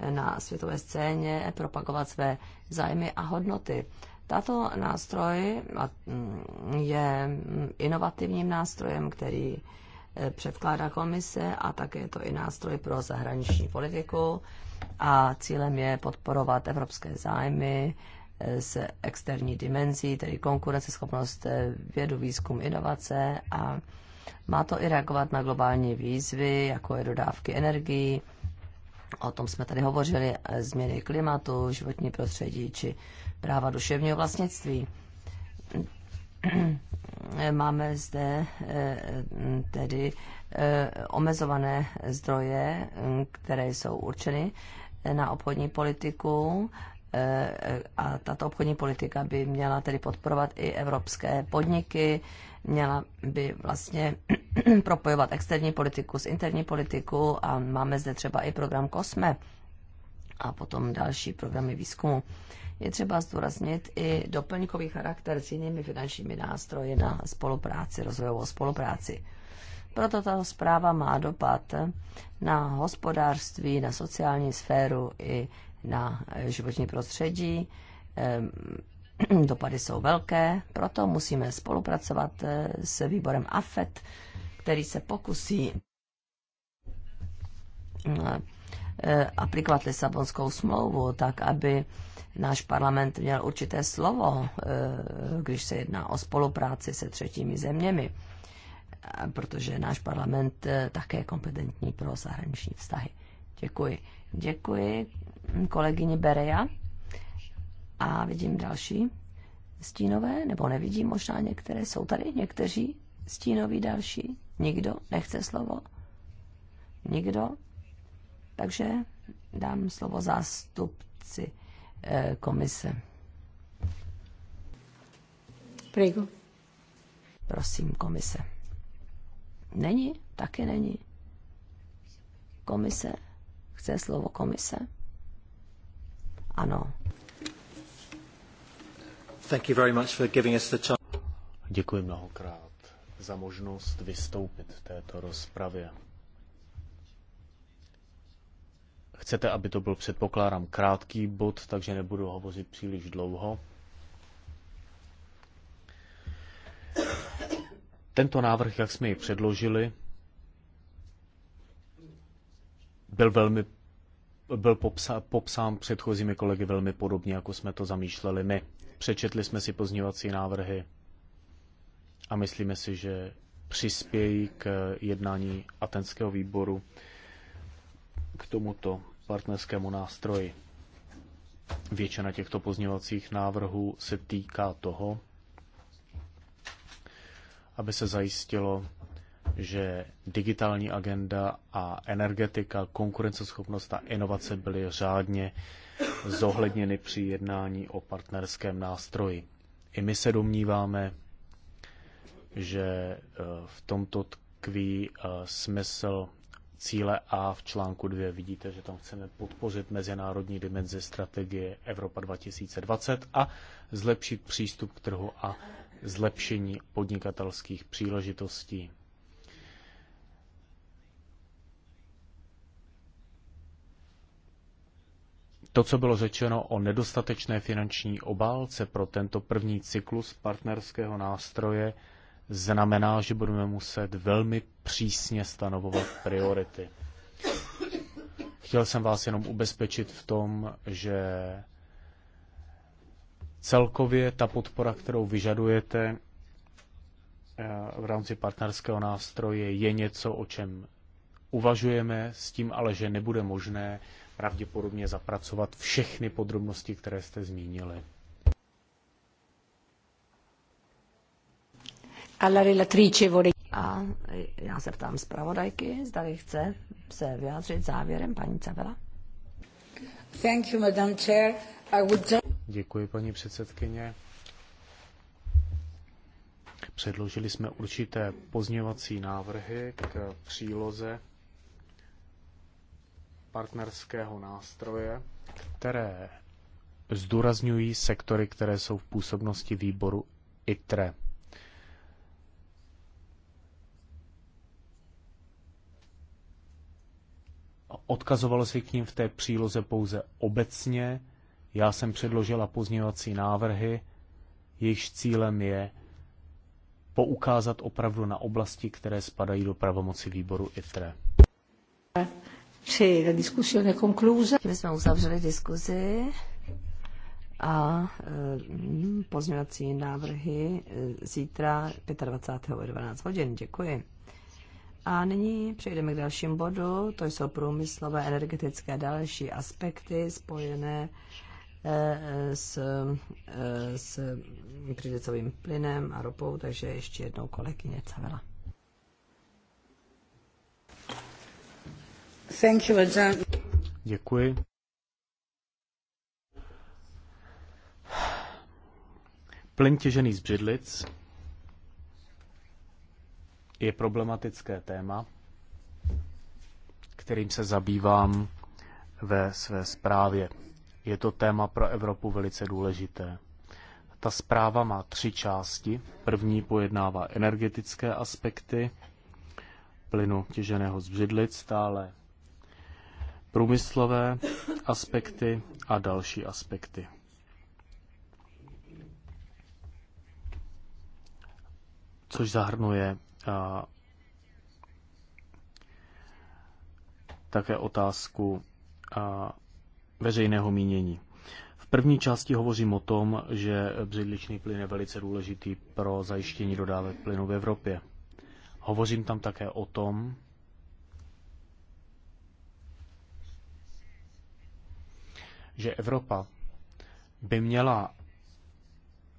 e, na světové scéně, propagovat své zájmy a hodnoty. Tato nástroj je inovativním nástrojem, který předkládá komise a také je to i nástroj pro zahraniční politiku a cílem je podporovat evropské zájmy s eh, externí dimenzí, tedy konkurenceschopnost eh, vědu, výzkum, inovace a má to i reagovat na globální výzvy, jako je dodávky energií, o tom jsme tady hovořili, eh, změny klimatu, životní prostředí či práva duševního vlastnictví. Eh, máme zde eh, tedy eh, omezované zdroje, které jsou určeny na obchodní politiku a tato obchodní politika by měla tedy podporovat i evropské podniky, měla by vlastně propojovat externí politiku s interní politikou a máme zde třeba i program COSME a potom další programy výzkumu. Je třeba zdůraznit i doplňkový charakter s jinými finančními nástroji na spolupráci, rozvojovou spolupráci. Proto tato zpráva má dopad na hospodářství, na sociální sféru i na životní prostředí. Ehm, dopady jsou velké, proto musíme spolupracovat eh, s výborem AFET, který se pokusí eh, eh, aplikovat Lisabonskou smlouvu tak, aby náš parlament měl určité slovo, eh, když se jedná o spolupráci se třetími zeměmi, protože náš parlament eh, také je kompetentní pro zahraniční vztahy. Děkuji. Děkuji kolegyni Bereja. A vidím další stínové, nebo nevidím možná některé. Jsou tady někteří stínoví další? Nikdo nechce slovo? Nikdo? Takže dám slovo zástupci Eh, komise. Prigo. Prosím, komise. Není? Taky není. Komise? Chce slovo komise? Ano. Thank you very much for giving us the time. Děkuji mnohokrát za možnost vystoupit v této rozpravě. Chcete, aby to byl, předpokládám, krátký bod, takže nebudu hovořit příliš dlouho. Tento návrh, jak jsme ji předložili, byl velmi byl popsa, popsán předchozími kolegy velmi podobně, jako jsme to zamýšleli my. Přečetli jsme si pozněvací návrhy a myslíme si, že přispějí k jednání Atenského výboru k tomuto partnerskému nástroji. Většina těchto pozněvacích návrhů se týká toho, aby se zajistilo, že digitální agenda a energetika, konkurenceschopnost a inovace byly řádně zohledněny při jednání o partnerském nástroji. I my se domníváme, že eh, v tomto tkví eh, smysl cíle A v článku 2 vidíte, že tam chceme podpořit mezinárodní dimenzi strategie Evropa 2020 a zlepšit přístup k trhu a zlepšení podnikatelských příležitostí. To, co bylo řečeno o nedostatečné finanční obálce pro tento první cyklus partnerského nástroje, znamená, že budeme muset velmi přísně stanovovat priority. Chtěl jsem vás jenom ubezpečit v tom, že celkově ta podpora, kterou vyžadujete eh, v rámci partnerského nástroje, je něco, o čem uvažujeme, s tím ale, že nebude možné pravděpodobně zapracovat všechny podrobnosti, které jste zmínili. A já se ptám zpravodajky, zda chce se vyjádřit závěrem paní Cavela. Thank you, Madam Chair. I would... Děkuji, paní předsedkyně. Předložili jsme určité pozněvací návrhy k příloze partnerského nástroje, které zdůrazňují sektory, které jsou v působnosti výboru ITRE. Odkazovalo se k ním v té příloze pouze obecně. Já jsem předložila pozměňovací návrhy, jejichž cílem je poukázat opravdu na oblasti, které spadají do pravomoci výboru ITRE. Tím jsme uzavřeli diskuzi a mm, pozměňovací návrhy e, zítra 25. 12 hodin. Děkuji. A nyní přejdeme k dalším bodu, to jsou průmyslové, energetické a další aspekty spojené eh, eh, s, eh, s břidlicovým plynem a ropou, takže ještě jednou kolegyně Cavela. Thank you, Děkuji. Plyn těžený z břidlic je problematické téma, kterým se zabývám ve své zprávě. Je to téma pro Evropu velice důležité. Ta zpráva má tři části. První pojednává energetické aspekty plynu těženého z břidlic, stále průmyslové aspekty a další aspekty. Což zahrnuje a také otázku a veřejného mínění. V první části hovořím o tom, že břidličný plyn je velice důležitý pro zajištění dodávek plynu v Evropě. Hovořím tam také o tom, že Evropa by měla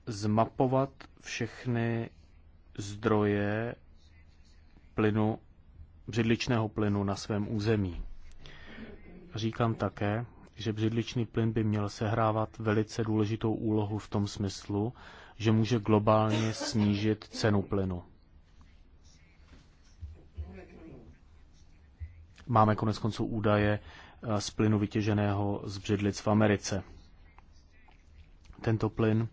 zmapovat všechny zdroje plynu, břidličného plynu na svém území. Říkám také, že břidličný plyn by měl sehrávat velice důležitou úlohu v tom smyslu, že může globálně snížit cenu plynu. Máme konec konců údaje eh, z plynu vytěženého z břidlic v Americe. Tento plyn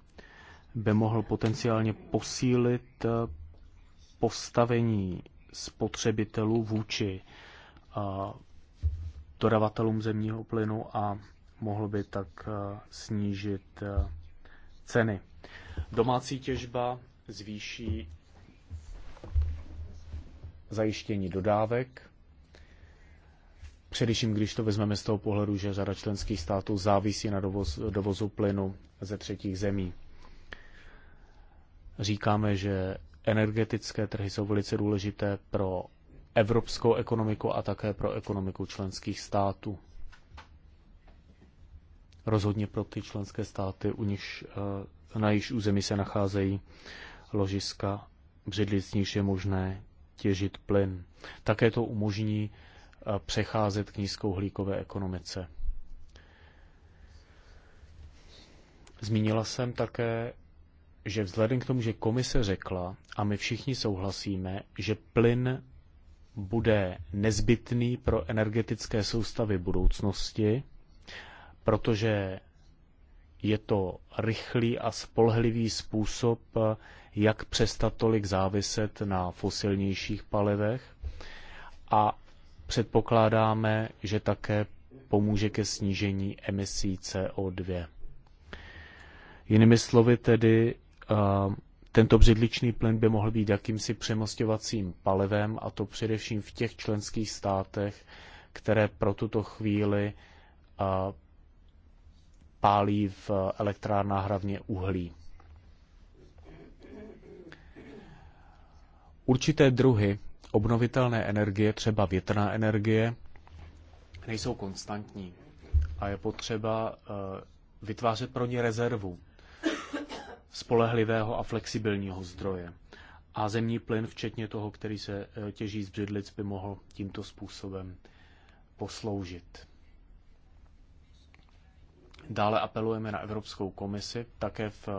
by mohl potenciálně posílit eh, postavení spotřebitelů vůči dodavatelům zemního plynu a mohl by tak snížit ceny. Domácí těžba zvýší zajištění dodávek, především když to vezmeme z toho pohledu, že řada členských států závisí na dovoz, dovozu plynu ze třetích zemí. Říkáme, že energetické trhy jsou velice důležité pro evropskou ekonomiku a také pro ekonomiku členských států. Rozhodně pro ty členské státy, u nich, eh, na již území se nacházejí ložiska břidlic, níž je možné těžit plyn. Také to umožní eh, přecházet k nízkouhlíkové ekonomice. Zmínila jsem také že vzhledem k tomu, že komise řekla, a my všichni souhlasíme, že plyn bude nezbytný pro energetické soustavy budoucnosti, protože je to rychlý a spolehlivý způsob, jak přestat tolik záviset na fosilnějších palivech a předpokládáme, že také pomůže ke snížení emisí CO2. Jinými slovy tedy tento břidličný plyn by mohl být jakýmsi přemostovacím palivem, a to především v těch členských státech, které pro tuto chvíli pálí v elektrárnách hlavně uhlí. Určité druhy obnovitelné energie, třeba větrná energie, nejsou konstantní a je potřeba vytvářet pro ně rezervu spolehlivého a flexibilního zdroje. A zemní plyn, včetně toho, který se eh, těží z břidlic, by mohl tímto způsobem posloužit. Dále apelujeme na Evropskou komisi, také v eh,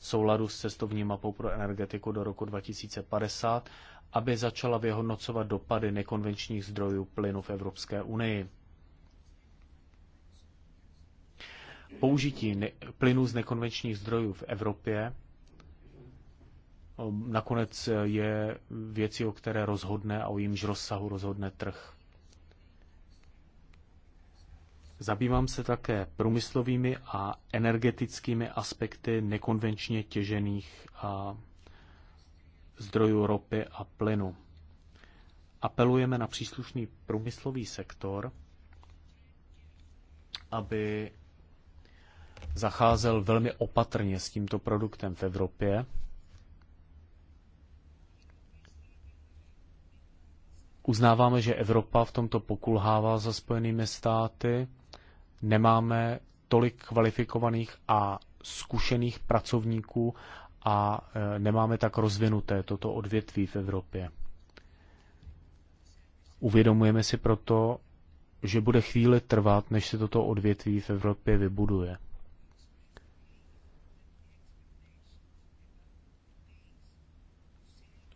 souladu s cestovní mapou pro energetiku do roku 2050, aby začala vyhodnocovat dopady nekonvenčních zdrojů plynu v Evropské unii. použití plynu z nekonvenčních zdrojů v Evropě um, nakonec je věcí, o které rozhodne a o jímž rozsahu rozhodne trh. Zabývám se také průmyslovými a energetickými aspekty nekonvenčně těžených a zdrojů ropy a plynu. Apelujeme na příslušný průmyslový sektor, aby zacházel velmi opatrně s tímto produktem v Evropě. Uznáváme, že Evropa v tomto pokulhává za Spojenými státy. Nemáme tolik kvalifikovaných a zkušených pracovníků a e, nemáme tak rozvinuté toto odvětví v Evropě. Uvědomujeme si proto, že bude chvíli trvat, než se toto odvětví v Evropě vybuduje.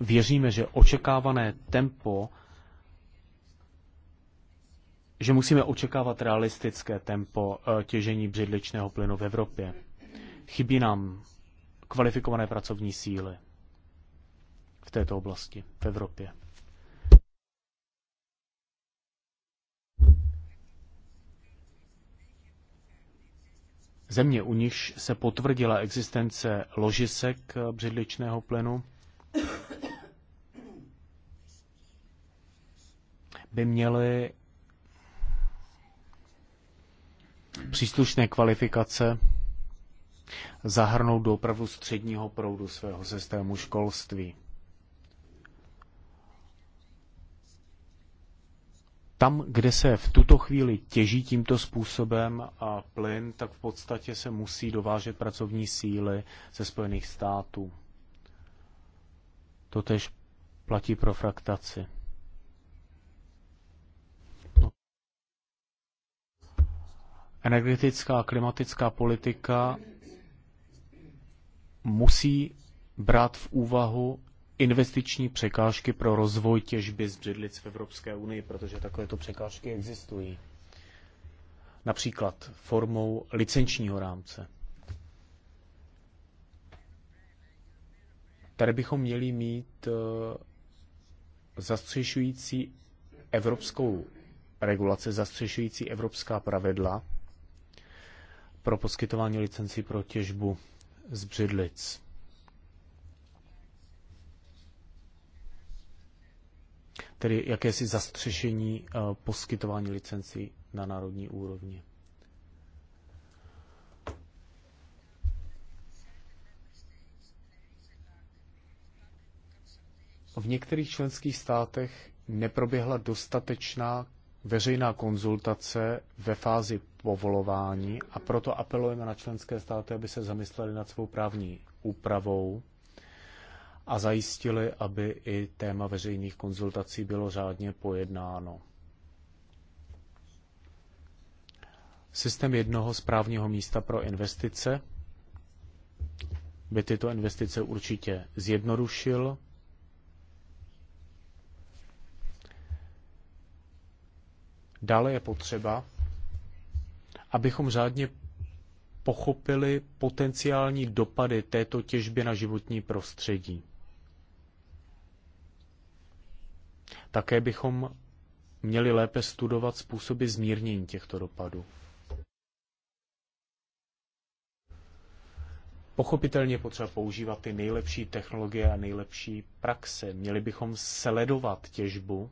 věříme, že očekávané tempo, že musíme očekávat realistické tempo eh, těžení břidličného plynu v Evropě. Chybí nám kvalifikované pracovní síly v této oblasti v Evropě. Země, u nichž se potvrdila existence ložisek eh, břidličného plynu, by měli příslušné kvalifikace zahrnout do opravdu středního proudu svého systému školství. Tam, kde se v tuto chvíli těží tímto způsobem a plyn, tak v podstatě se musí dovážet pracovní síly ze Spojených států. Totež platí pro fraktaci. energetická a klimatická politika musí brát v úvahu investiční překážky pro rozvoj těžby z břidlic v Evropské unii, protože takovéto překážky existují. Například formou licenčního rámce. Tady bychom měli mít eh, zastřešující evropskou regulaci, zastřešující evropská pravidla, pro poskytování licencí pro těžbu z břidlic. Tedy jakési zastřešení eh, poskytování licencí na národní úrovni. V některých členských státech neproběhla dostatečná veřejná konzultace ve fázi povolování a proto apelujeme na členské státy, aby se zamysleli nad svou právní úpravou a zajistili, aby i téma veřejných konzultací bylo řádně pojednáno. Systém jednoho správního místa pro investice by tyto investice určitě zjednodušil, Dále je potřeba, abychom řádně pochopili potenciální dopady této těžby na životní prostředí. Také bychom měli lépe studovat způsoby zmírnění těchto dopadů. Pochopitelně potřeba používat ty nejlepší technologie a nejlepší praxe. Měli bychom sledovat těžbu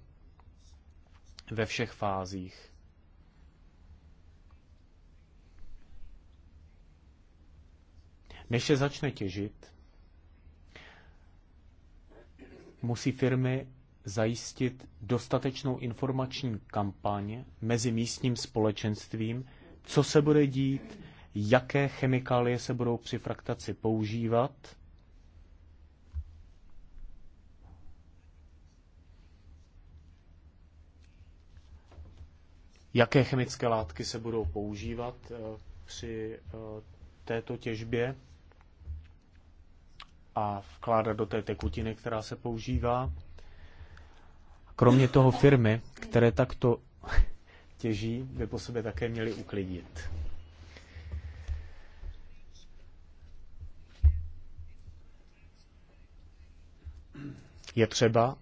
ve všech fázích. Než se začne těžit, musí firmy zajistit dostatečnou informační kampaň mezi místním společenstvím, co se bude dít, jaké chemikálie se budou při fraktaci používat jaké chemické látky se budou používat eh, při eh, této těžbě a vkládat do té tekutiny, která se používá. Kromě toho firmy, které takto těží, by po sobě také měly uklidit. Je třeba,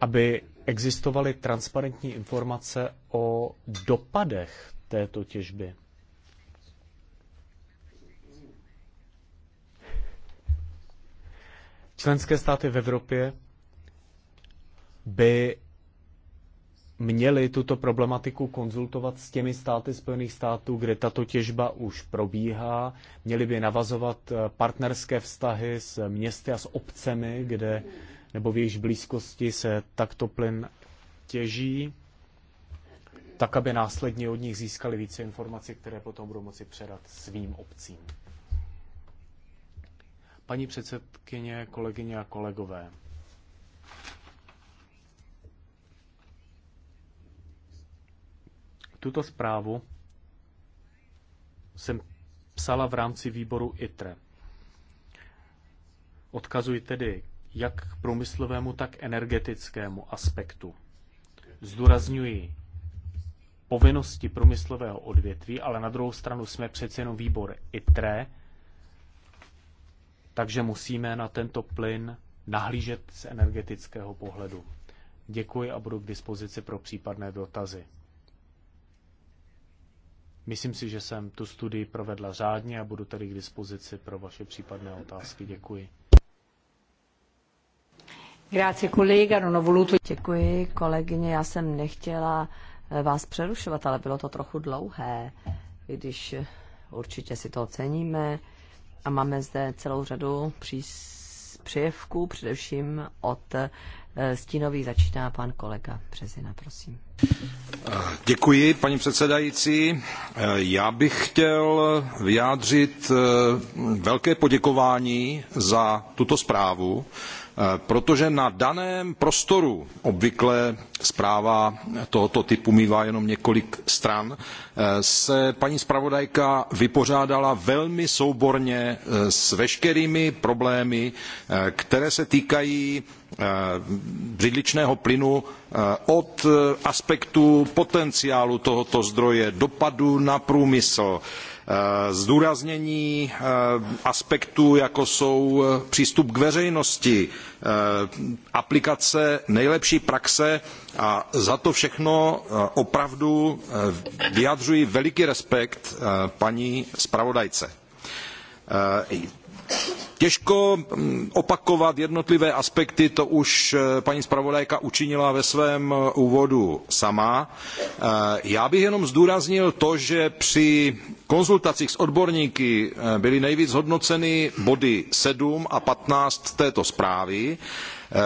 aby existovaly transparentní informace o dopadech této těžby. Členské státy v Evropě by měly tuto problematiku konzultovat s těmi státy Spojených států, kde tato těžba už probíhá. Měli by navazovat eh, partnerské vztahy s městy a s obcemi, kde nebo v jejich blízkosti se takto plyn těží, tak aby následně od nich získali více informací, které potom budou moci předat svým obcím. Paní předsedkyně, kolegyně a kolegové, tuto zprávu jsem psala v rámci výboru ITRE. Odkazuji tedy jak k průmyslovému, tak energetickému aspektu. Zdůrazňuji povinnosti průmyslového odvětví, ale na druhou stranu jsme přece jenom výbor ITRE, takže musíme na tento plyn nahlížet z energetického pohledu. Děkuji a budu k dispozici pro případné dotazy. Myslím si, že jsem tu studii provedla řádně a budu tady k dispozici pro vaše případné otázky. Děkuji. Děkuji, kolegyně, já jsem nechtěla eh, vás přerušovat, ale bylo to trochu dlouhé, když eh, určitě si to oceníme. A máme zde celou řadu příjevků, především od eh, stínových začíná pan kolega Březina, prosím. Děkuji, paní předsedající. Já bych chtěl vyjádřit velké poděkování za tuto zprávu Eh, protože na daném prostoru obvykle zpráva tohoto typu mívá jenom několik stran, eh, se paní zpravodajka vypořádala velmi souborně eh, s veškerými problémy, které se týkají břidličného plynu od aspektu potenciálu tohoto zdroje, dopadu na průmysl, Eh, zdůraznění eh, aspektů, jako jsou eh, přístup k veřejnosti, aplikace nejlepší praxe a za to všechno opravdu vyjadřuji veliký respekt paní zpravodajce. Těžko mm, opakovat jednotlivé aspekty, to už eh, paní zpravodajka učinila ve svém eh, úvodu sama. Eh, já bych jenom zdůraznil to, že při konzultacích s odborníky byly nejvíc hodnoceny body 7 a 15 této zprávy.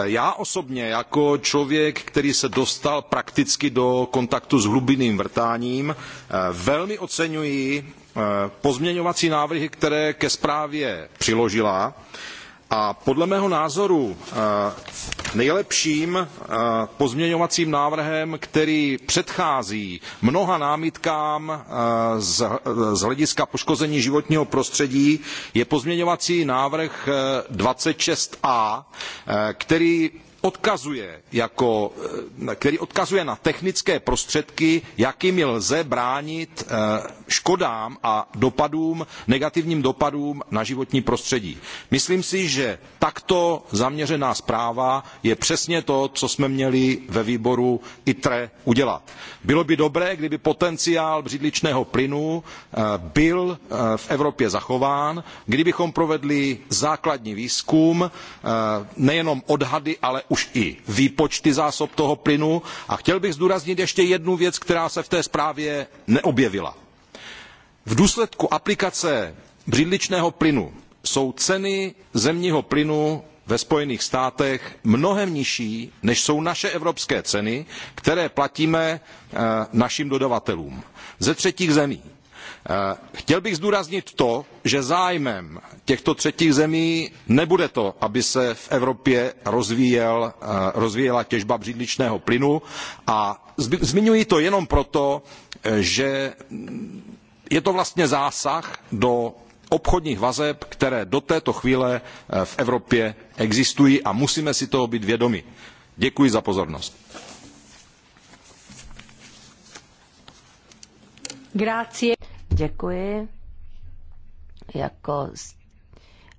Já osobně jako člověk, který se dostal prakticky do kontaktu s hlubinným vrtáním, velmi oceňuji Eh, pozměňovací návrhy, které ke zprávě přiložila. A podle mého názoru eh, nejlepším eh, pozměňovacím návrhem, který předchází mnoha námitkám z hlediska poškození životního prostředí, je pozměňovací návrh 26a, který odkazuje jako, eh, který odkazuje na technické prostředky, jakými lze bránit eh, škodám a dopadům, negativním dopadům na životní prostředí. Myslím si, že takto zaměřená zpráva je přesně to, co jsme měli ve výboru ITRE udělat. Bylo by dobré, kdyby potenciál břidličného plynu eh, byl v Evropě zachován, kdybychom provedli základní výzkum, nejenom odhady, ale už i výpočty zásob toho plynu a chtěl bych zdůraznit ještě jednu věc, která se v té zprávě neobjevila. V důsledku aplikace břidličného plynu jsou ceny zemního plynu ve Spojených státech mnohem nižší, než jsou naše evropské ceny, které platíme eh, našim dodavatelům ze třetích zemí. Eh, chtěl bych zdůraznit to, že zájmem těchto třetích zemí nebude to, aby se v Evropě rozvíjel, eh, rozvíjela těžba břidličného plynu a zmiňuji to jenom proto, eh, že je to vlastně zásah do obchodních vazeb, které do této chvíle v Evropě existují a musíme si toho být vědomi. Děkuji za pozornost. Grazie. Děkuji. Jako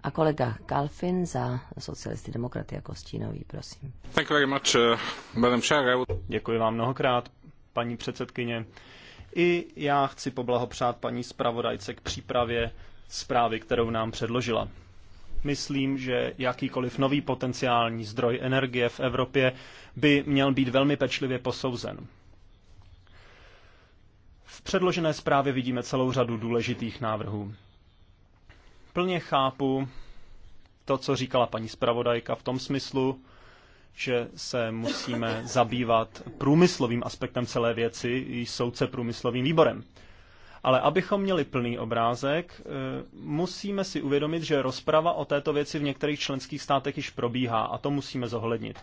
a kolega Kalfin za socialisty demokraty jako stínový, prosím. Thank you very much, uh, Děkuji vám mnohokrát, paní předsedkyně. I já chci poblahopřát paní zpravodajce k přípravě zprávy, kterou nám předložila. Myslím, že jakýkoliv nový potenciální zdroj energie v Evropě by měl být velmi pečlivě posouzen. V předložené zprávě vidíme celou řadu důležitých návrhů. Plně chápu to, co říkala paní zpravodajka v tom smyslu, že se musíme zabývat průmyslovým aspektem celé věci, i soudce průmyslovým výborem. Ale abychom měli plný obrázek, eh, musíme si uvědomit, že rozprava o této věci v některých členských státech již probíhá a to musíme zohlednit.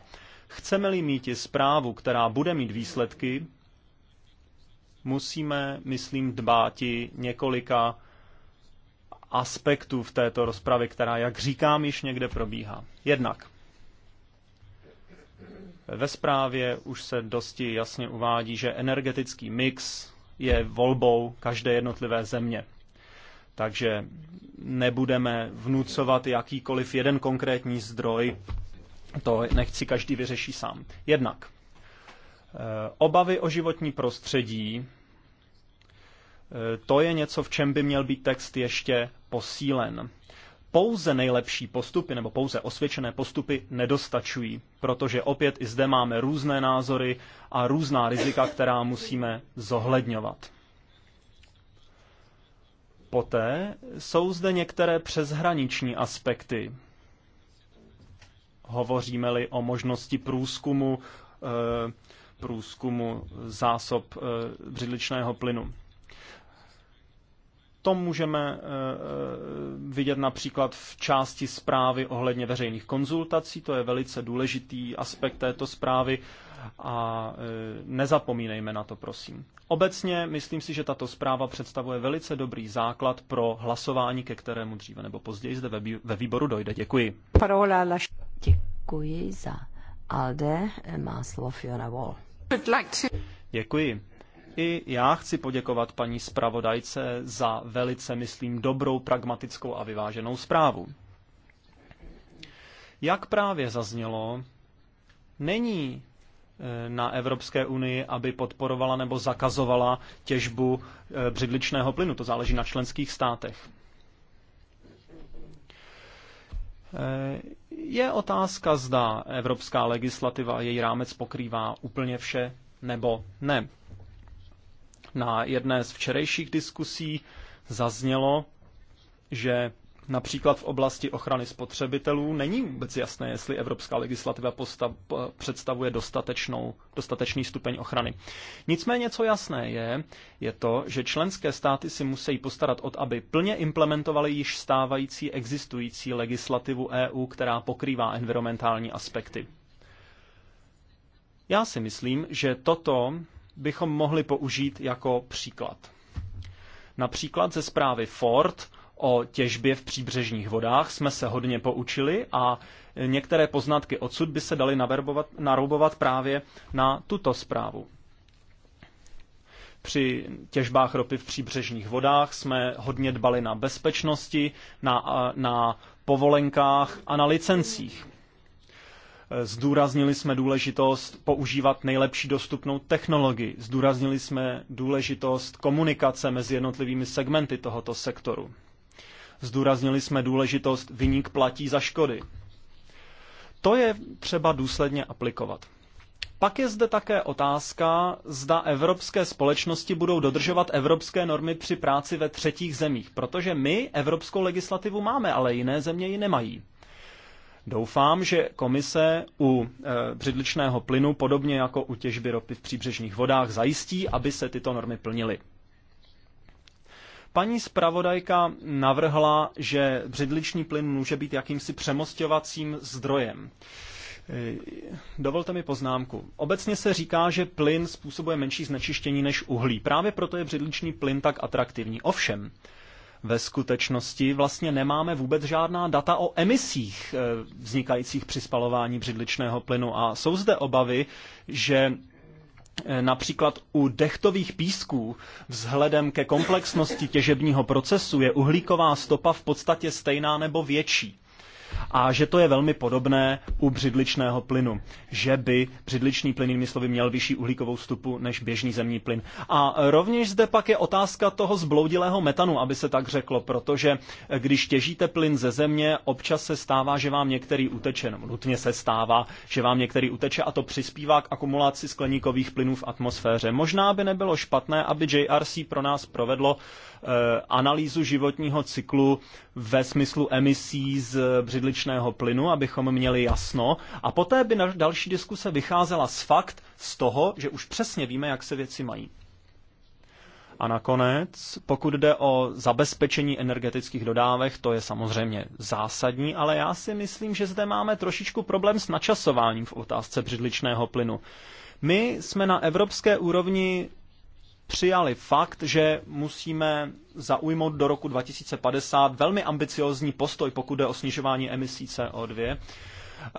Chceme-li mít i zprávu, která bude mít výsledky, musíme, myslím, dbáti několika aspektů v této rozpravě, která, jak říkám, již někde probíhá. Jednak ve zprávě už se dosti jasně uvádí, že energetický mix je volbou každé jednotlivé země. Takže nebudeme vnucovat jakýkoliv jeden konkrétní zdroj, to nechci každý vyřeší sám. Jednak eh, obavy o životní prostředí Eh, to je něco, v čem by měl být text ještě posílen. Pouze nejlepší postupy nebo pouze osvědčené postupy nedostačují, protože opět i zde máme různé názory a různá rizika, která musíme zohledňovat. Poté jsou zde některé přeshraniční aspekty. Hovoříme-li o možnosti průzkumu, eh, průzkumu zásob eh, břidličného plynu. To můžeme eh, eh, vidět například v části zprávy ohledně veřejných konzultací, to je velice důležitý aspekt této zprávy a eh, nezapomínejme na to, prosím. Obecně myslím si, že tato zpráva představuje velice dobrý základ pro hlasování, ke kterému dříve nebo později zde ve výboru dojde. Děkuji. Děkuji za Alde, má slovo Fiona Wall. Děkuji. I já chci poděkovat paní zpravodajce za velice, myslím, dobrou, pragmatickou a vyváženou zprávu. Jak právě zaznělo, není e, na Evropské unii, aby podporovala nebo zakazovala těžbu e, břidličného plynu. To záleží na členských státech. E, je otázka, zda evropská legislativa a její rámec pokrývá úplně vše nebo ne. Na jedné z včerejších diskusí zaznělo, že například v oblasti ochrany spotřebitelů není vůbec jasné, jestli evropská legislativa postav, představuje dostatečnou, dostatečný stupeň ochrany. Nicméně, co jasné je, je to, že členské státy si musí postarat to, aby plně implementovaly již stávající existující legislativu EU, která pokrývá environmentální aspekty. Já si myslím, že toto bychom mohli použít jako příklad. Například ze zprávy Ford o těžbě v příbřežních vodách jsme se hodně poučili a některé poznatky odsud by se daly naroubovat právě na tuto zprávu. Při těžbách ropy v příbřežních vodách jsme hodně dbali na bezpečnosti, na, na povolenkách a na licencích. Eh, zdůraznili jsme důležitost používat nejlepší dostupnou technologii. Zdůraznili jsme důležitost komunikace mezi jednotlivými segmenty tohoto sektoru. Zdůraznili jsme důležitost vyník platí za škody. To je třeba důsledně aplikovat. Pak je zde také otázka, zda evropské společnosti budou dodržovat evropské normy při práci ve třetích zemích, protože my evropskou legislativu máme, ale jiné země ji nemají. Doufám, že komise u e, břidličného plynu, podobně jako u těžby ropy v příbřežních vodách, zajistí, aby se tyto normy plnily. Paní zpravodajka navrhla, že břidličný plyn může být jakýmsi přemostěvacím zdrojem. E, dovolte mi poznámku. Obecně se říká, že plyn způsobuje menší znečištění než uhlí. Právě proto je břidličný plyn tak atraktivní. Ovšem, ve skutečnosti vlastně nemáme vůbec žádná data o emisích eh, vznikajících při spalování břidličného plynu. A jsou zde obavy, že eh, Například u dechtových písků vzhledem ke komplexnosti těžebního procesu je uhlíková stopa v podstatě stejná nebo větší a že to je velmi podobné u břidličného plynu, že by břidličný plyn jinými slovy měl vyšší uhlíkovou stupu než běžný zemní plyn. A rovněž zde pak je otázka toho zbloudilého metanu, aby se tak řeklo, protože když těžíte plyn ze země, občas se stává, že vám některý uteče, nebo nutně se stává, že vám některý uteče a to přispívá k akumulaci skleníkových plynů v atmosféře. Možná by nebylo špatné, aby JRC pro nás provedlo Eh, analýzu životního cyklu ve smyslu emisí z břidličného plynu, abychom měli jasno. A poté by další diskuse vycházela z fakt, z toho, že už přesně víme, jak se věci mají. A nakonec, pokud jde o zabezpečení energetických dodávek, to je samozřejmě zásadní, ale já si myslím, že zde máme trošičku problém s načasováním v otázce břidličného plynu. My jsme na evropské úrovni přijali fakt, že musíme zaujmout do roku 2050 velmi ambiciozní postoj, pokud jde o snižování emisí CO2. Eh,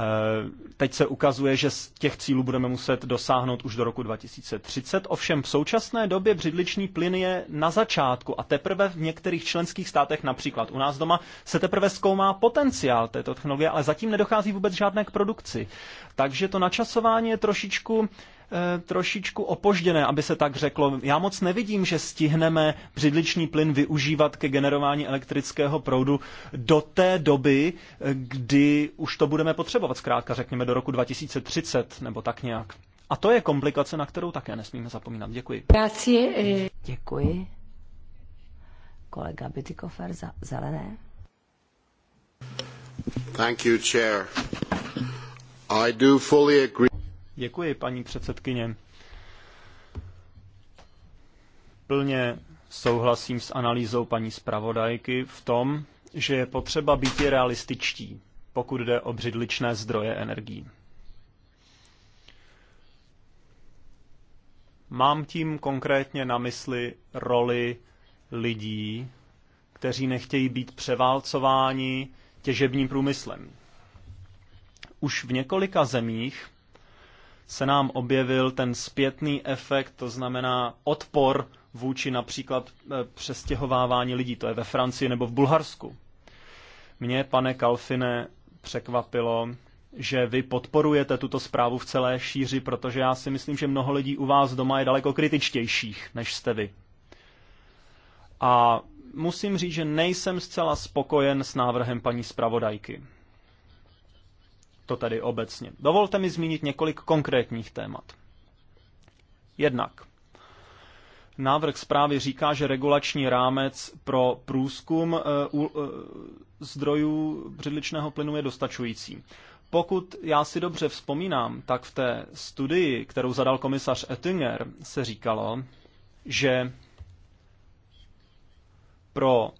teď se ukazuje, že z těch cílů budeme muset dosáhnout už do roku 2030. Ovšem v současné době břidliční plyn je na začátku a teprve v některých členských státech, například u nás doma, se teprve zkoumá potenciál této technologie, ale zatím nedochází vůbec žádné k produkci. Takže to načasování je trošičku Eh, trošičku opožděné, aby se tak řeklo. Já moc nevidím, že stihneme břidliční plyn využívat ke generování elektrického proudu do té doby, eh, kdy už to budeme potřebovat, zkrátka řekněme do roku 2030 nebo tak nějak. A to je komplikace, na kterou také nesmíme zapomínat. Děkuji. Eh. Děkuji. Kolega Bytikofer za zelené. Thank you, Chair. I do fully agree. Děkuji, paní předsedkyně. Plně souhlasím s analýzou paní zpravodajky v tom, že je potřeba být realističtí, pokud jde o břidličné zdroje energií. Mám tím konkrétně na mysli roli lidí, kteří nechtějí být převálcováni těžebním průmyslem. Už v několika zemích se nám objevil ten zpětný efekt, to znamená odpor vůči například e, přestěhovávání lidí, to je ve Francii nebo v Bulharsku. Mě, pane Kalfine, překvapilo, že vy podporujete tuto zprávu v celé šíři, protože já si myslím, že mnoho lidí u vás doma je daleko kritičtějších, než jste vy. A musím říct, že nejsem zcela spokojen s návrhem paní zpravodajky to tady obecně. Dovolte mi zmínit několik konkrétních témat. Jednak. Návrh zprávy říká, že regulační rámec pro průzkum eh, eh, zdrojů břidličného plynu je dostačující. Pokud já si dobře vzpomínám, tak v té studii, kterou zadal komisař Ettinger, se říkalo, že pro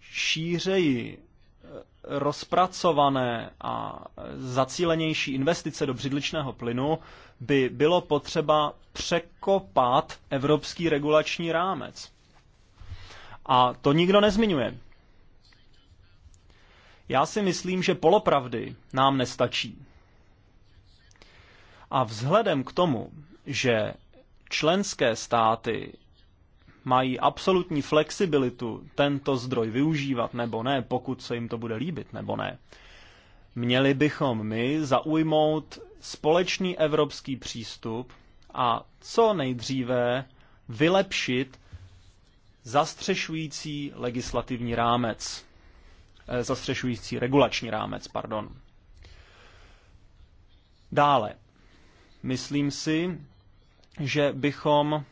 šířeji rozpracované a zacílenější investice do břidličného plynu by bylo potřeba překopat evropský regulační rámec. A to nikdo nezmiňuje. Já si myslím, že polopravdy nám nestačí. A vzhledem k tomu, že členské státy mají absolutní flexibilitu tento zdroj využívat nebo ne, pokud se jim to bude líbit nebo ne, měli bychom my zaujmout společný evropský přístup a co nejdříve vylepšit zastřešující legislativní rámec, eh, zastřešující regulační rámec, pardon. Dále, myslím si, že bychom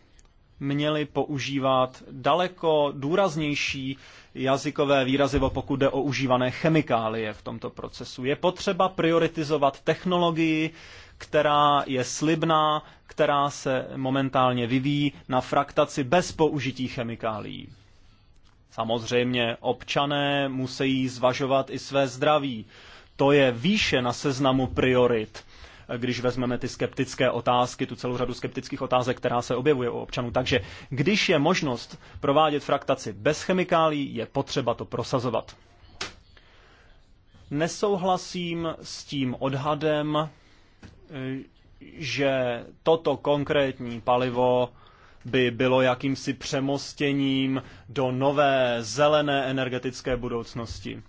měli používat daleko důraznější jazykové výrazivo, pokud jde o užívané chemikálie v tomto procesu. Je potřeba prioritizovat technologii, která je slibná, která se momentálně vyvíjí na fraktaci bez použití chemikálií. Samozřejmě občané musí zvažovat i své zdraví. To je výše na seznamu priorit když vezmeme ty skeptické otázky, tu celou řadu skeptických otázek, která se objevuje u občanů. Takže když je možnost provádět fraktaci bez chemikálí, je potřeba to prosazovat. Nesouhlasím s tím odhadem, eh, že toto konkrétní palivo by bylo jakýmsi přemostěním do nové zelené energetické budoucnosti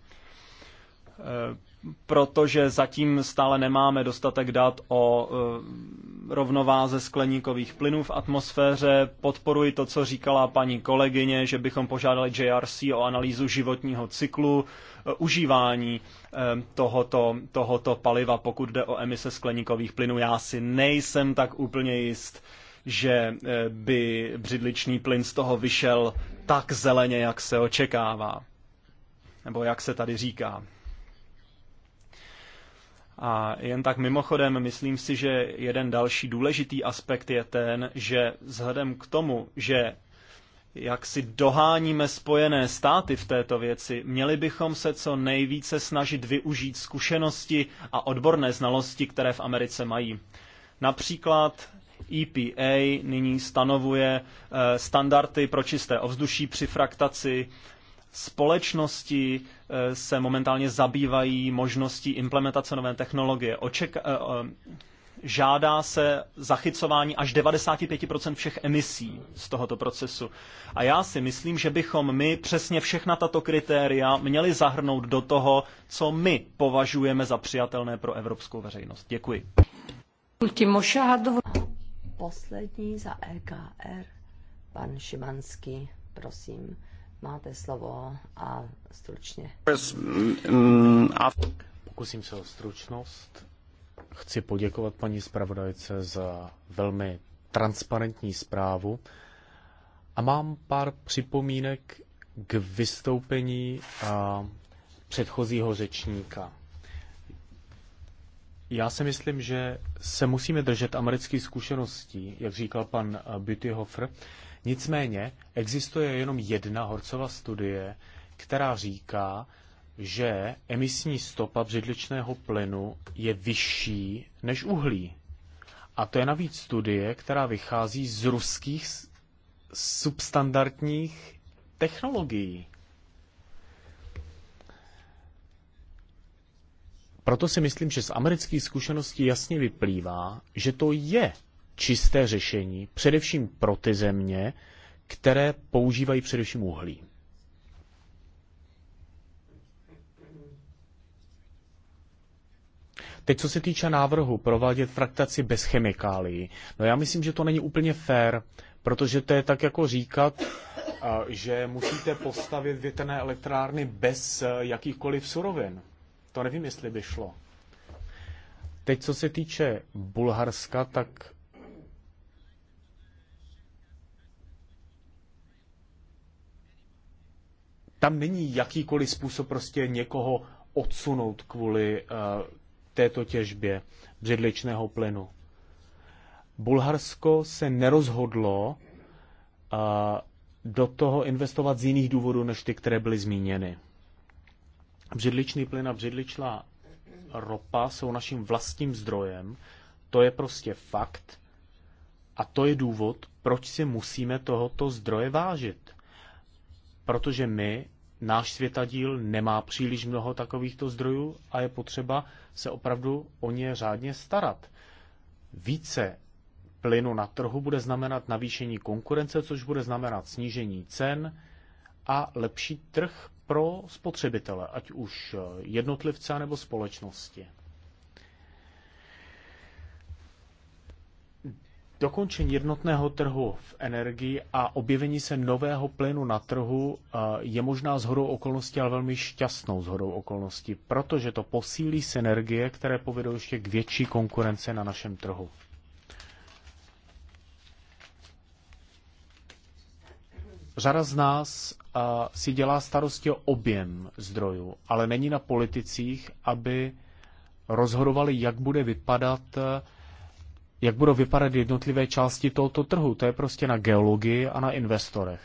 eh, protože zatím stále nemáme dostatek dat o e, rovnováze skleníkových plynů v atmosféře. Podporuji to, co říkala paní kolegyně, že bychom požádali JRC o analýzu životního cyklu e, užívání e, tohoto, tohoto paliva, pokud jde o emise skleníkových plynů. Já si nejsem tak úplně jist, že by břidličný plyn z toho vyšel tak zeleně, jak se očekává. Nebo jak se tady říká. A jen tak mimochodem, myslím si, že jeden další důležitý aspekt je ten, že vzhledem k tomu, že jak si doháníme spojené státy v této věci, měli bychom se co nejvíce snažit využít zkušenosti a odborné znalosti, které v Americe mají. Například EPA nyní stanovuje eh, standardy pro čisté ovzduší při fraktaci, společnosti eh, se momentálně zabývají možností implementace nové technologie. Oček, eh, eh, žádá se zachycování až 95% všech emisí z tohoto procesu. A já si myslím, že bychom my přesně všechna tato kritéria měli zahrnout do toho, co my považujeme za přijatelné pro evropskou veřejnost. Děkuji. Poslední za EKR, pan Šimanský, prosím. Máte slovo a stručně. Pokusím se o stručnost. Chci poděkovat paní zpravodajce za velmi transparentní zprávu a mám pár připomínek k vystoupení předchozího řečníka. Já si myslím, že se musíme držet amerických zkušeností, jak říkal pan Beautyhofer, Nicméně existuje jenom jedna Horcova studie, která říká, že emisní stopa břidličného plynu je vyšší než uhlí. A to je navíc studie, která vychází z ruských substandardních technologií. Proto si myslím, že z amerických zkušeností jasně vyplývá, že to je čisté řešení, především pro ty země, které používají především uhlí. Teď, co se týče návrhu provádět fraktaci bez chemikálií, no já myslím, že to není úplně fair, protože to je tak jako říkat, že musíte postavit větrné elektrárny bez e, jakýchkoliv surovin. To nevím, jestli by šlo. Teď, co se týče Bulharska, tak tam není jakýkoliv způsob prostě někoho odsunout kvůli uh, této těžbě břidličného plynu. Bulharsko se nerozhodlo uh, do toho investovat z jiných důvodů, než ty, které byly zmíněny. Břidličný plyn a břidličná ropa jsou naším vlastním zdrojem. To je prostě fakt a to je důvod, proč si musíme tohoto zdroje vážit. Protože my náš světadíl nemá příliš mnoho takovýchto zdrojů a je potřeba se opravdu o ně řádně starat. Více plynu na trhu bude znamenat navýšení konkurence, což bude znamenat snížení cen a lepší trh pro spotřebitele, ať už jednotlivce nebo společnosti. Dokončení jednotného trhu v energii a objevení se nového plynu na trhu eh, je možná zhodou okolností, ale velmi šťastnou zhodou okolností, protože to posílí synergie, které povedou ještě k větší konkurence na našem trhu. Řada z nás eh, si dělá starosti o objem zdrojů, ale není na politicích, aby rozhodovali, jak bude vypadat eh, jak budou vypadat jednotlivé části tohoto trhu. To je prostě na geologii a na investorech.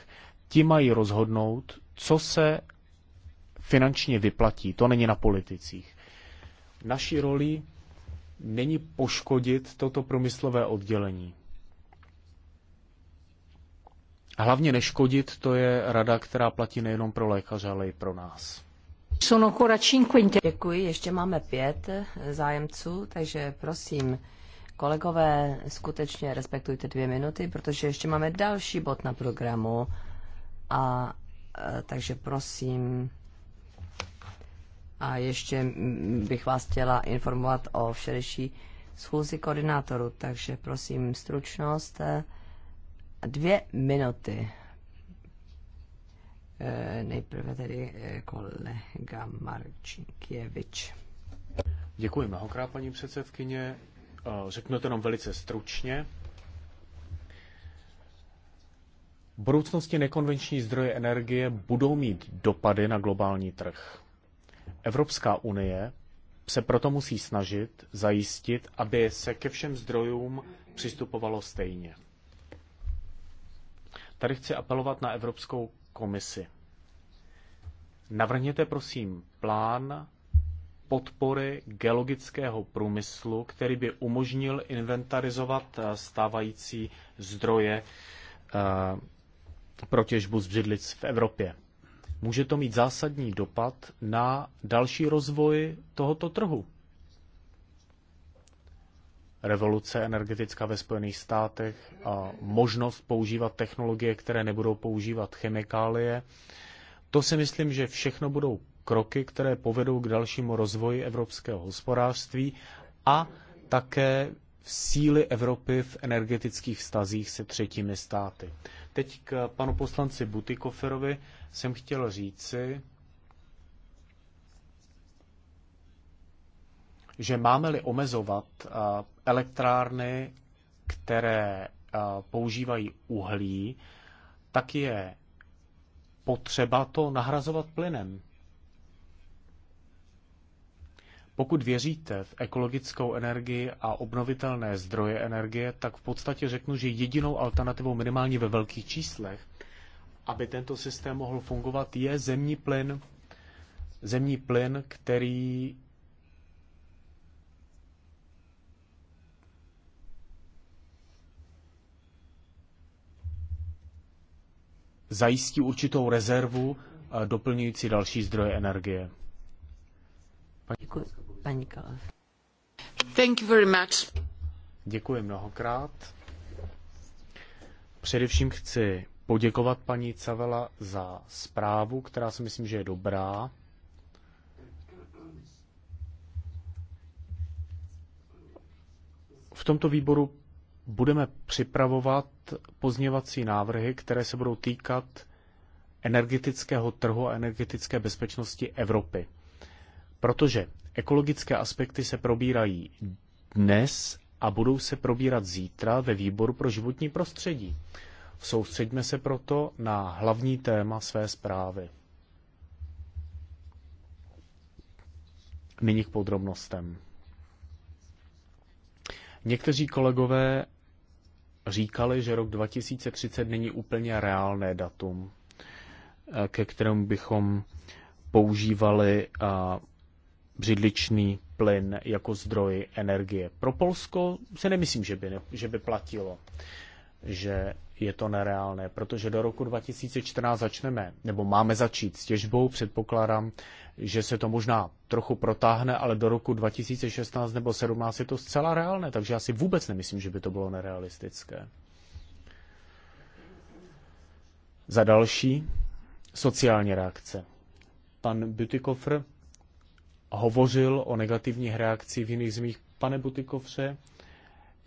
Ti mají rozhodnout, co se finančně vyplatí. To není na politicích. Naší roli není poškodit toto průmyslové oddělení. Hlavně neškodit, to je rada, která platí nejenom pro lékaře, ale i pro nás. Děkuji, ještě máme pět eh, zájemců, takže prosím, Kolegové, skutečně respektujte dvě minuty, protože ještě máme další bod na programu. A e, takže prosím. A ještě bych vás chtěla informovat o včerejší schůzi koordinátoru, takže prosím stručnost. E, dvě minuty. E, nejprve tedy kolega Marčinkěvič. Děkuji mnohokrát, paní předsedkyně. Řeknu to jenom velice stručně. V budoucnosti nekonvenční zdroje energie budou mít dopady na globální trh. Evropská unie se proto musí snažit zajistit, aby se ke všem zdrojům přistupovalo stejně. Tady chci apelovat na Evropskou komisi. Navrhněte prosím plán podpory geologického průmyslu, který by umožnil inventarizovat eh, stávající zdroje eh, pro těžbu z břidlic v Evropě. Může to mít zásadní dopad na další rozvoj tohoto trhu. Revoluce energetická ve Spojených státech, a možnost používat technologie, které nebudou používat chemikálie. To si myslím, že všechno budou kroky, které povedou k dalšímu rozvoji evropského hospodářství a také v síly Evropy v energetických vztazích se třetími státy. Teď k panu poslanci Butikoferovi jsem chtěl říci, že máme-li omezovat elektrárny, které používají uhlí, tak je potřeba to nahrazovat plynem. Pokud věříte v ekologickou energii a obnovitelné zdroje energie, tak v podstatě řeknu, že jedinou alternativou minimálně ve velkých číslech, aby tento systém mohl fungovat, je zemní plyn, zemní plyn, který zajistí určitou rezervu eh, doplňující další zdroje energie. Paní... Děkuji paní Thank you very much. Děkuji mnohokrát. Především chci poděkovat paní Cavela za zprávu, která si myslím, že je dobrá. V tomto výboru budeme připravovat pozněvací návrhy, které se budou týkat energetického trhu a energetické bezpečnosti Evropy. Protože Ekologické aspekty se probírají dnes a budou se probírat zítra ve výboru pro životní prostředí. soustředíme se proto na hlavní téma své zprávy. Nyní k podrobnostem. Někteří kolegové říkali, že rok 2030 není úplně reálné datum, ke kterému bychom používali břidličný plyn jako zdroj energie. Pro Polsko se nemyslím, že by, ne, že by platilo, že je to nereálné, protože do roku 2014 začneme, nebo máme začít s těžbou, předpokládám, že se to možná trochu protáhne, ale do roku 2016 nebo 2017 je to zcela reálné, takže já si vůbec nemyslím, že by to bylo nerealistické. Za další, sociální reakce. Pan Butikofr hovořil o negativních reakcích v jiných zemích. Pane Butikovře,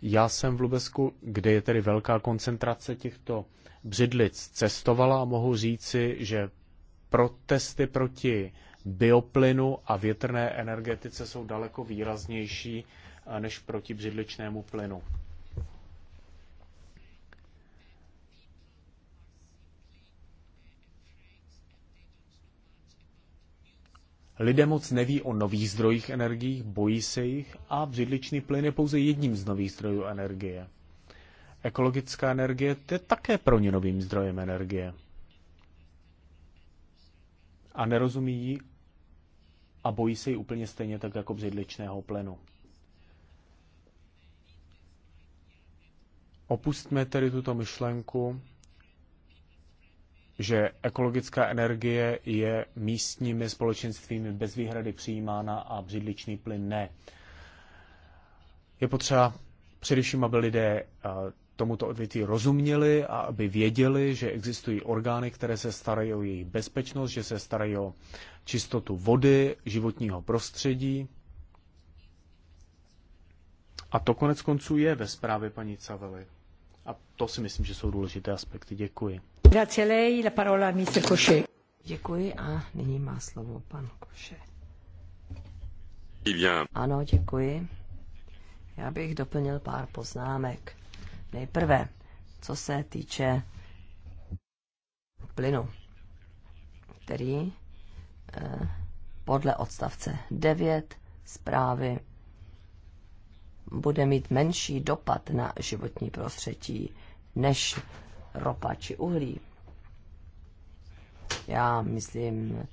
já jsem v Lubesku, kde je tedy velká koncentrace těchto břidlic, cestovala a mohu říci, že protesty proti bioplynu a větrné energetice jsou daleko výraznější eh, než proti břidličnému plynu. Lidé moc neví o nových zdrojích energií, bojí se jich a břidličný plyn je pouze jedním z nových zdrojů energie. Ekologická energie je také pro ně novým zdrojem energie. A nerozumí ji a bojí se ji úplně stejně tak jako břidličného plynu. Opustme tedy tuto myšlenku že ekologická energie je místními společenstvími bez výhrady přijímána a břidličný plyn ne. Je potřeba především, aby lidé eh, tomuto odvětví rozuměli a aby věděli, že existují orgány, které se starají o jejich bezpečnost, že se starají o čistotu vody, životního prostředí. A to konec konců je ve zprávě paní Cavely. A to si myslím, že jsou důležité aspekty. Děkuji. Děkuji a nyní má slovo pan Cochet. Eh ano, děkuji. Já bych doplnil pár poznámek. Nejprve, co se týče plynu, který eh, podle odstavce 9 zprávy bude mít menší dopad na životní prostředí než ropa či uhlí. Já myslím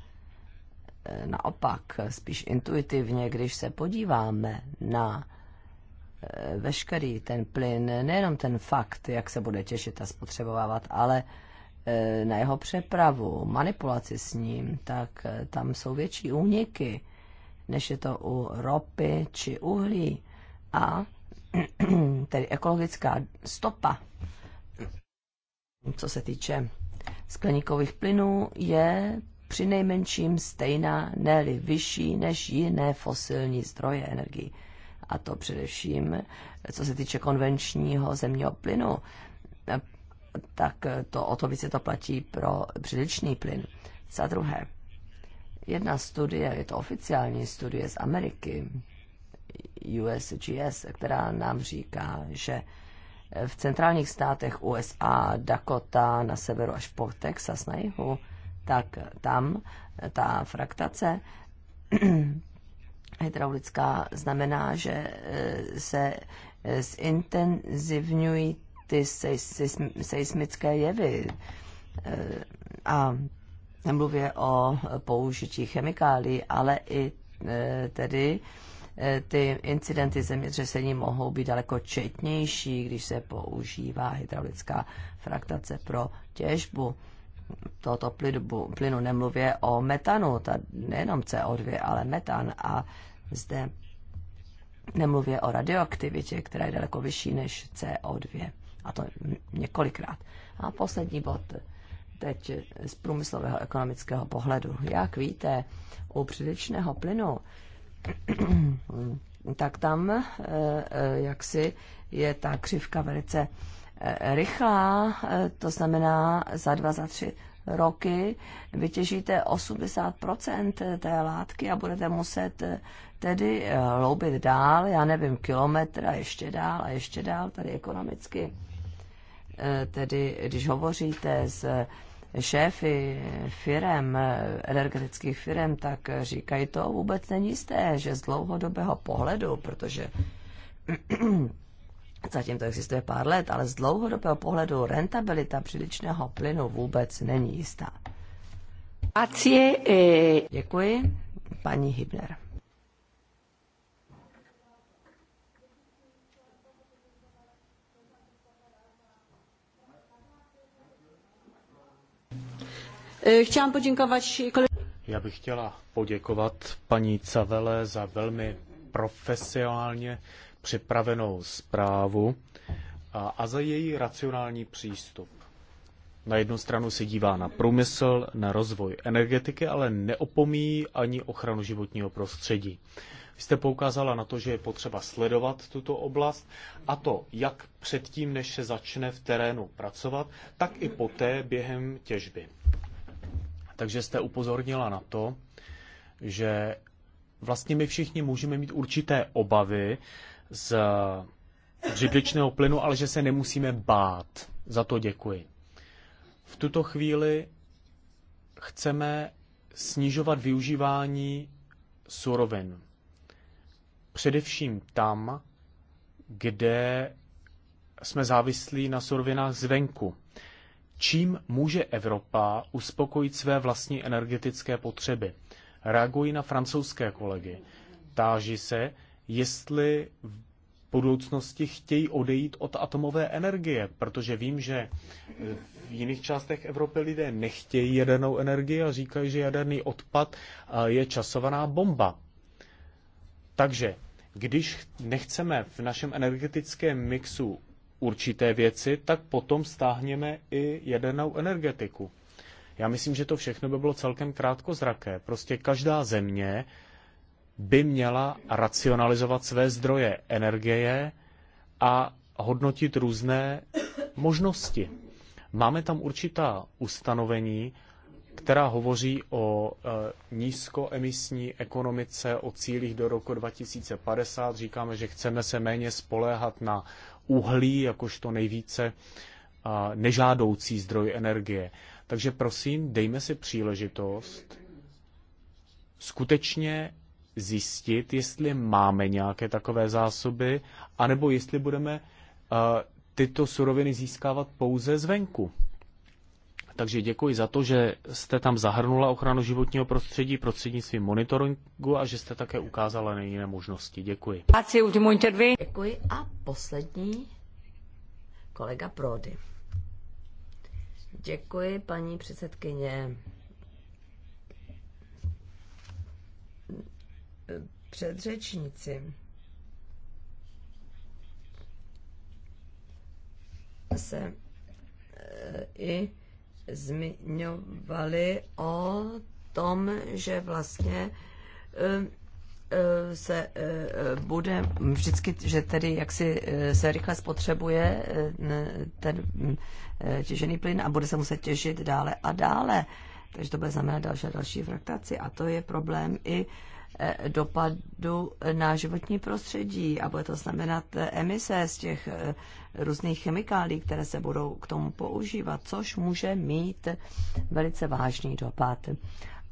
eh, naopak, spíš intuitivně, když se podíváme na eh, veškerý ten plyn, nejenom ten fakt, jak se bude těšit a spotřebovávat, ale eh, na jeho přepravu, manipulaci s ním, tak tam jsou větší úniky, než je to u ropy či uhlí. A tedy ekologická stopa co se týče skleníkových plynů, je při nejmenším stejná, ne vyšší než jiné fosilní zdroje energii. A to především, co se týče konvenčního zemního plynu, tak to o to více to platí pro břidličný plyn. Za druhé, jedna studie, je to oficiální studie z Ameriky, USGS, která nám říká, že v centrálních státech USA, Dakota na severu až po Texas na jihu, tak tam eh, ta fraktace hydraulická znamená, že eh, se eh, zintenzivňují ty seismické jevy. A nemluvě o použití chemikálí, ale i tedy Eh, ty incidenty zemětřesení mohou být daleko četnější, když se používá hydraulická fraktace pro těžbu tohoto plynu, plynu nemluvě o metanu, ta, nejenom CO2, ale metan a zde nemluvě o radioaktivitě, která je daleko vyšší než CO2 a to několikrát. A poslední bod teď z průmyslového ekonomického pohledu. Jak víte, u přílišného plynu tak tam eh, eh, jaksi je ta křivka velice eh, rychlá, to znamená za dva, za tři roky vytěžíte 80% té látky a budete muset tedy loubit dál, já nevím, kilometr a ještě dál a ještě dál, tady ekonomicky. Tedy, když hovoříte s šéfy firem, energetických firem, tak říkají, to vůbec není jisté, že z dlouhodobého pohledu, protože zatím to existuje pár let, ale z dlouhodobého pohledu rentabilita příličného plynu vůbec není jistá. Eh. Děkuji, paní Hibner. Eh, Chciałam Já bych chtěla poděkovat paní Cavele za velmi profesionálně připravenou zprávu a, a za její racionální přístup. Na jednu stranu se dívá na průmysl, na rozvoj energetiky, ale neopomíjí ani ochranu životního prostředí. Vy jste poukázala na to, že je potřeba sledovat tuto oblast a to jak předtím, než se začne v terénu pracovat, tak i poté během těžby takže jste upozornila na to, že vlastně my všichni můžeme mít určité obavy z břidličného plynu, ale že se nemusíme bát. Za to děkuji. V tuto chvíli chceme snižovat využívání surovin. Především tam, kde jsme závislí na surovinách zvenku čím může Evropa uspokojit své vlastní energetické potřeby. Reagují na francouzské kolegy. Táží se, jestli v budoucnosti chtějí odejít od atomové energie, protože vím, že v jiných částech Evropy lidé nechtějí jadernou energii a říkají, že jaderný odpad eh, je časovaná bomba. Takže když nechceme v našem energetickém mixu určité věci, tak potom stáhněme i jadernou energetiku. Já myslím, že to všechno by bylo celkem krátkozraké. Prostě každá země by měla racionalizovat své zdroje energie a hodnotit různé možnosti. Máme tam určitá ustanovení, která hovoří o e, nízkoemisní ekonomice, o cílích do roku 2050. Říkáme, že chceme se méně spoléhat na uhlí jakožto nejvíce nežádoucí zdroj energie. Takže prosím, dejme si příležitost skutečně zjistit, jestli máme nějaké takové zásoby, anebo jestli budeme tyto suroviny získávat pouze zvenku. Takže děkuji za to, že jste tam zahrnula ochranu životního prostředí prostřednictvím monitoringu a že jste také ukázala na jiné možnosti. Děkuji. Děkuji a poslední kolega Prody. Děkuji, paní předsedkyně. Předřečníci. se e, i zmiňovali o tom, že vlastně eh, eh, se eh, bude vždycky, že tedy jaksi se rychle spotřebuje ten těžený plyn a bude se muset těžit dále a dále. Takže to bude znamenat další a další fraktaci a to je problém i Eh, dopadu na životní prostředí a bude to znamenat eh, emise z těch eh, různých chemikálí, které se budou k tomu používat, což může mít velice vážný dopad.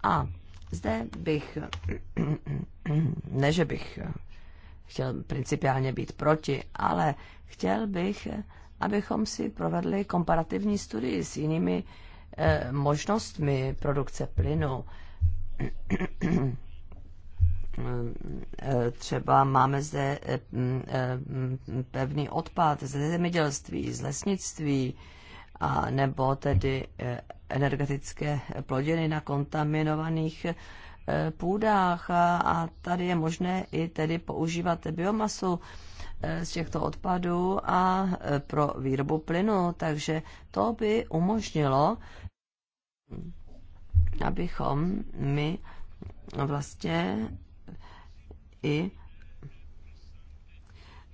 A zde bych, ne že bych chtěl principiálně být proti, ale chtěl bych, abychom si provedli komparativní studii s jinými možnostmi produkce plynu Eh, třeba máme zde eh, mm, eh, mm, pevný odpad ze zemědělství, z lesnictví, a nebo tedy energetické plodiny na kontaminovaných půdách a, tady je možné i tedy používat biomasu z těchto odpadů a pro výrobu plynu, takže to by umožnilo, abychom my vlastně i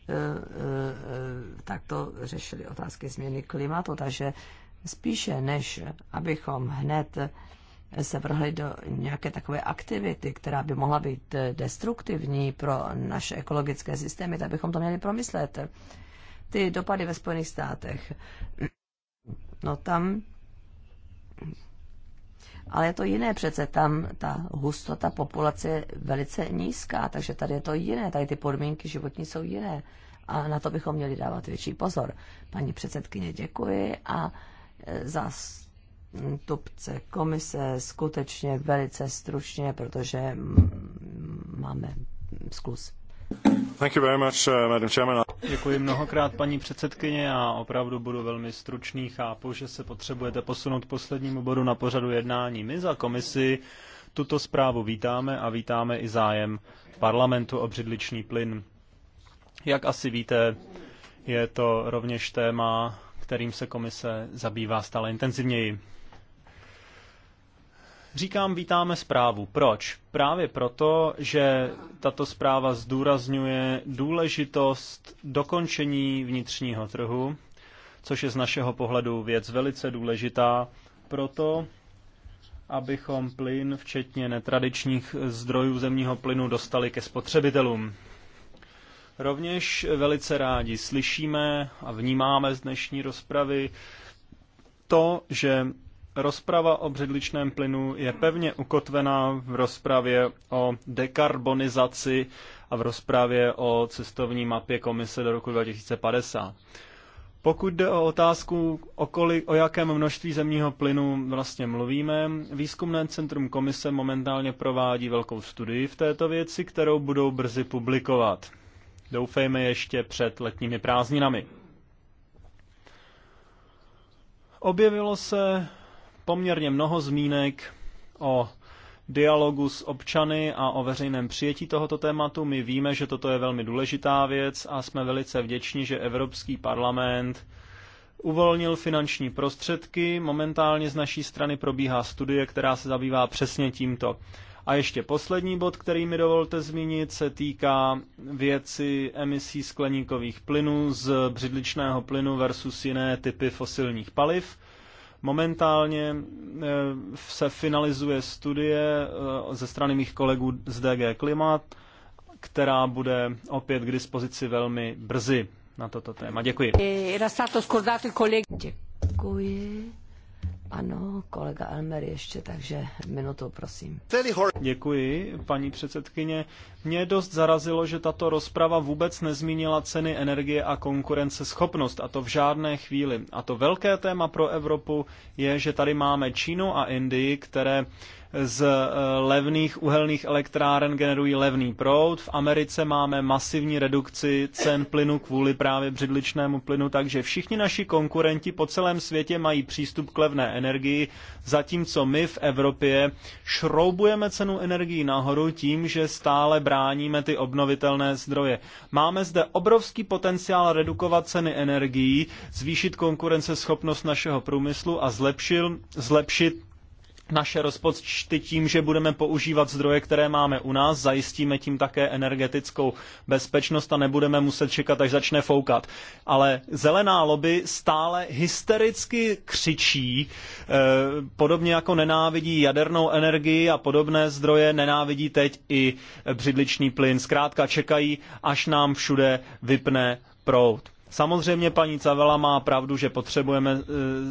e, e, takto řešili otázky změny klimatu, takže spíše než abychom hned se vrhli do nějaké takové aktivity, která by mohla být destruktivní pro naše ekologické systémy, tak bychom to měli promyslet. Ty dopady ve Spojených státech, no tam ale je to jiné přece, tam ta hustota populace je velice nízká, takže tady je to jiné, tady ty podmínky životní jsou jiné. A na to bychom měli dávat větší pozor. Paní předsedkyně, děkuji a e, za tupce komise skutečně velice stručně, protože máme zkus. Uh, Děkuji mnohokrát, paní předsedkyně. a opravdu budu velmi stručný. Chápu, že se potřebujete posunout k poslednímu bodu na pořadu jednání. My za komisi tuto zprávu vítáme a vítáme i zájem parlamentu o břidličný plyn. Jak asi víte, je to rovněž téma, kterým se komise zabývá stále intenzivněji. Říkám, vítáme zprávu. Proč? Právě proto, že tato zpráva zdůrazňuje důležitost dokončení vnitřního trhu, což je z našeho pohledu věc velice důležitá, proto abychom plyn, včetně netradičních zdrojů zemního plynu, dostali ke spotřebitelům. Rovněž velice rádi slyšíme a vnímáme z dnešní rozpravy to, že Rozprava o břidličném plynu je pevně ukotvená v rozpravě o dekarbonizaci a v rozpravě o cestovní mapě komise do roku 2050. Pokud jde o otázku, o, kolik, o jakém množství zemního plynu vlastně mluvíme, výzkumné centrum komise momentálně provádí velkou studii v této věci, kterou budou brzy publikovat. Doufejme ještě před letními prázdninami. Objevilo se poměrně mnoho zmínek o dialogu s občany a o veřejném přijetí tohoto tématu. My víme, že toto je velmi důležitá věc a jsme velice vděční, že Evropský parlament uvolnil finanční prostředky. Momentálně z naší strany probíhá studie, která se zabývá přesně tímto. A ještě poslední bod, který mi dovolte zmínit, se týká věci emisí skleníkových plynů z břidličného plynu versus jiné typy fosilních paliv. Momentálně eh, se finalizuje studie eh, ze strany mých kolegů z DG Klimat, která bude opět k dispozici velmi brzy na toto téma. Děkuji. Děkuji. Ano, kolega Elmer ještě, takže minutu, prosím. Děkuji, paní předsedkyně. Mě dost zarazilo, že tato rozprava vůbec nezmínila ceny energie a konkurenceschopnost, a to v žádné chvíli. A to velké téma pro Evropu je, že tady máme Čínu a Indii, které z eh, levných uhelných elektráren generují levný proud. V Americe máme masivní redukci cen plynu kvůli právě břidličnému plynu, takže všichni naši konkurenti po celém světě mají přístup k levné energii, zatímco my v Evropě šroubujeme cenu energii nahoru tím, že stále bráníme ty obnovitelné zdroje. Máme zde obrovský potenciál redukovat ceny energií, zvýšit konkurenceschopnost našeho průmyslu a zlepšil, zlepšit naše rozpočty tím, že budeme používat zdroje, které máme u nás, zajistíme tím také energetickou bezpečnost a nebudeme muset čekat, až začne foukat. Ale zelená lobby stále hystericky křičí, eh, podobně jako nenávidí jadernou energii a podobné zdroje, nenávidí teď i břidličný plyn. Zkrátka čekají, až nám všude vypne proud. Samozřejmě paní Cavela má pravdu, že potřebujeme e,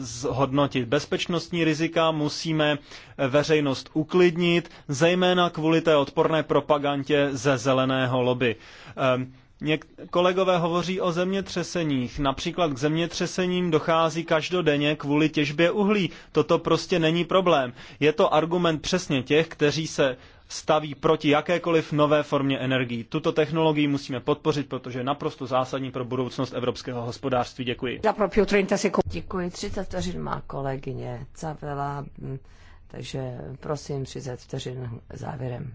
zhodnotit bezpečnostní rizika, musíme e, veřejnost uklidnit, zejména kvůli té odporné propagandě ze zeleného lobby. Ehm, něk- kolegové hovoří o zemětřeseních. Například k zemětřesením dochází každodenně kvůli těžbě uhlí. Toto prostě není problém. Je to argument přesně těch, kteří se staví proti jakékoliv nové formě energií. Tuto technologii musíme podpořit, protože je naprosto zásadní pro budoucnost evropského hospodářství. Děkuji. Zapropil 30 sekund. Děkuji. 30 vteřin má kolegyně Cavela, mm, takže prosím 30 vteřin závěrem.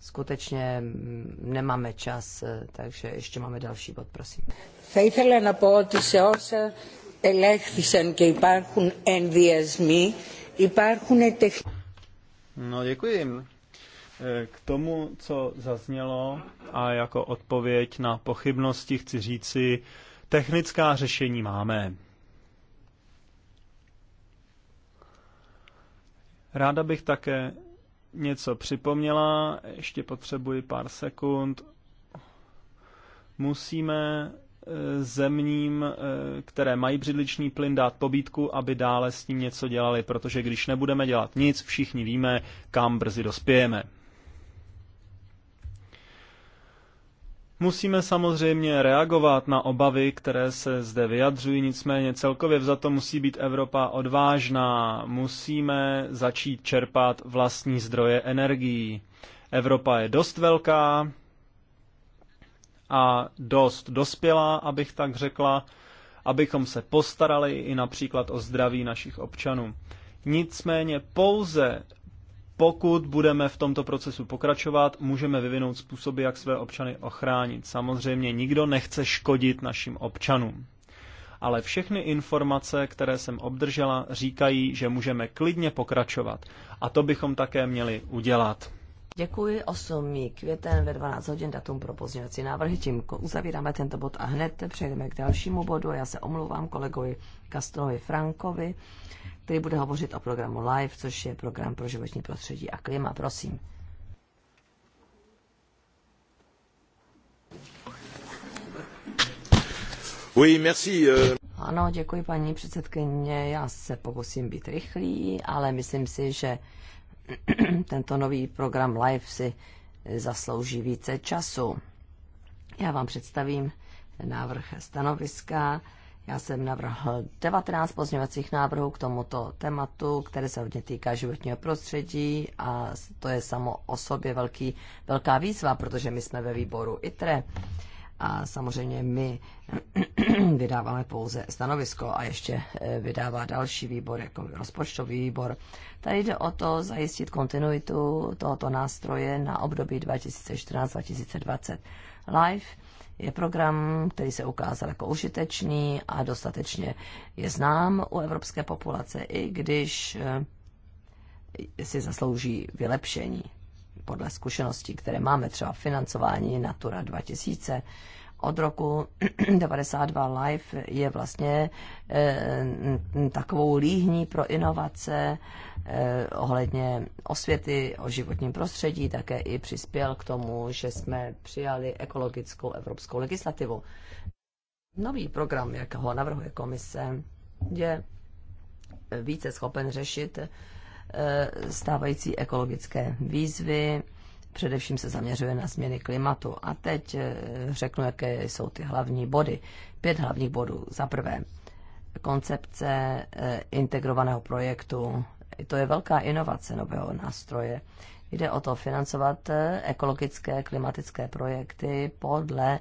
Skutečně mm, nemáme čas, eh, takže ještě máme další bod, prosím. No děkuji. Eh, k tomu, co zaznělo a jako odpověď na pochybnosti chci říci, technická řešení máme. Ráda bych také něco připomněla, ještě potřebuji pár sekund. Musíme eh, zemním, eh, které mají břidličný plyn, dát pobítku, aby dále s ním něco dělali, protože když nebudeme dělat nic, všichni víme, kam brzy dospějeme. Musíme samozřejmě reagovat na obavy, které se zde vyjadřují, nicméně celkově to musí být Evropa odvážná. Musíme začít čerpat vlastní zdroje energií. Evropa je dost velká a dost dospělá, abych tak řekla, abychom se postarali i například o zdraví našich občanů. Nicméně pouze pokud budeme v tomto procesu pokračovat, můžeme vyvinout způsoby, jak své občany ochránit. Samozřejmě nikdo nechce škodit našim občanům. Ale všechny informace, které jsem obdržela, říkají, že můžeme klidně pokračovat. A to bychom také měli udělat. Děkuji, 8. květen ve 12 hodin datum pro pozměňovací návrhy. Tím uzavíráme tento bod a hned přejdeme k dalšímu bodu. Já se omlouvám kolegovi Kastrovi Frankovi, který bude hovořit o programu LIFE, což je program pro životní prostředí a klima. Prosím. Oui, merci. Euh. Ano, děkuji paní předsedkyně. Já se pokusím být rychlý, ale myslím si, že tento nový program LIFE si zaslouží více času. Já vám představím návrh stanoviska já jsem navrhl 19 pozměňovacích návrhů k tomuto tématu, které se hodně týká životního prostředí a to je samo o sobě velký, velká výzva, protože my jsme ve výboru ITRE a samozřejmě my vydáváme pouze stanovisko a ještě eh, vydává další výbor, jako rozpočtový výbor. Tady jde o to zajistit kontinuitu tohoto nástroje na období 2014-2020. Life je program, který se ukázal jako užitečný a dostatečně je znám u evropské populace, i když eh, si zaslouží vylepšení podle zkušeností, které máme třeba financování Natura 2000, od roku 92 Life je vlastně eh, takovou líhní pro inovace eh, ohledně osvěty o životním prostředí, také i přispěl k tomu, že jsme přijali ekologickou evropskou legislativu. Nový program, jak ho navrhuje komise, je více schopen řešit eh, stávající ekologické výzvy především se zaměřuje na změny klimatu. A teď eh, řeknu, jaké jsou ty hlavní body. Pět hlavních bodů. Za prvé, koncepce eh, integrovaného projektu. To je velká inovace nového nástroje. Jde o to financovat eh, ekologické, klimatické projekty podle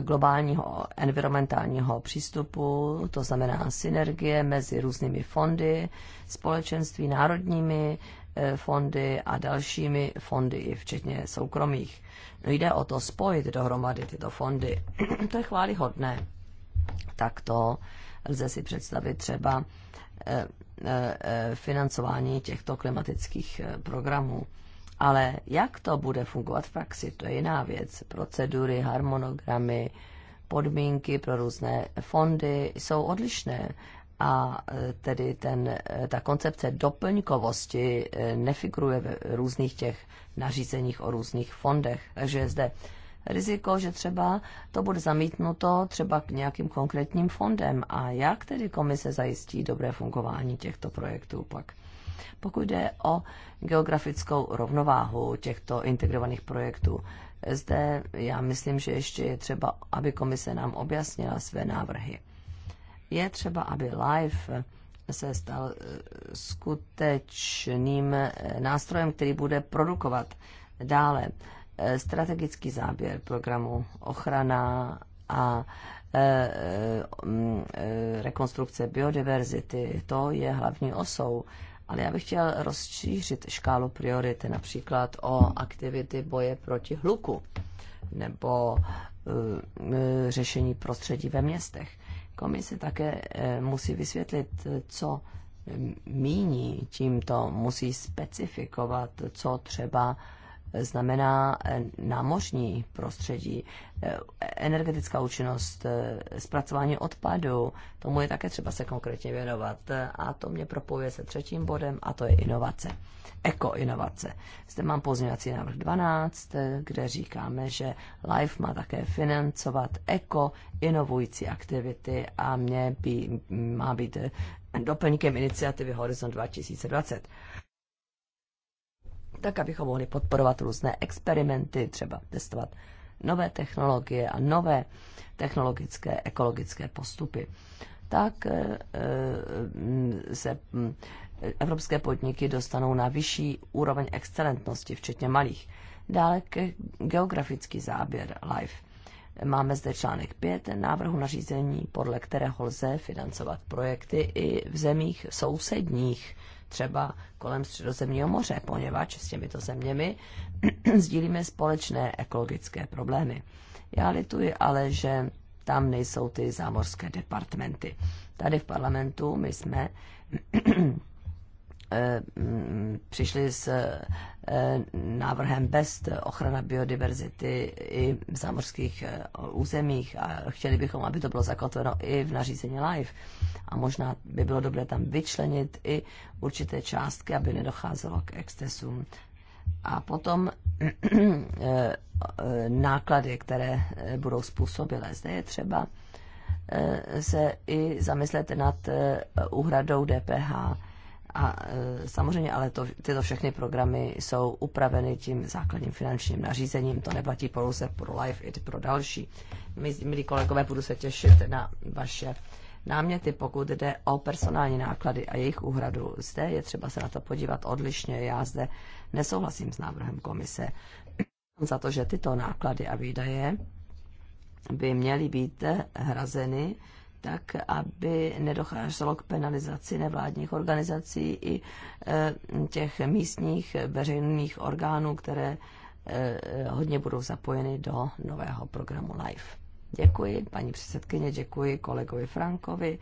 globálního environmentálního přístupu, to znamená synergie mezi různými fondy, společenství národními, E, fondy a dalšími fondy, včetně soukromých. No jde o to spojit dohromady tyto fondy. to je chválihodné. Tak to lze si představit třeba e, e, financování těchto klimatických programů. Ale jak to bude fungovat v praxi, to je jiná věc. Procedury, harmonogramy, podmínky pro různé fondy jsou odlišné a e, tedy ten, e, ta koncepce doplňkovosti e, nefiguruje v různých těch nařízeních o různých fondech. Takže je zde riziko, že třeba to bude zamítnuto třeba k nějakým konkrétním fondem. A jak tedy komise zajistí dobré fungování těchto projektů pak? Pokud jde o geografickou rovnováhu těchto integrovaných projektů, zde já myslím, že ještě je třeba, aby komise nám objasnila své návrhy je třeba, aby live se stal eh, skutečným eh, nástrojem, který bude produkovat dále eh, strategický záběr programu ochrana a mm, rekonstrukce biodiverzity. To je hlavní osou. Ale já bych chtěl rozšířit škálu priorit například o aktivity boje proti hluku nebo řešení prostředí ve městech. Komise také eh, musí vysvětlit, co eh, míní tímto, musí specifikovat, co třeba znamená eh, námořní prostředí, eh, energetická účinnost, eh, zpracování odpadu, tomu je také třeba se konkrétně věnovat. A to mě propojuje se třetím bodem, a to je inovace. Ekoinovace. Zde mám pozměňovací návrh 12, kde říkáme, že LIFE má také financovat eko-inovující aktivity a mě by, má být doplníkem iniciativy Horizon 2020 tak abychom mohli podporovat různé experimenty, třeba testovat nové technologie a nové technologické ekologické postupy. Tak eh, eh, se hm, evropské podniky dostanou na vyšší úroveň excelentnosti, včetně malých. Dále geografický záběr LIFE. Máme zde článek 5 návrhu nařízení, podle kterého lze financovat projekty i v zemích sousedních třeba kolem Středozemního moře, poněvadž s těmito zeměmi sdílíme společné ekologické problémy. Já lituji ale, že tam nejsou ty zámořské departmenty. Tady v parlamentu my jsme Eh, mm, přišli s eh, návrhem best ochrana biodiverzity i v zámořských eh, územích a chtěli bychom, aby to bylo zakotveno i v nařízení LIFE. A možná by bylo dobré tam vyčlenit i určité částky, aby nedocházelo k excesům. A potom náklady, které budou způsobilé. Zde je třeba se i zamyslet nad úhradou DPH a e, samozřejmě, ale to, tyto všechny programy jsou upraveny tím základním finančním nařízením. To neplatí pouze pro Life, i pro další. Milí kolegové, budu se těšit na vaše náměty, pokud jde o personální náklady a jejich úhradu. Zde je třeba se na to podívat odlišně. Já zde nesouhlasím s návrhem komise za to, že tyto náklady a výdaje by měly být hrazeny tak aby nedocházelo k penalizaci nevládních organizací i e, těch místních veřejných orgánů, které e, hodně budou zapojeny do nového programu LIFE. Děkuji paní předsedkyně, děkuji kolegovi Frankovi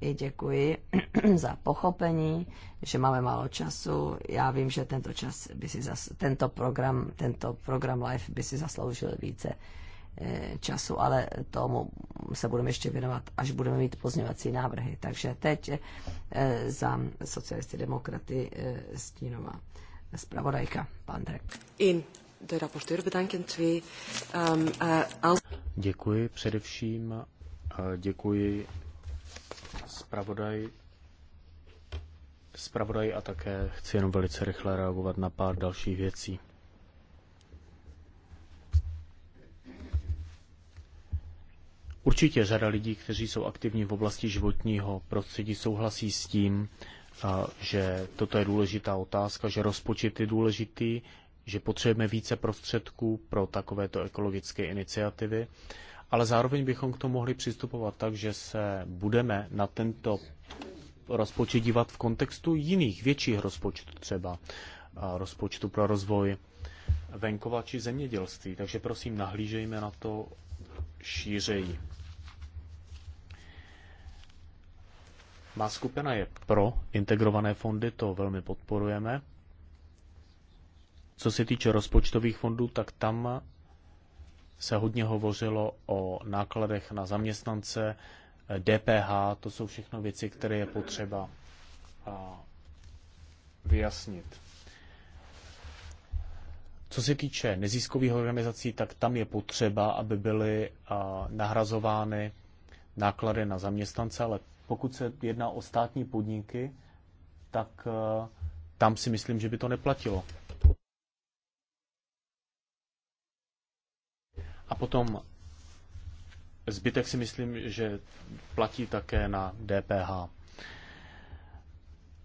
i děkuji za pochopení, že máme málo času. Já vím, že tento čas by si zas, tento program, tento program LIFE by si zasloužil více Eh, času, ale tomu se budeme ještě věnovat, až budeme mít pozněvací návrhy. Takže teď eh, za socialisty demokraty eh, Stínová zpravodajka, pan Drek. Ehm, děkuji především. Děkuji zpravodaj, zpravodaj a také chci jenom velice rychle reagovat na pár dalších věcí. Určitě řada lidí, kteří jsou aktivní v oblasti životního prostředí, souhlasí s tím, že toto je důležitá otázka, že rozpočet je důležitý, že potřebujeme více prostředků pro takovéto ekologické iniciativy, ale zároveň bychom k tomu mohli přistupovat tak, že se budeme na tento rozpočet dívat v kontextu jiných, větších rozpočtů, třeba rozpočtu pro rozvoj venkova či zemědělství. Takže prosím, nahlížejme na to šířejí. Má skupina je pro integrované fondy, to velmi podporujeme. Co se týče rozpočtových fondů, tak tam se hodně hovořilo o nákladech na zaměstnance, DPH, to jsou všechno věci, které je potřeba vyjasnit. Co se týče neziskových organizací, tak tam je potřeba, aby byly nahrazovány náklady na zaměstnance, ale pokud se jedná o státní podniky, tak eh, tam si myslím, že by to neplatilo. A potom zbytek si myslím, že platí také na DPH.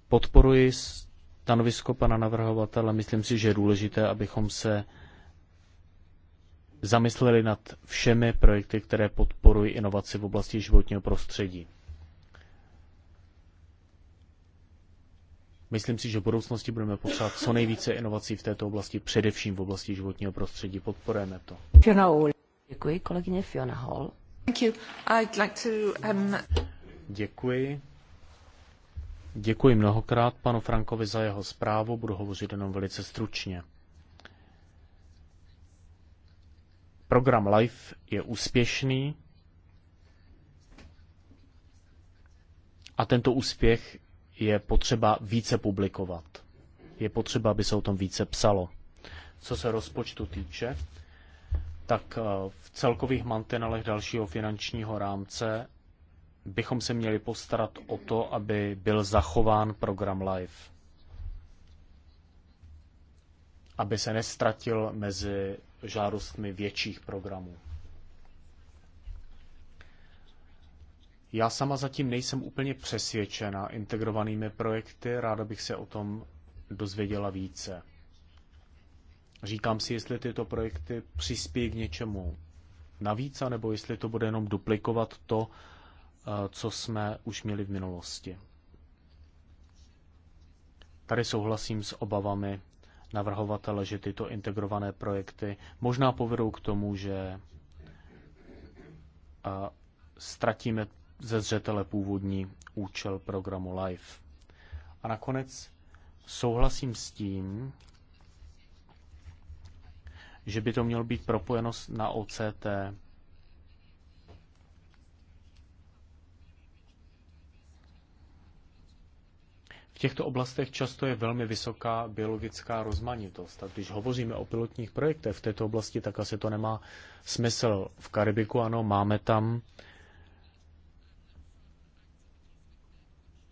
Podporuji stanovisko pana navrhovatele. Myslím si, že je důležité, abychom se zamysleli nad všemi projekty, které podporují inovaci v oblasti životního prostředí. Myslím si, že v budoucnosti budeme potřebovat co nejvíce inovací v této oblasti, především v oblasti životního prostředí. Podporujeme to. Fiona Hall. Děkuji, kolegyně Fiona Hall. Thank you. I'd like to, um... Děkuji. Děkuji mnohokrát panu Frankovi za jeho zprávu, budu hovořit jenom velice stručně. Program LIFE je úspěšný a tento úspěch je potřeba více publikovat. Je potřeba, aby se o tom více psalo. Co se rozpočtu týče, tak eh, v celkových mantinelech dalšího finančního rámce bychom se měli postarat o to, aby byl zachován program LIFE. Aby se nestratil mezi žádostmi větších programů. Já sama zatím nejsem úplně přesvědčena integrovanými projekty, ráda bych se o tom dozvěděla více. Říkám si, jestli tyto projekty přispějí k něčemu navíc, nebo jestli to bude jenom duplikovat to, eh, co jsme už měli v minulosti. Tady souhlasím s obavami navrhovatele, že tyto integrované projekty možná povedou k tomu, že eh, ztratíme ze zřetele původní účel programu LIFE. A nakonec souhlasím s tím, že by to mělo být propojeno na OCT. V těchto oblastech často je velmi vysoká biologická rozmanitost. A když hovoříme o pilotních projektech v této oblasti, tak asi to nemá smysl. V Karibiku ano, máme tam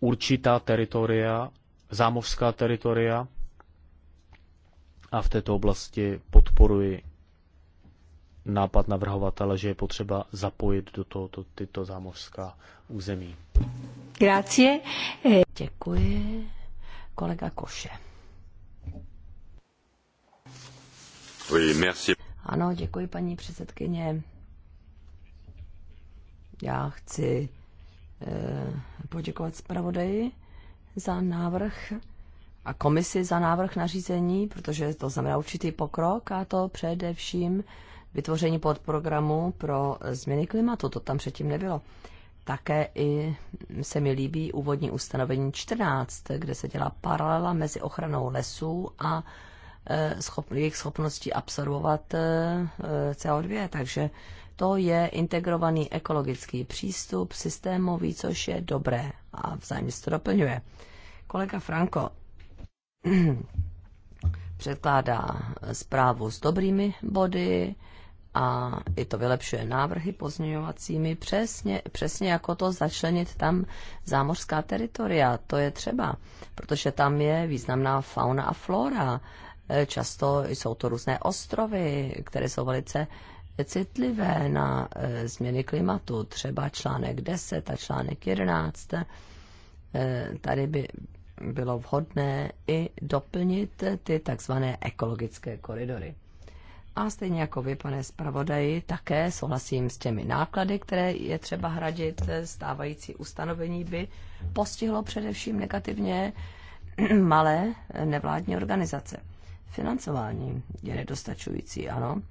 určitá teritoria, zámořská teritoria a v této oblasti podporuji nápad navrhovatele, že je potřeba zapojit do tohoto tyto zámořská území. Grácie. Děkuji. Kolega Koše. Oui, merci. Ano, děkuji paní předsedkyně. Já chci Eh, poděkovat zpravodaji za návrh a komisi za návrh nařízení, protože to znamená určitý pokrok a to především vytvoření podprogramu pro změny klimatu, to tam předtím nebylo. Také i se mi líbí úvodní ustanovení 14, kde se dělá paralela mezi ochranou lesů a eh, jejich schopností absorbovat eh, CO2, takže to je integrovaný ekologický přístup, systémový, což je dobré a vzájemně se to doplňuje. Kolega Franko předkládá zprávu s dobrými body a i to vylepšuje návrhy pozměňovacími, přesně, přesně jako to začlenit tam zámořská teritoria. To je třeba, protože tam je významná fauna a flora. Často jsou to různé ostrovy, které jsou velice citlivé na e, změny klimatu, třeba článek 10 a článek 11. E, tady by bylo vhodné i doplnit ty takzvané ekologické koridory. A stejně jako vy, pane zpravodaji, také souhlasím s těmi náklady, které je třeba hradit. Stávající ustanovení by postihlo především negativně malé nevládní organizace. Financování je nedostačující, ano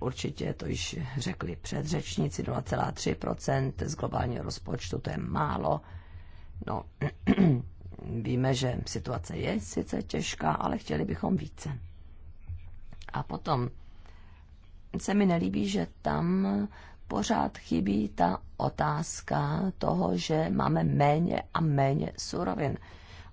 určitě to již řekli předřečníci, 0,3% z globálního rozpočtu, to je málo. No, víme, že situace je sice těžká, ale chtěli bychom více. A potom se mi nelíbí, že tam pořád chybí ta otázka toho, že máme méně a méně surovin.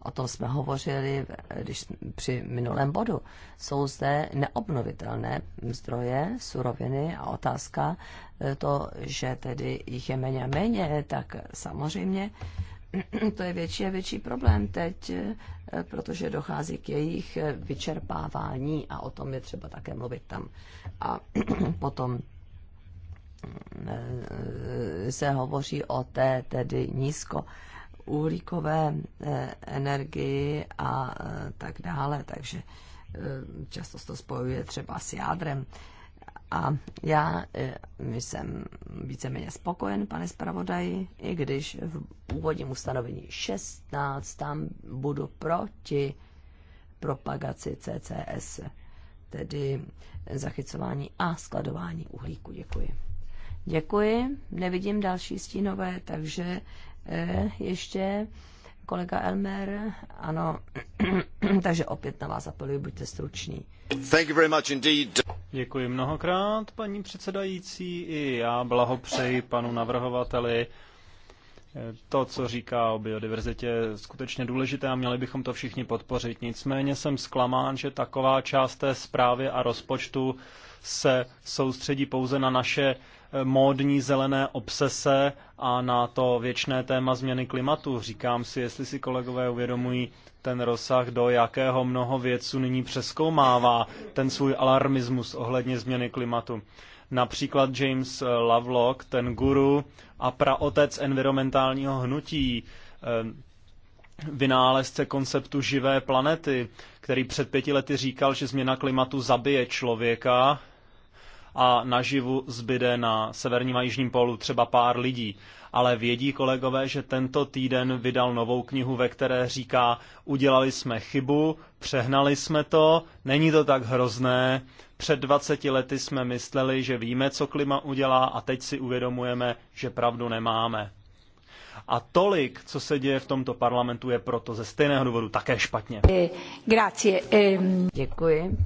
O tom jsme hovořili když, při minulém bodu. Jsou zde neobnovitelné zdroje, suroviny a otázka e, to, že tedy jich je méně a méně, tak samozřejmě to je větší a větší problém teď, e, protože dochází k jejich vyčerpávání a o tom je třeba také mluvit tam. A potom e, se hovoří o té tedy nízko uhlíkové eh, energii a eh, tak dále, takže eh, často se to spojuje třeba s jádrem. A já jsem víceméně spokojen, pane zpravodaji, i když v původním ustanovení 16 tam budu proti propagaci CCS, tedy zachycování a skladování uhlíku. Děkuji. Děkuji. Nevidím další stínové, takže E, ještě kolega Elmer. Ano, takže opět na vás apeluji, buďte struční. Thank you very much indeed. Děkuji mnohokrát, paní předsedající, i já blahopřeji panu navrhovateli. E, to, co říká o biodiverzitě, je skutečně důležité a měli bychom to všichni podpořit. Nicméně jsem zklamán, že taková část té zprávy a rozpočtu se soustředí pouze na naše módní zelené obsese a na to věčné téma změny klimatu. Říkám si, jestli si kolegové uvědomují ten rozsah, do jakého mnoho vědců nyní přeskoumává ten svůj alarmismus ohledně změny klimatu. Například James Lovelock, ten guru a praotec environmentálního hnutí, eh, vynálezce konceptu živé planety, který před pěti lety říkal, že změna klimatu zabije člověka a naživu zbyde na severním a jižním polu třeba pár lidí. Ale vědí kolegové, že tento týden vydal novou knihu, ve které říká, udělali jsme chybu, přehnali jsme to, není to tak hrozné, před 20 lety jsme mysleli, že víme, co klima udělá a teď si uvědomujeme, že pravdu nemáme. A tolik, co se děje v tomto parlamentu, je proto ze stejného důvodu také špatně. Eh, ehm. Děkuji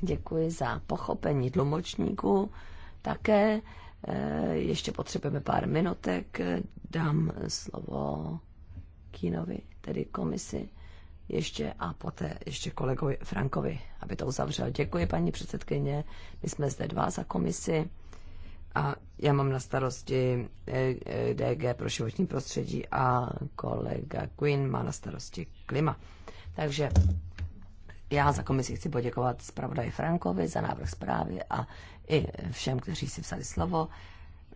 děkuji za pochopení tlumočníků. Také eh, ještě potřebujeme pár minutek. Dám slovo Kínovi, tedy komisi, ještě a poté ještě kolegovi Frankovi, aby to uzavřel. Děkuji, paní předsedkyně. My jsme zde dva za komisi a já mám na starosti eh, eh, DG pro životní prostředí a kolega Quinn má na starosti klima. Takže já za komisi chci poděkovat zpravodaji Frankovi za návrh zprávy a i všem, kteří si vzali slovo.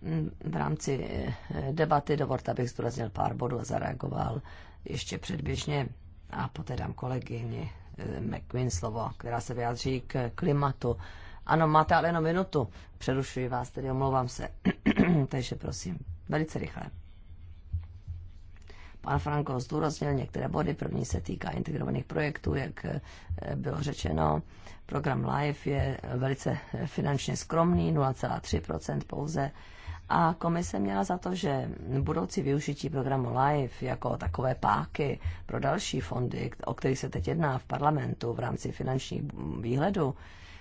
Mm, v rámci eh, debaty dovolte, abych zdůraznil pár bodů a zareagoval ještě předběžně a poté dám kolegyni eh, McQueen slovo, která se vyjádří k klimatu. Ano, máte ale jenom minutu. Přerušuji vás, tedy omlouvám se. Takže prosím, velice rychle. Pan Franko zdůraznil některé body. První se týká integrovaných projektů, jak eh, bylo řečeno. Program LIFE je velice finančně skromný, 0,3 pouze. A komise měla za to, že budoucí využití programu LIFE jako takové páky pro další fondy, o kterých se teď jedná v parlamentu v rámci finančních výhledů,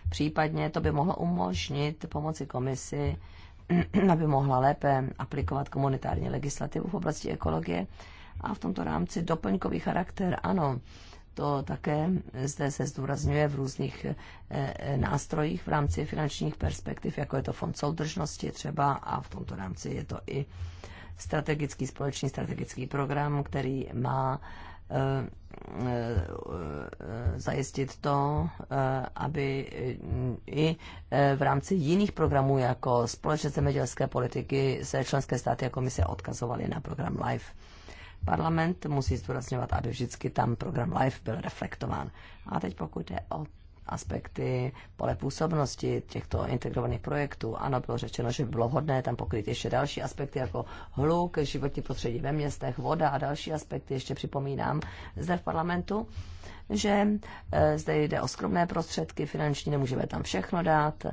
případně to by mohlo umožnit pomoci komisi aby mohla lépe aplikovat komunitární legislativu v oblasti ekologie a v tomto rámci doplňkový charakter, ano, to také zde se zdůrazňuje v různých eh, eh, nástrojích v rámci finančních perspektiv, jako je to fond soudržnosti třeba a v tomto rámci je to i strategický společný strategický program, který má eh, zajistit to, aby i v rámci jiných programů jako společné zemědělské politiky se členské státy a komise odkazovaly na program LIFE. Parlament musí zdůrazňovat, aby vždycky tam program LIFE byl reflektován. A teď pokud je o aspekty pole působnosti těchto integrovaných projektů. Ano, bylo řečeno, že by bylo hodné tam pokryt ještě další aspekty, jako hluk, životní prostředí ve městech, voda a další aspekty, ještě připomínám, zde v parlamentu. Uh, že eh, zde jde o skromné prostředky finanční, nemůžeme tam všechno dát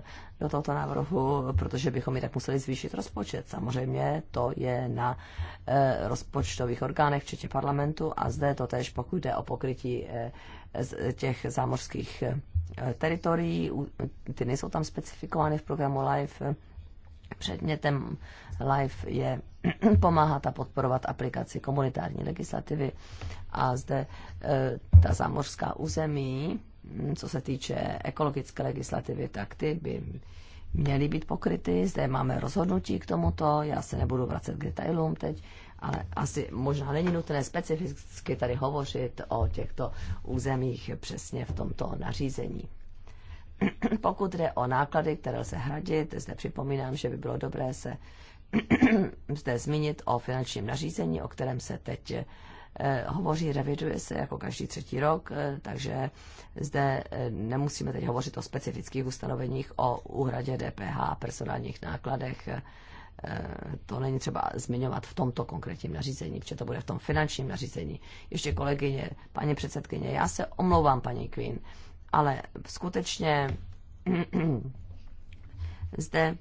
do tohoto návrhu, protože bychom i tak museli zvýšit rozpočet. Samozřejmě to je na eh, rozpočtových orgánech, včetně parlamentu a zde to tež, pokud jde o pokrytí eh, těch zámořských teritorií, ty nejsou tam specifikovány v programu LIFE, Předmětem LIFE je pomáhat a podporovat aplikaci komunitární legislativy. A zde e, ta zámořská území, co se týče ekologické legislativy, tak ty by měly být pokryty. Zde máme rozhodnutí k tomuto, já se nebudu vracet k detailům teď, ale asi možná není nutné specificky tady hovořit o těchto územích přesně v tomto nařízení. Pokud jde o náklady, které lze hradit, zde připomínám, že by bylo dobré se zde zmínit o finančním nařízení, o kterém se teď eh, hovoří, reviduje se jako každý třetí rok, eh, takže zde eh, nemusíme teď hovořit o specifických ustanoveních, o úhradě DPH, personálních nákladech. To není třeba zmiňovat v tomto konkrétním nařízení, protože to bude v tom finančním nařízení. Ještě kolegyně, paní předsedkyně, já se omlouvám, paní Queen ale skutečně zde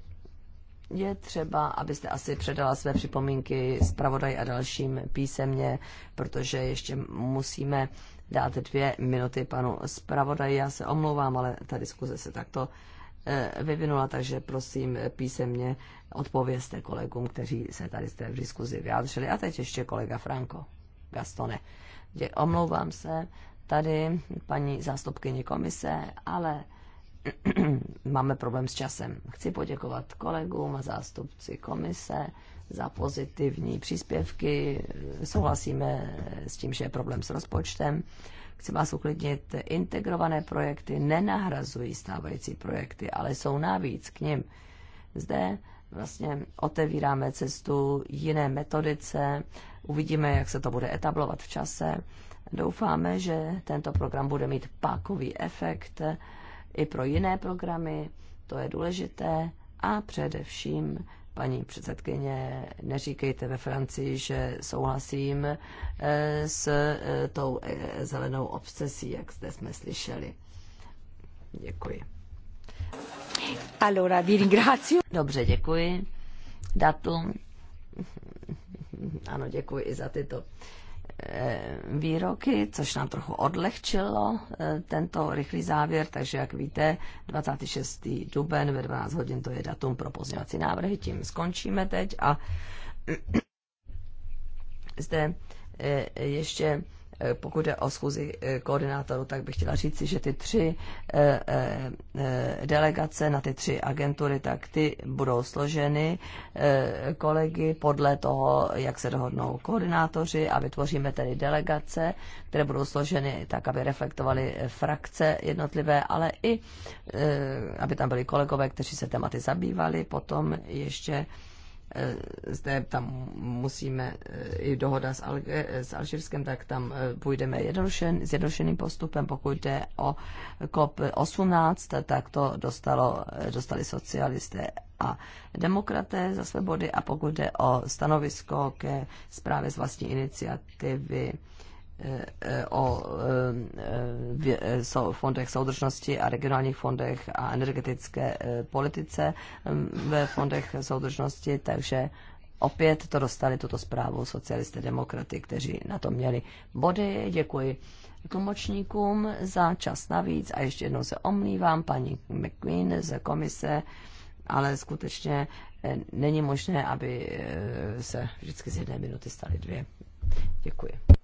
je třeba, abyste asi předala své připomínky zpravodaj a dalším písemně, protože ještě musíme dát dvě minuty panu zpravodaji. Já se omlouvám, ale ta diskuze se takto eh, vyvinula, takže prosím písemně odpovězte kolegům, kteří se tady z té diskuzi vyjádřili. A teď ještě kolega Franco Gastone. Omlouvám se, tady paní zástupkyni komise, ale máme problém s časem. Chci poděkovat kolegům a zástupci komise za pozitivní příspěvky. Souhlasíme s tím, že je problém s rozpočtem. Chci vás uklidnit, integrované projekty nenahrazují stávající projekty, ale jsou navíc k ním. Zde vlastně otevíráme cestu jiné metodice, uvidíme, jak se to bude etablovat v čase Doufáme, že tento program bude mít pákový efekt i pro jiné programy, to je důležité. A především, paní předsedkyně, neříkejte ve Francii, že souhlasím eh, s eh, tou eh, zelenou obsesí, jak zde jsme slyšeli. Děkuji. Allora, vi ringrazio. Dobře, děkuji. Datum. Ano, děkuji i za tyto Eh, výroky, což nám trochu odlehčilo eh, tento rychlý závěr, takže jak víte, 26. duben ve 12 hodin to je datum pro pozměňovací návrhy, tím skončíme teď a zde eh, ještě Eh, pokud jde o schůzi eh, koordinátorů, tak bych chtěla říci, že ty tři eh, delegace na ty tři agentury, tak ty budou složeny kolegy podle toho, jak se dohodnou koordinátoři a vytvoříme tedy delegace, které budou složeny tak, aby reflektovaly frakce jednotlivé, ale i aby tam byli kolegové, kteří se tématy zabývali. Potom ještě Eh, zde tam musíme eh, i dohoda s, Alge, s Alžírskem, tak tam eh, půjdeme jednošen, s jednodušeným postupem. Pokud jde o COP18, tak to dostalo, dostali socialisté a demokraté za své body a pokud jde o stanovisko ke zprávě z vlastní iniciativy, o eh, eh, fondech soudržnosti a regionálních fondech a energetické eh, politice mm, ve fondech soudržnosti, takže opět to dostali tuto zprávu socialisté demokraty, kteří na to měli body. Děkuji tlumočníkům za čas navíc a ještě jednou se omlívám paní McQueen z komise, ale skutečně není možné, aby se vždycky z jedné minuty staly dvě. Děkuji.